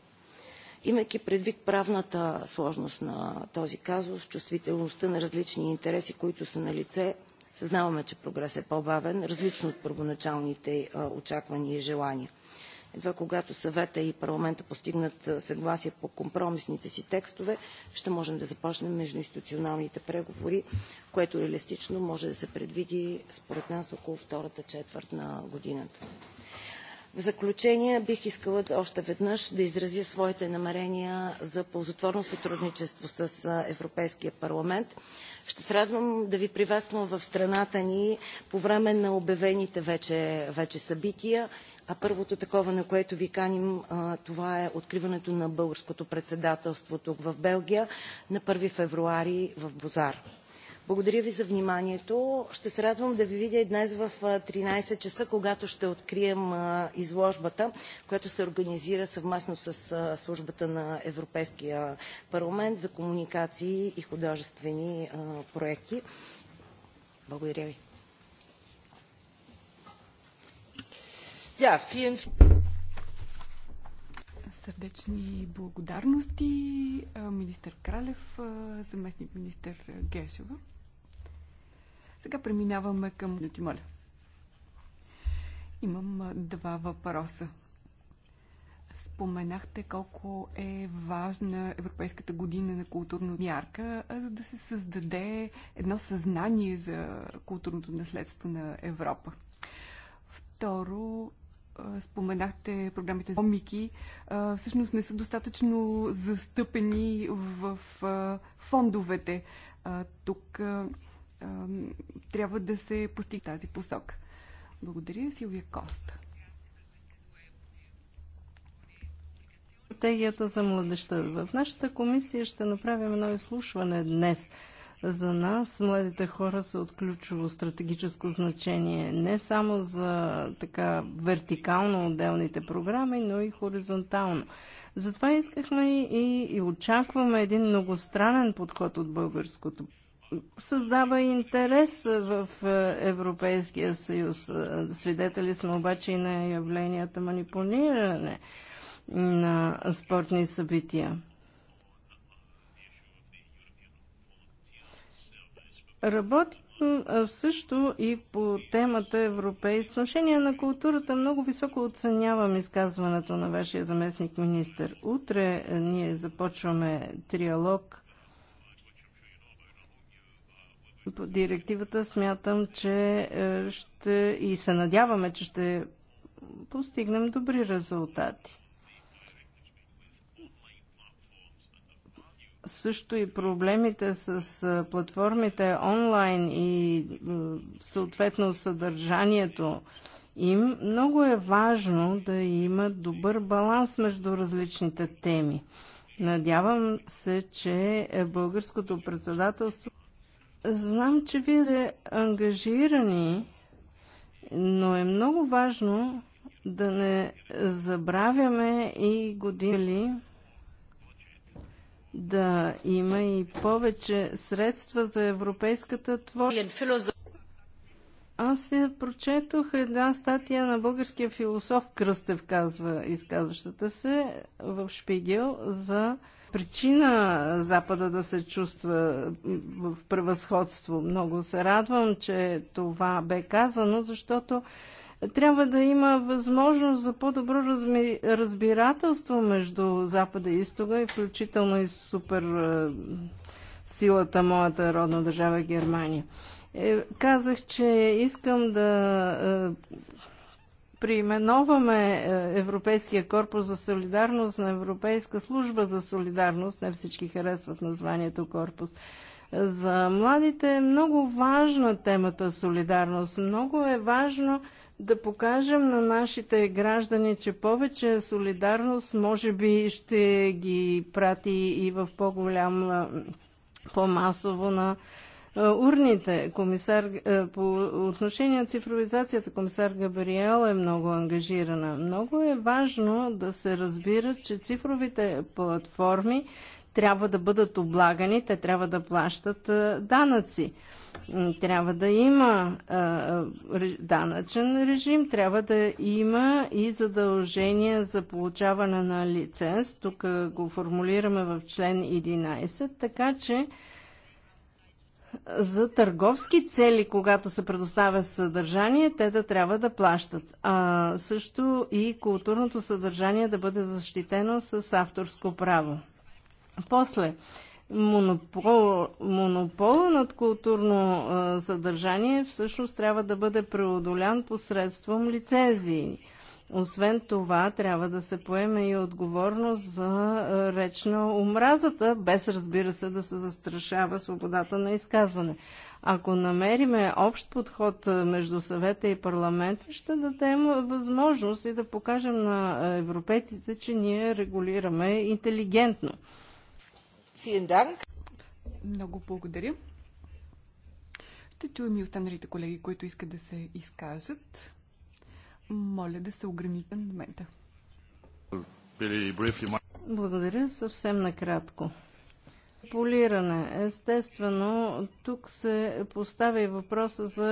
Имайки предвид правната сложност на този казус, чувствителността на различни интереси, които са на лице, съзнаваме, че прогрес е по-бавен, различно от първоначалните очаквания и желания. Едва когато съвета и парламента постигнат съгласие по компромисните си текстове, ще можем да започнем междуинституционалните преговори, което реалистично може да се предвиди според нас около втората четвърт на годината. В заключение бих искала още веднъж да изразя своите намерения за ползотворно сътрудничество с Европейския парламент. Ще се радвам да ви приветствам в страната ни по време на обявените вече, вече събития а първото такова, на което ви каним, това е откриването на българското председателство тук в Белгия на 1 февруари в Бозар. Благодаря ви за вниманието. Ще се радвам да ви видя и днес в 13 часа, когато ще открием изложбата, която се организира съвместно с службата на Европейския парламент за комуникации и художествени проекти. Благодаря ви. Ja, vielen... Сърдечни благодарности, министър Кралев, заместник министър Гешева. Сега преминаваме към минути, моля. Имам два въпроса. Споменахте колко е важна Европейската година на културна мярка, за да се създаде едно съзнание за културното наследство на Европа. Второ, е, споменахте програмите за Омики, е, всъщност не са достатъчно застъпени в е, фондовете. Тук трябва да се постиг тази посока. Благодаря, Силвия Кост. Стратегията за младеща. В нашата комисия ще направим едно изслушване днес – за нас младите хора са от ключово стратегическо значение не само за така вертикално отделните програми, но и хоризонтално. Затова искахме и, и очакваме един многостранен подход от българското създава интерес в е, Европейския съюз. Свидетели сме обаче и на явленията манипулиране на спортни събития. Работим също и по темата европейско отношение на културата. Много високо оценявам изказването на вашия заместник министр. Утре ние започваме триалог по директивата. Смятам, че ще и се надяваме, че ще постигнем добри резултати. също и проблемите с платформите онлайн и съответно съдържанието им, много е важно да има добър баланс между различните теми. Надявам се, че е, българското председателство. Знам, че вие сте ангажирани, но е много важно да не забравяме и години да има и повече средства за европейската творчество. Аз се прочетох една статия на българския философ Кръстев, казва изказващата се в Шпигел за причина Запада да се чувства в превъзходство. Много се радвам, че това бе казано, защото трябва да има възможност за по-добро разми... разбирателство между Запада и Изтога и включително и супер е, силата моята родна държава Германия. Е, казах, че искам да е, е, Европейския корпус за солидарност на Европейска служба за солидарност. Не всички харесват названието корпус. За младите е много важна темата солидарност. Много е важно да покажем на нашите граждани, че повече солидарност може би ще ги прати и в по-голям, по-масово на урните. Комисар, по отношение на цифровизацията, комисар Габриел е много ангажирана. Много е важно да се разбира, че цифровите платформи трябва да бъдат облагани, те трябва да плащат данъци. Трябва да има данъчен режим, трябва да има и задължения за получаване на лиценз. Тук го формулираме в член 11, така че за търговски цели, когато се предоставя съдържание, те да трябва да плащат. А също и културното съдържание да бъде защитено с авторско право. После, монопол, монопол над културно а, съдържание всъщност трябва да бъде преодолян посредством лицензии. Освен това, трябва да се поеме и отговорност за реч на омразата, без разбира се да се застрашава свободата на изказване. Ако намериме общ подход между съвета и парламента, ще дадем възможност и да покажем на европейците, че ние регулираме интелигентно. Много благодаря. Ще чуем и останалите колеги, които искат да се изкажат. Моля да се ограничат на момента. Благодаря. Съвсем накратко. Полиране. Естествено, тук се поставя и въпроса за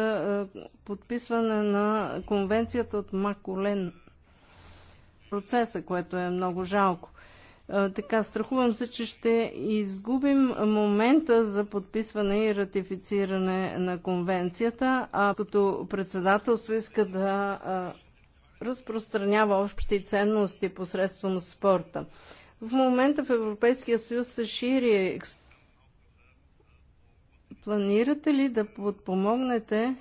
е, подписване на конвенцията от Маколен процеса, което е много жалко така, страхувам се, че ще изгубим момента за подписване и ратифициране на конвенцията, а като председателство иска да а, разпространява общи ценности посредством спорта. В момента в Европейския съюз се шири. Планирате ли да подпомогнете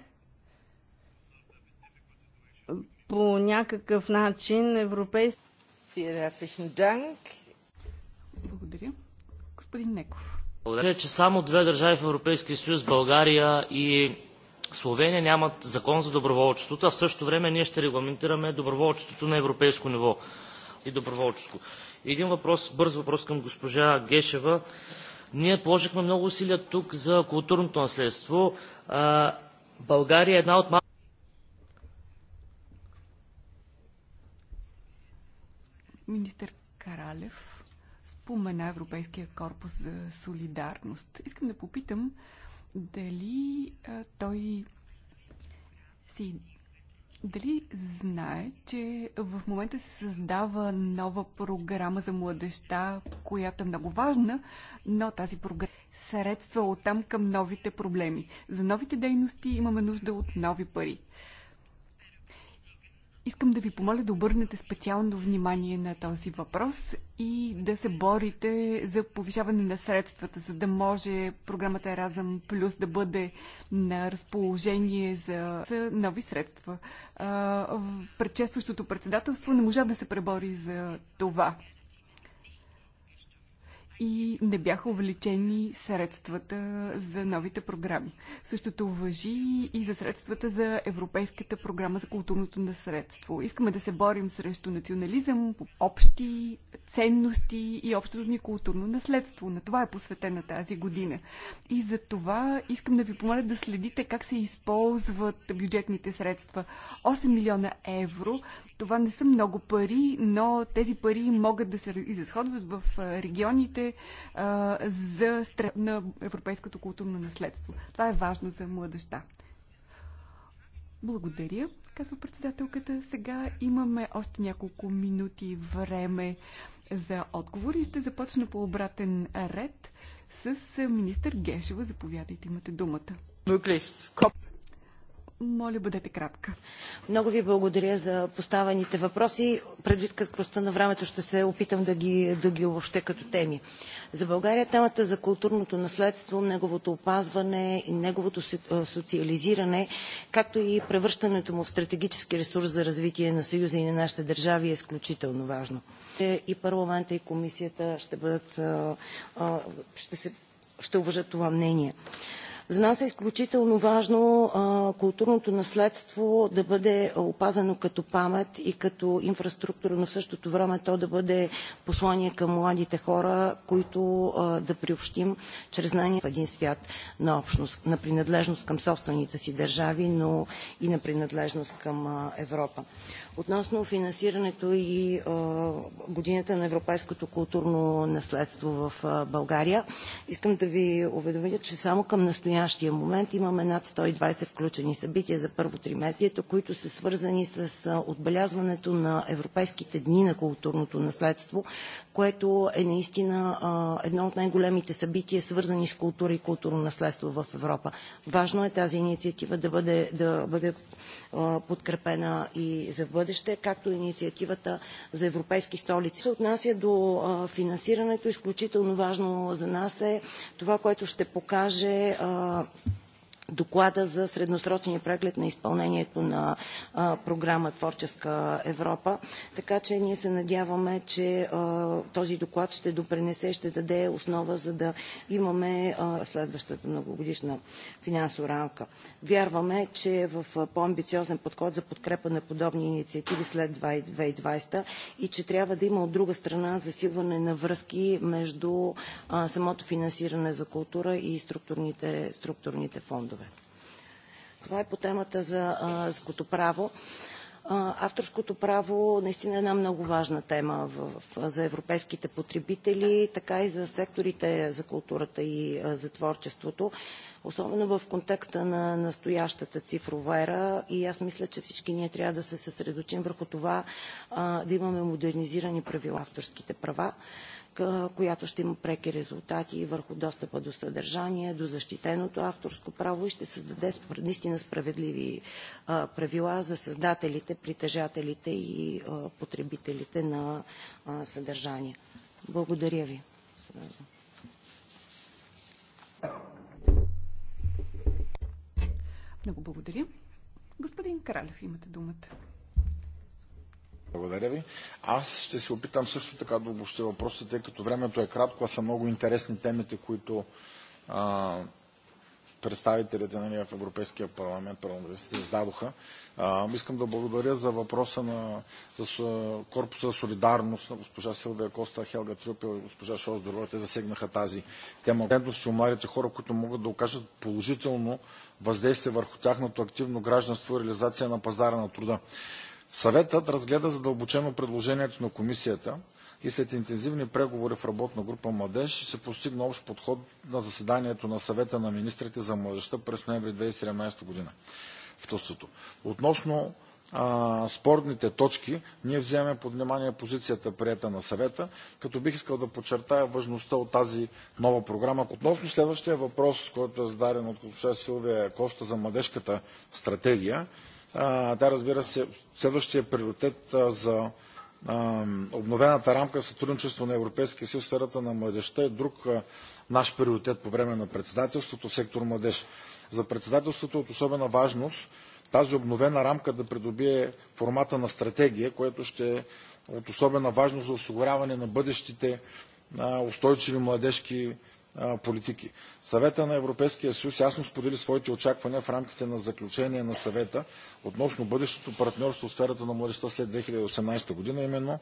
по някакъв начин европейски? Vielen herzlichen Dank. Благодаря. Господин Неков. Благодаря, че само две държави в Европейския съюз, България и Словения нямат закон за доброволчеството, а в същото време ние ще регламентираме доброволчеството на европейско ниво и доброволчество. Един въпрос, бърз въпрос към госпожа Гешева. Ние положихме много усилия тук за културното наследство. България е една от малко... Министър Каралев спомена Европейския корпус за солидарност. Искам да попитам дали а, той си дали знае, че в момента се създава нова програма за младеща, която е много важна, но тази програма средства оттам към новите проблеми. За новите дейности имаме нужда от нови пари. Искам да ви помоля да обърнете специално внимание на този въпрос и да се борите за повишаване на средствата, за да може програмата Еразъм Плюс да бъде на разположение за нови средства. Предшестващото председателство не можа да се пребори за това и не бяха увеличени средствата за новите програми. Същото въжи и за средствата за Европейската програма за културното наследство. Искаме да се борим срещу национализъм, общи ценности и общото ни културно наследство. На това е посветена тази година. И за това искам да ви помоля да следите как се използват бюджетните средства. 8 милиона евро, това не са много пари, но тези пари могат да се изразходват в регионите, а, за на европейското културно наследство. Това е важно за младеща. Благодаря, казва председателката. Сега имаме още няколко минути време за отговори. Ще започна по обратен ред с министър Гешева. Заповядайте, имате думата. Моля, бъдете кратка. Много ви благодаря за поставените въпроси. Предвид краткостта на времето ще се опитам да ги, да ги обобщя като теми. За България темата за културното наследство, неговото опазване и неговото социализиране, както и превръщането му в стратегически ресурс за развитие на Съюза и на нашите държави е изключително важно. И парламента, и комисията ще бъдат, ще, се, ще уважат това мнение. За нас е изключително важно културното наследство да бъде опазено като памет и като инфраструктура, но в същото време то да бъде послание към младите хора, които да приобщим чрез знание в един свят на общност, на принадлежност към собствените си държави, но и на принадлежност към Европа. Относно финансирането и годината на европейското културно наследство в България, искам да ви уведомя, че само към настоящето настоящия момент имаме над 120 включени събития за първо тримесието, които са свързани с отбелязването на Европейските дни на културното наследство, което е наистина едно от най-големите събития, свързани с култура и културно наследство в Европа. Важно е тази инициатива да бъде, да бъде подкрепена и за бъдеще, както и инициативата за европейски столици. Се отнася до финансирането, изключително важно за нас е това, което ще покаже доклада за средносрочния преглед на изпълнението на програма Творческа Европа. Така че ние се надяваме, че този доклад ще допренесе, ще даде основа, за да имаме следващата многогодишна финансова рамка. Вярваме, че в по-амбициозен подход за подкрепа на подобни инициативи след 2020 и че трябва да има от друга страна засилване на връзки между самото финансиране за култура и структурните, структурните фондове актове. Това е по темата за авторското право. Авторското право наистина е една много важна тема в, в, за европейските потребители, така и за секторите за културата и за творчеството, особено в контекста на настоящата цифрова ера. И аз мисля, че всички ние трябва да се съсредочим върху това а, да имаме модернизирани правила авторските права която ще има преки резултати върху достъпа до съдържание, до защитеното авторско право и ще създаде наистина справедливи правила за създателите, притежателите и потребителите на съдържание. Благодаря ви. Много благодаря. Господин Кралев, имате думата. Благодаря ви. Аз ще се опитам също така да обобща въпросите, тъй като времето е кратко, а са много интересни темите, които а, представителите нали, в Европейския парламент, се издадоха. А, искам да благодаря за въпроса на за Корпуса солидарност на госпожа Силвия Коста, Хелга Трюпел и госпожа Шоздорова. Те засегнаха тази тема. Бедност и младите хора, които могат да окажат положително въздействие върху тяхното активно гражданство и реализация на пазара на труда. Съветът разгледа задълбочено предложението на комисията и след интензивни преговори в работна група Младеж се постигна общ подход на заседанието на съвета на министрите за младежта през ноември 2017 година в Тусото. Относно а, спорните точки, ние вземем под внимание позицията прията на съвета, като бих искал да подчертая важността от тази нова програма. Относно следващия въпрос, който е зададен от госпожа Силвия Коста за младежката стратегия, да, разбира се, следващия приоритет за обновената рамка сътрудничество на Европейския съюз в сферата на младежта е друг наш приоритет по време на председателството, сектор младеж. За председателството е от особена важност тази обновена рамка да придобие формата на стратегия, което ще е от особена важност за осигуряване на бъдещите устойчиви младежки политики. Съвета на Европейския съюз ясно сподели своите очаквания в рамките на заключение на съвета относно бъдещото партньорство в сферата на младеща след 2018 година, именно,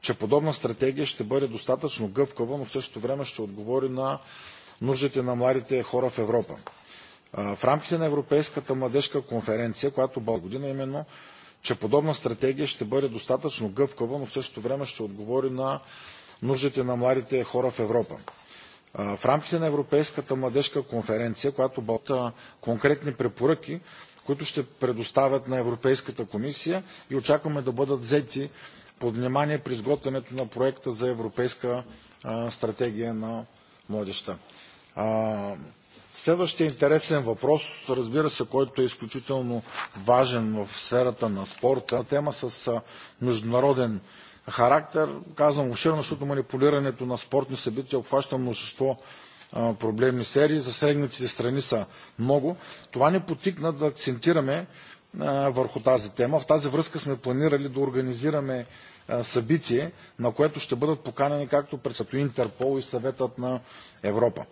че подобна стратегия ще бъде достатъчно гъвкава, но в същото време ще отговори на нуждите на младите хора в Европа. В рамките на Европейската младежка конференция, която България година, именно, че подобна стратегия ще бъде достатъчно гъвкава, но в същото време ще отговори на нуждите на младите хора в Европа в рамките на Европейската младежка конференция, която бълта конкретни препоръки, които ще предоставят на Европейската комисия и очакваме да бъдат взети под внимание при изготвянето на проекта за Европейска стратегия на младеща. Следващия интересен въпрос, разбира се, който е изключително важен в сферата на спорта, тема с международен характер. Казвам обширно, защото манипулирането на спортни събития обхваща множество проблемни серии, засегнатите страни са много. Това ни потикна да акцентираме върху тази тема. В тази връзка сме планирали да организираме събитие, на което ще бъдат поканени както председател Интерпол и съветът на Европа.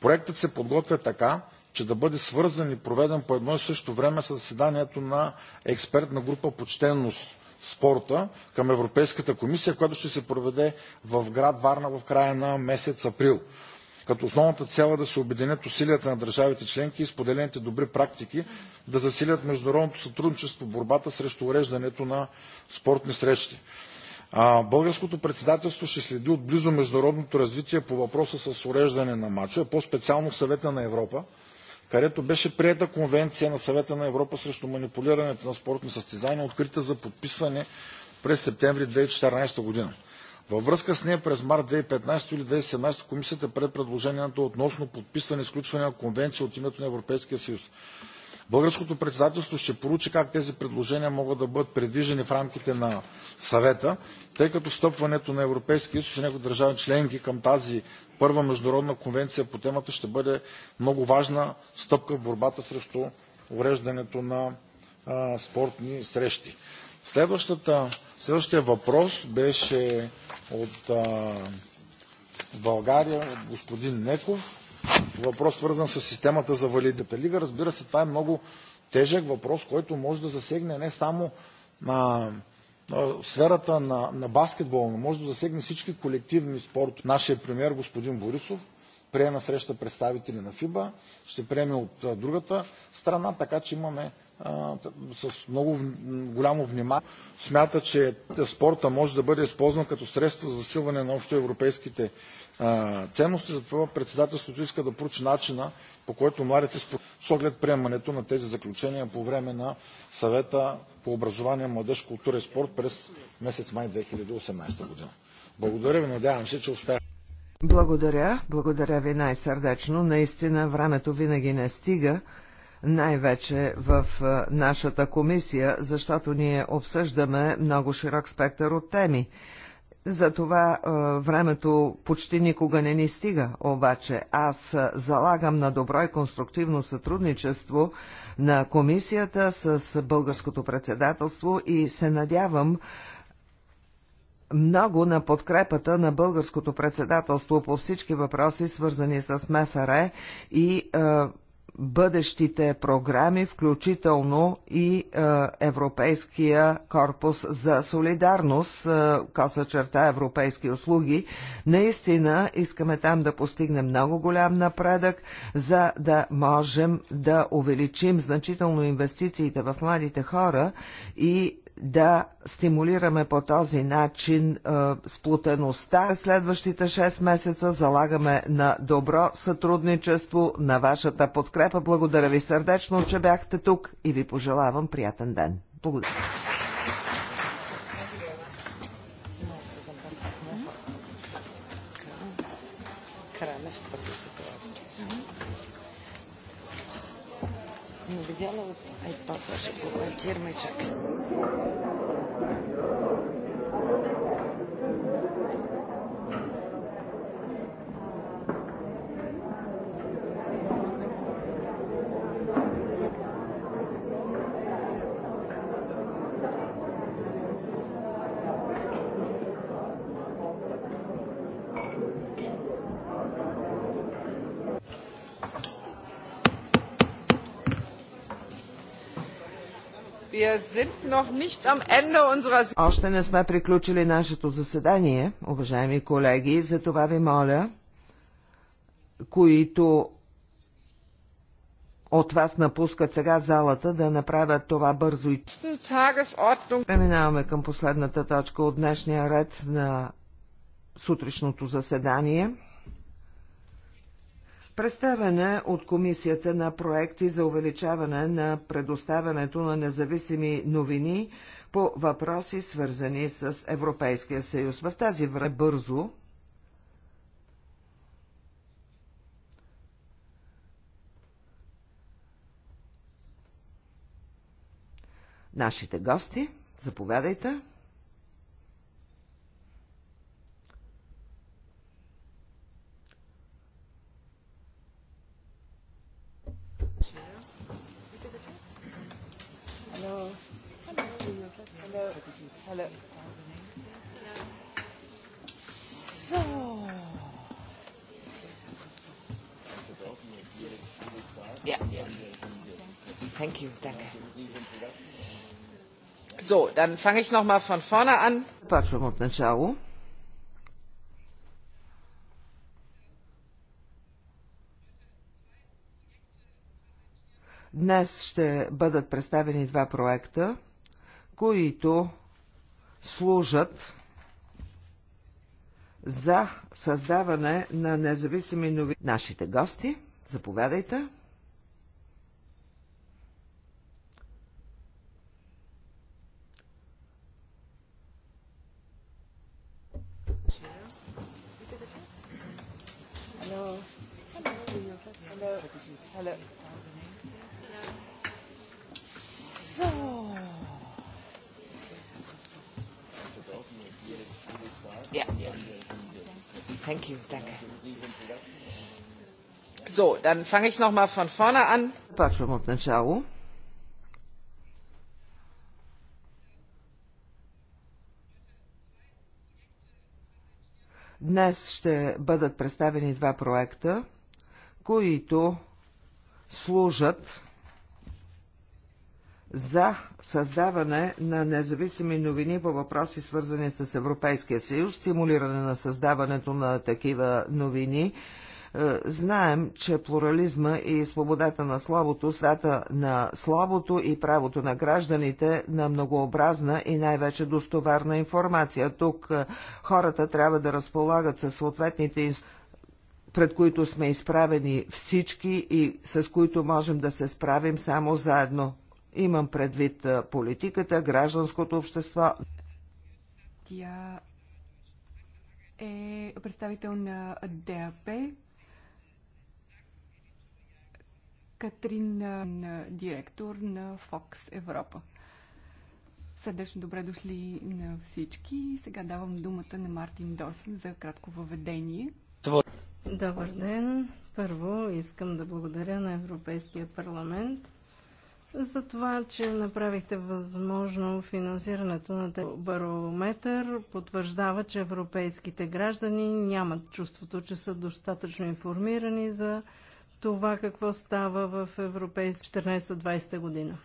Проектът се подготвя така, че да бъде свързан и проведен по едно и също време с заседанието на експертна група по чтенност спорта към Европейската комисия, която ще се проведе в град Варна в края на месец април. Като основната цел е да се обединят усилията на държавите членки и споделените добри практики да засилят международното сътрудничество в борбата срещу уреждането на спортни срещи. Българското председателство ще следи отблизо международното развитие по въпроса с уреждане на мачове, по-специално в Съвета на Европа, където беше приета Конвенция на Съвета на Европа срещу манипулирането на спортни състезания, открита за подписване през септември 2014 година. Във връзка с нея през март 2015 или 2017 комисията пред предложението относно подписване и изключване на конвенция от името на Европейския съюз. Българското председателство ще поручи как тези предложения могат да бъдат предвижени в рамките на съвета, тъй като стъпването на Европейския съюз и някои държави членки към тази първа международна конвенция по темата ще бъде много важна стъпка в борбата срещу уреждането на а, спортни срещи. следващия въпрос беше от а, България, от господин Неков. Въпрос свързан с системата за валидната лига. Разбира се, това е много тежък въпрос, който може да засегне не само на сферата на, на но може да засегне всички колективни спорт. Нашия премьер господин Борисов приема среща представители на ФИБА, ще приеме от другата страна, така че имаме а, с много голямо внимание. Смята, че е, спорта може да бъде използван като средство за засилване на общоевропейските европейските ценности, затова председателството иска да проучи начина, по който младите спорт... с оглед приемането на тези заключения по време на съвета по образование, младеж, култура и спорт през месец май 2018 година. Благодаря ви, надявам се, че успях. Благодаря, благодаря ви най-сърдечно. Наистина времето винаги не стига, най-вече в нашата комисия, защото ние обсъждаме много широк спектър от теми за това е, времето почти никога не ни стига, обаче аз е, залагам на добро и конструктивно сътрудничество на комисията с българското председателство и се надявам много на подкрепата на българското председателство по всички въпроси, свързани с МФР и е, бъдещите програми, включително и е, Европейския корпус за солидарност, е, коса черта Европейски услуги. Наистина искаме там да постигнем много голям напредък, за да можем да увеличим значително инвестициите в младите хора и да стимулираме по този начин е, сплутеността. Следващите 6 месеца залагаме на добро сътрудничество, на вашата подкрепа. Благодаря ви сърдечно, че бяхте тук и ви пожелавам приятен ден. Благодаря. Видяла вот и това ще коментираме, чакай. Още не сме приключили нашето заседание, уважаеми колеги, за това ви моля, които от вас напускат сега залата да направят това бързо и... Преминаваме към последната точка от днешния ред на сутрешното заседание. Представяне от Комисията на проекти за увеличаване на предоставянето на независими новини по въпроси, свързани с Европейския съюз. В тази време бързо нашите гости. Заповядайте. Hello. So. Ja. Thank you, danke. So, dann fange ich nochmal von vorne an. Днес ще бъдат представени два проекта, които служат за създаване на независими нови Нашите гости, заповядайте. Hello. Hello. Thank you, danke. So, dann fange ich von vorne an. Днес ще бъдат представени два проекта, които служат за създаване на независими новини по въпроси свързани с Европейския съюз, стимулиране на създаването на такива новини. Е, знаем, че плурализма и свободата на словото, свята на словото и правото на гражданите на многообразна и най-вече достоверна информация. Тук е, хората трябва да разполагат със съответните инструменти пред които сме изправени всички и с които можем да се справим само заедно. Имам предвид политиката, гражданското общество. Тя е представител на ДАП, Катрин, директор на Fox Европа. Сърдечно добре дошли на всички. Сега давам думата на Мартин Досен за кратко въведение. Добър ден. Първо искам да благодаря на Европейския парламент за това, че направихте възможно финансирането на барометър. Потвърждава, че европейските граждани нямат чувството, че са достатъчно информирани за това какво става в Европейс 14-20 година.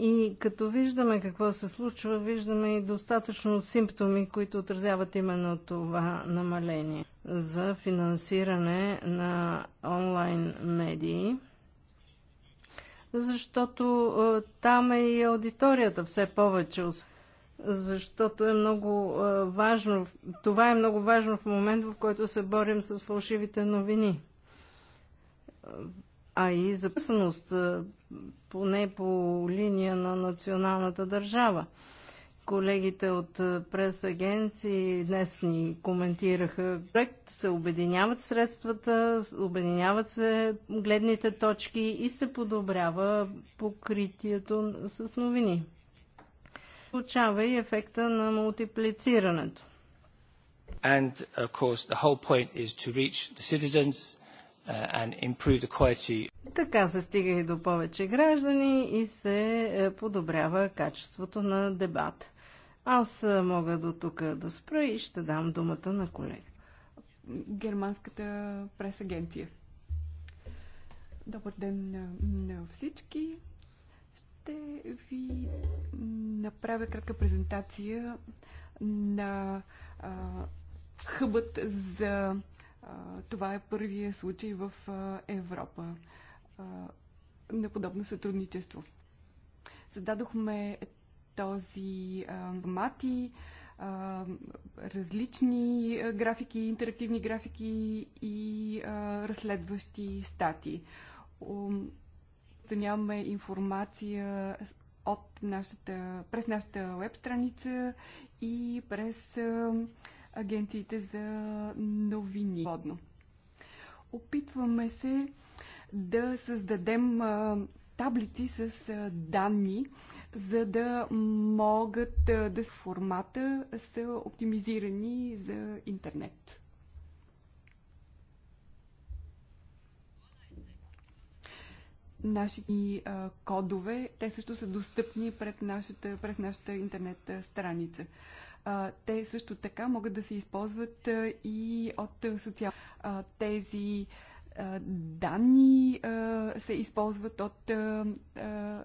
И като виждаме какво се случва, виждаме и достатъчно симптоми, които отразяват именно това намаление за финансиране на онлайн медии защото а, е, там е и аудиторията все повече. Защото е много а, е, важно, това е много важно в момент, в който се борим с фалшивите новини. А и записаност, е, поне по линия на националната държава. Колегите от прес-агенции днес ни коментираха. Проект се обединяват средствата, обединяват се гледните точки и се подобрява покритието с новини. Получава и ефекта на мултиплицирането. And of course the whole point is to reach the citizens uh, and improve the quality така се стига и до повече граждани и се е, подобрява качеството на дебата. Аз мога до тук да спра и ще дам думата на колега. Германската пресагенция. Добър ден на, на всички. Ще ви направя кратка презентация на а, хъбът за. А, това е първия случай в а, Европа а, на подобно сътрудничество. Създадохме този мати, различни графики, интерактивни графики и разследващи статии. Нямаме информация от нашата, през нашата веб страница и през агенциите за новини. Водно. Опитваме се да създадем таблици с данни, за да могат да с формата са оптимизирани за интернет. Нашите а, кодове, те също са достъпни пред нашата, през нашата интернет страница. А, те също така могат да се използват а, и от социал... А, тези а, данни се използват от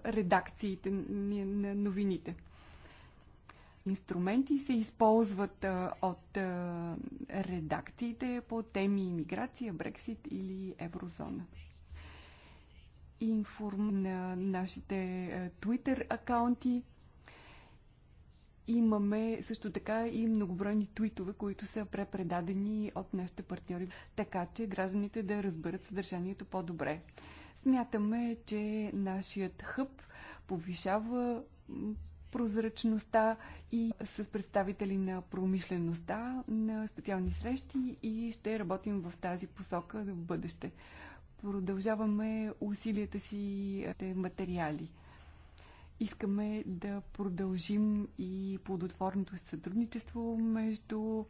редакциите на новините. Инструменти се използват от редакциите по теми миграция, Брексит или еврозона. Информ на нашите Twitter акаунти – Имаме също така и многобройни твитове, които са препредадени от нашите партньори, така че гражданите да разберат съдържанието по-добре. Смятаме, че нашият хъб повишава прозрачността и с представители на промишлеността на специални срещи и ще работим в тази посока в бъдеще. Продължаваме усилията си материали. Искаме да продължим и плодотворното сътрудничество между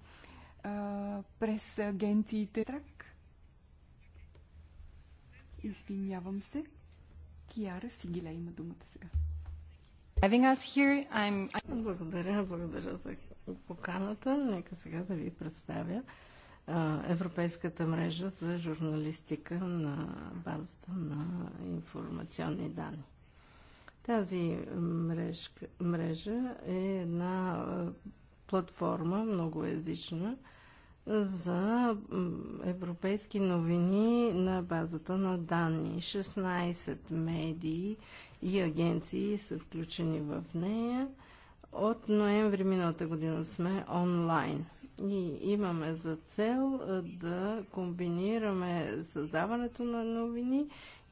а, през агенциите. Трак. Извинявам се. Киара Сигиле има думата сега. Благодаря, благодаря за поканата. Нека сега да ви представя Европейската мрежа за журналистика на базата на информационни данни. Тази мрежка, мрежа е една платформа, многоязична, за европейски новини на базата на данни. 16 медии и агенции са включени в нея. От ноември миналата година сме онлайн. И имаме за цел да комбинираме създаването на новини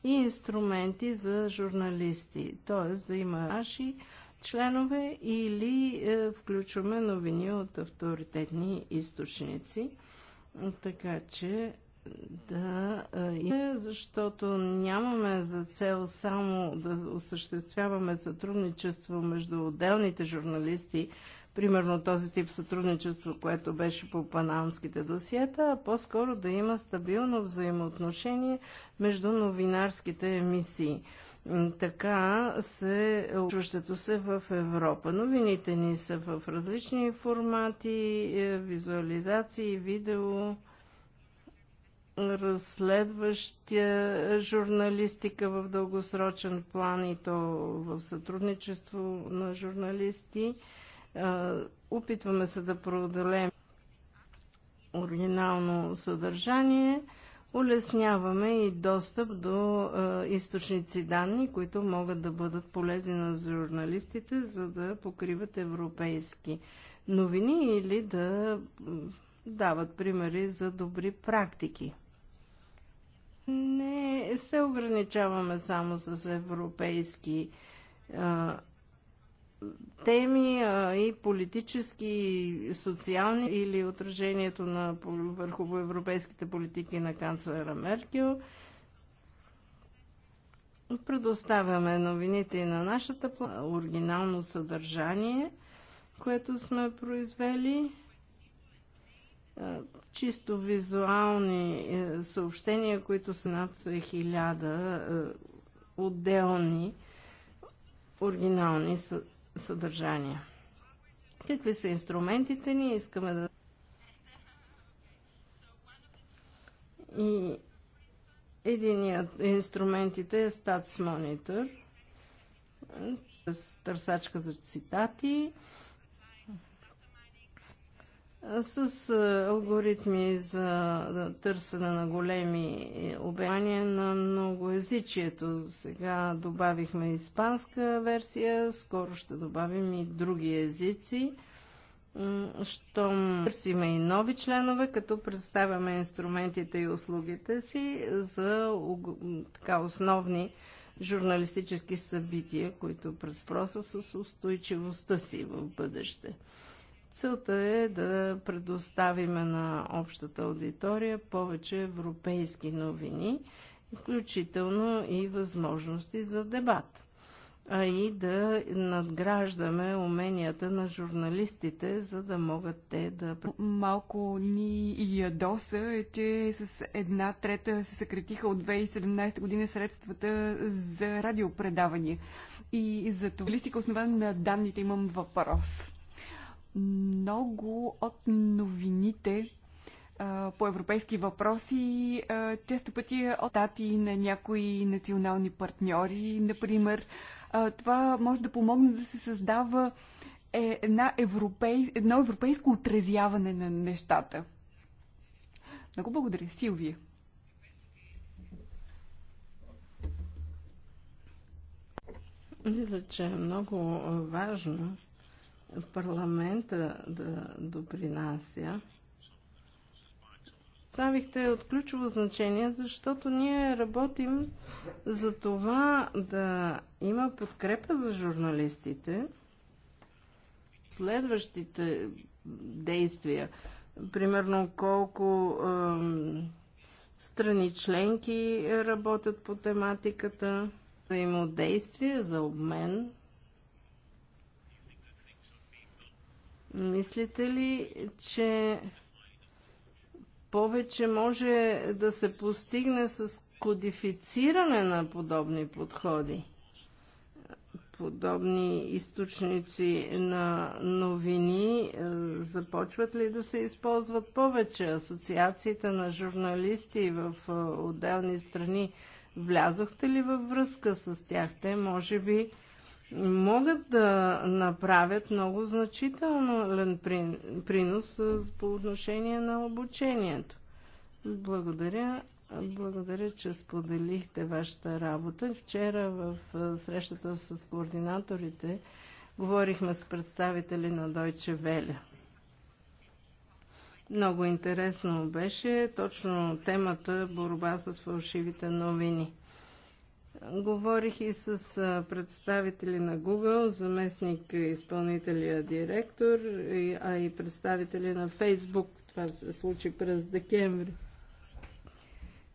и инструменти за журналисти, т.е. да има наши членове или е, включваме новини от авторитетни източници, така че да е, защото нямаме за цел само да осъществяваме сътрудничество между отделните журналисти, примерно този тип сътрудничество, което беше по панамските досиета, а по-скоро да има стабилно взаимоотношение между новинарските емисии. Така се чувството се в Европа. Новините ни са в различни формати, е, визуализации, видео, разследваща журналистика в дългосрочен план и то в сътрудничество на журналисти – Опитваме се да преодолеем оригинално съдържание. Улесняваме и достъп до източници данни, които могат да бъдат полезни на журналистите, за да покриват европейски новини или да дават примери за добри практики. Не се ограничаваме само с европейски а, теми, а и политически, и социални, или отражението на, върху европейските политики на канцлера Меркел. Предоставяме новините и на нашата оригинално съдържание, което сме произвели. Чисто визуални е, съобщения, които са над хиляда е, отделни оригинални съ съдържание. Какви са инструментите ни? Искаме да. И единият инструментите е Stats Monitor, търсачка за цитати с е, алгоритми за търсене на големи е, обемания на многоязичието. Сега добавихме испанска версия, скоро ще добавим и други езици. Щом търсиме и нови членове, като представяме инструментите и услугите си за така, основни журналистически събития, които предпроса с устойчивостта си в бъдеще. Целта е да предоставиме на общата аудитория повече европейски новини, включително и възможности за дебат, а и да надграждаме уменията на журналистите, за да могат те да... Малко ни ядоса е, че с една трета се съкретиха от 2017 година средствата за радиопредавания. И за това листика основана на данните имам въпрос. Много от новините по европейски въпроси често пъти е от тати на някои национални партньори, например. Това може да помогне да се създава е една европей... едно европейско отразяване на нещата. Много благодаря, Силвия. Мисля, че е много важно парламента да допринася. Ставихте е от ключово значение, защото ние работим за това да има подкрепа за журналистите. Следващите действия, примерно колко страни членки работят по тематиката, взаимодействие за обмен Мислите ли, че повече може да се постигне с кодифициране на подобни подходи? Подобни източници на новини е, започват ли да се използват повече? Асоциациите на журналисти в е, отделни страни влязохте ли във връзка с тях? Те може би могат да направят много значителен принос по отношение на обучението. Благодаря. Благодаря, че споделихте вашата работа. Вчера в срещата с координаторите говорихме с представители на Дойче Веля. Много интересно беше точно темата борба с фалшивите новини. Говорих и с представители на Google, заместник изпълнителия директор, а и представители на Facebook. Това се случи през декември.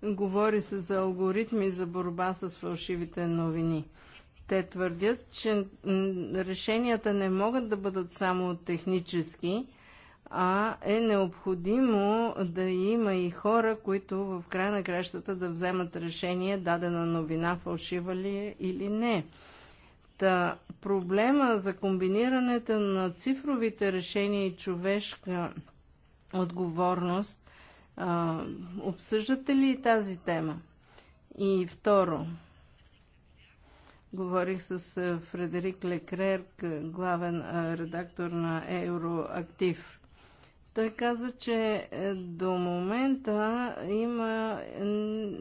Говори се за алгоритми за борба с фалшивите новини. Те твърдят, че решенията не могат да бъдат само технически, а е необходимо да има и хора, които в края на кращата да вземат решение дадена новина фалшива ли е или не. Та, проблема за комбинирането на цифровите решения и човешка отговорност, а, обсъждате ли тази тема? И второ, говорих с Фредерик Лекрерк, главен редактор на Евроактив – той каза, че е, до момента има е,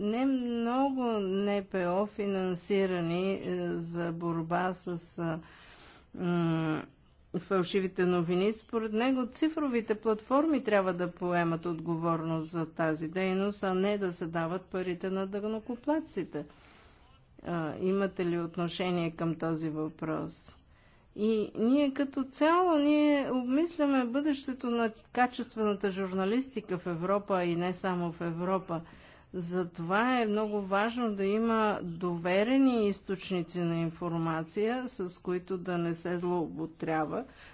не много НПО финансирани е, за борба с фалшивите новини. Според него цифровите платформи трябва да поемат отговорност за тази дейност, а не да се дават парите на дъгнокоплаците. Имате ли отношение към този въпрос? И ние като цяло ние обмисляме бъдещето на качествената журналистика в Европа и не само в Европа. Затова е много важно да има доверени източници на информация, с които да не се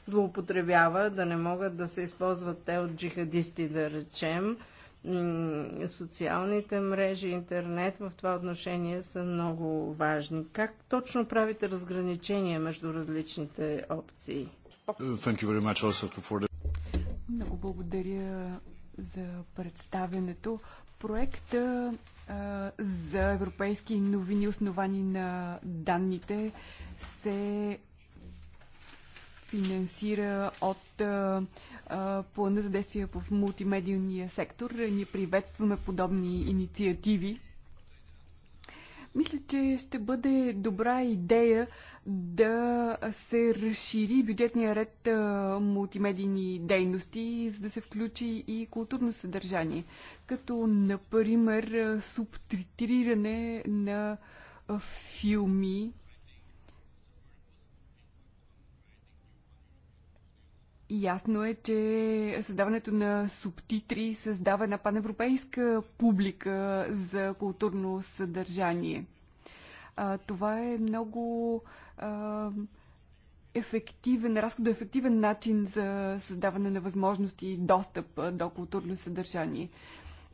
злоупотребява, да не могат да се използват те от джихадисти, да речем, социалните мрежи, интернет в това отношение са много важни. Как точно правите разграничение между различните опции? Много благодаря за представенето. Проекта а, за европейски новини, основани на данните, се финансира от а, плана за действие в мултимедийния сектор. Ние приветстваме подобни инициативи. Мисля, че ще бъде добра идея да се разшири бюджетния ред мултимедийни дейности, за да се включи и културно съдържание, като, например, субтитриране на филми Ясно е, че създаването на субтитри създава една паневропейска публика за културно съдържание. А, това е много а, ефективен, разходоефективен начин за създаване на възможности и достъп до културно съдържание.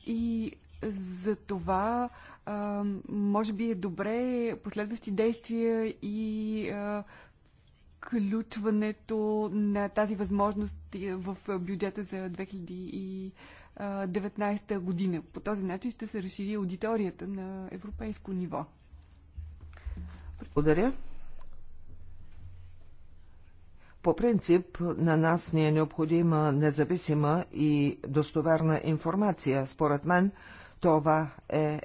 И за това а, може би е добре последващи действия и а, включването на тази възможност в бюджета за 2019 година. По този начин ще се разшири аудиторията на европейско ниво. Благодаря. По принцип, на нас ни е необходима независима и достоверна информация. Според мен, това е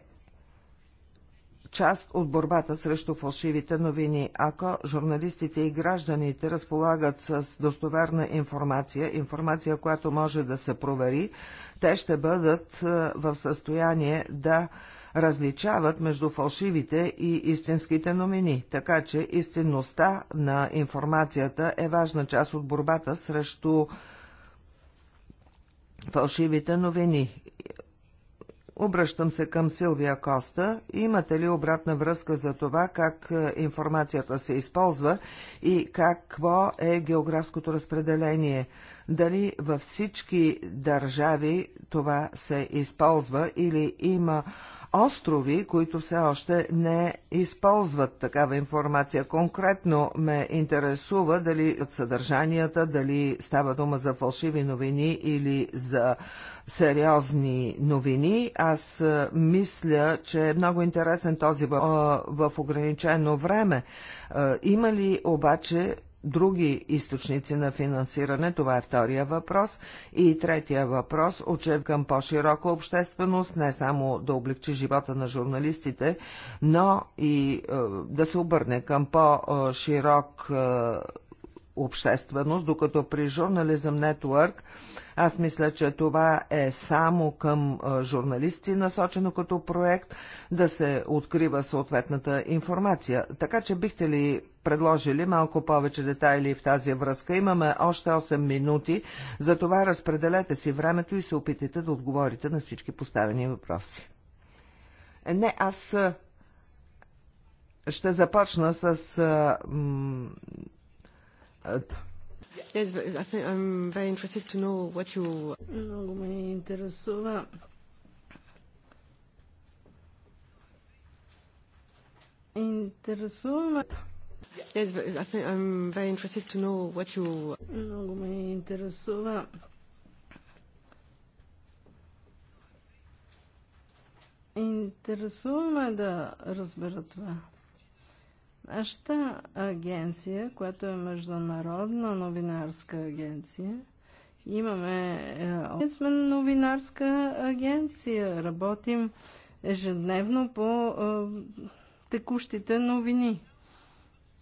част от борбата срещу фалшивите новини. Ако журналистите и гражданите разполагат с достоверна информация, информация, която може да се провери, те ще бъдат е, в състояние да различават между фалшивите и истинските новини, така че истинността на информацията е важна част от борбата срещу фалшивите новини. Обръщам се към Силвия Коста. Имате ли обратна връзка за това как е, информацията се използва и какво е географското разпределение? Дали във всички държави това се използва или има острови, които все още не използват такава информация. Конкретно ме интересува дали от съдържанията, дали става дума за фалшиви новини или за сериозни новини. Аз мисля, че е много интересен този в, в ограничено време. Има ли обаче други източници на финансиране? Това е втория въпрос. И третия въпрос, отчев към по-широка общественост, не само да облегчи живота на журналистите, но и е, да се обърне към по-широк е, общественост, докато при журнализъм Network аз мисля, че това е само към журналисти насочено като проект да се открива съответната информация. Така че бихте ли предложили малко повече детайли в тази връзка? Имаме още 8 минути, за това разпределете си времето и се опитайте да отговорите на всички поставени въпроси. Е, не, аз ще започна с Yes, but I think I'm very interested to know what you... Много ме интересува. Интересува Yes, I think I'm very interested to know what you... Много ме интересува. Интересува ме да разбера това. Нашата агенция, която е международна новинарска агенция, имаме... Е, ние сме новинарска агенция, работим ежедневно по а, е, текущите новини.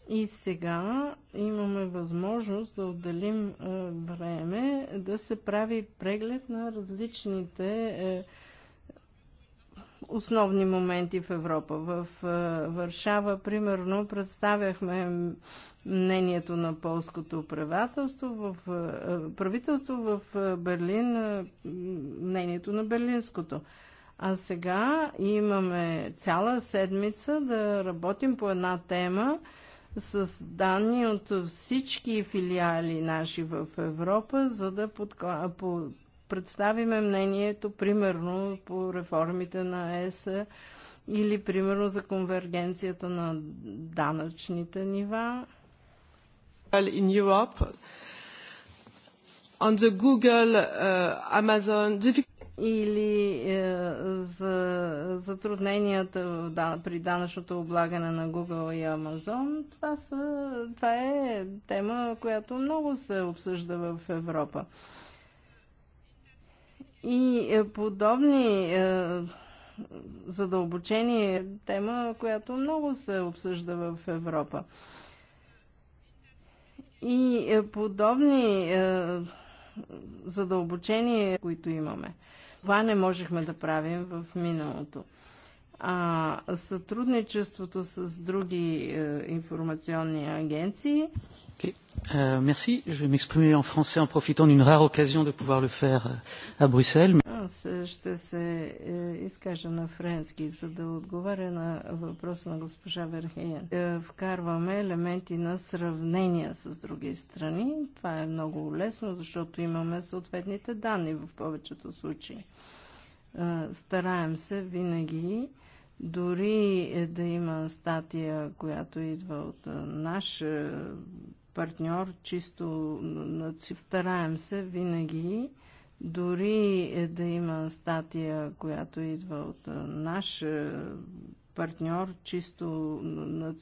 И сега имаме възможност да отделим а, е, време да се прави преглед на различните а, основни моменти в Европа. В е, Варшава, примерно, представяхме мнението на полското правителство, в, е, е, правителство в Берлин, мнението на берлинското. А сега имаме цяла седмица да работим по една тема с данни от всички филиали наши в Европа, за да подка представиме мнението, примерно, по реформите на ЕС или, примерно, за конвергенцията на данъчните нива. In Europe, on the Google, uh, Amazon, или uh, за затрудненията да, при данъчното облагане на Google и Amazon, това, са, това е тема, която много се обсъжда в Европа. И е, подобни е, задълбочени е тема, която много се обсъжда в Европа. И е, подобни задълбочени, които имаме. Това не можехме да правим в миналото а сътрудничеството с други е, информационни агенции. Мерси, ще merci. Je français en profitant d'une rare occasion de pouvoir le faire à Bruxelles. Аз ще се е, изкажа на френски, за да отговаря на въпроса на госпожа Верхиен. Е, вкарваме елементи на сравнения с други страни. Това е много лесно, защото имаме съответните данни в повечето случаи. Е, стараем се винаги дори е да има статия, която идва от наш партньор, чисто стараем се винаги, дори е да има статия, която идва от наш партньор, чисто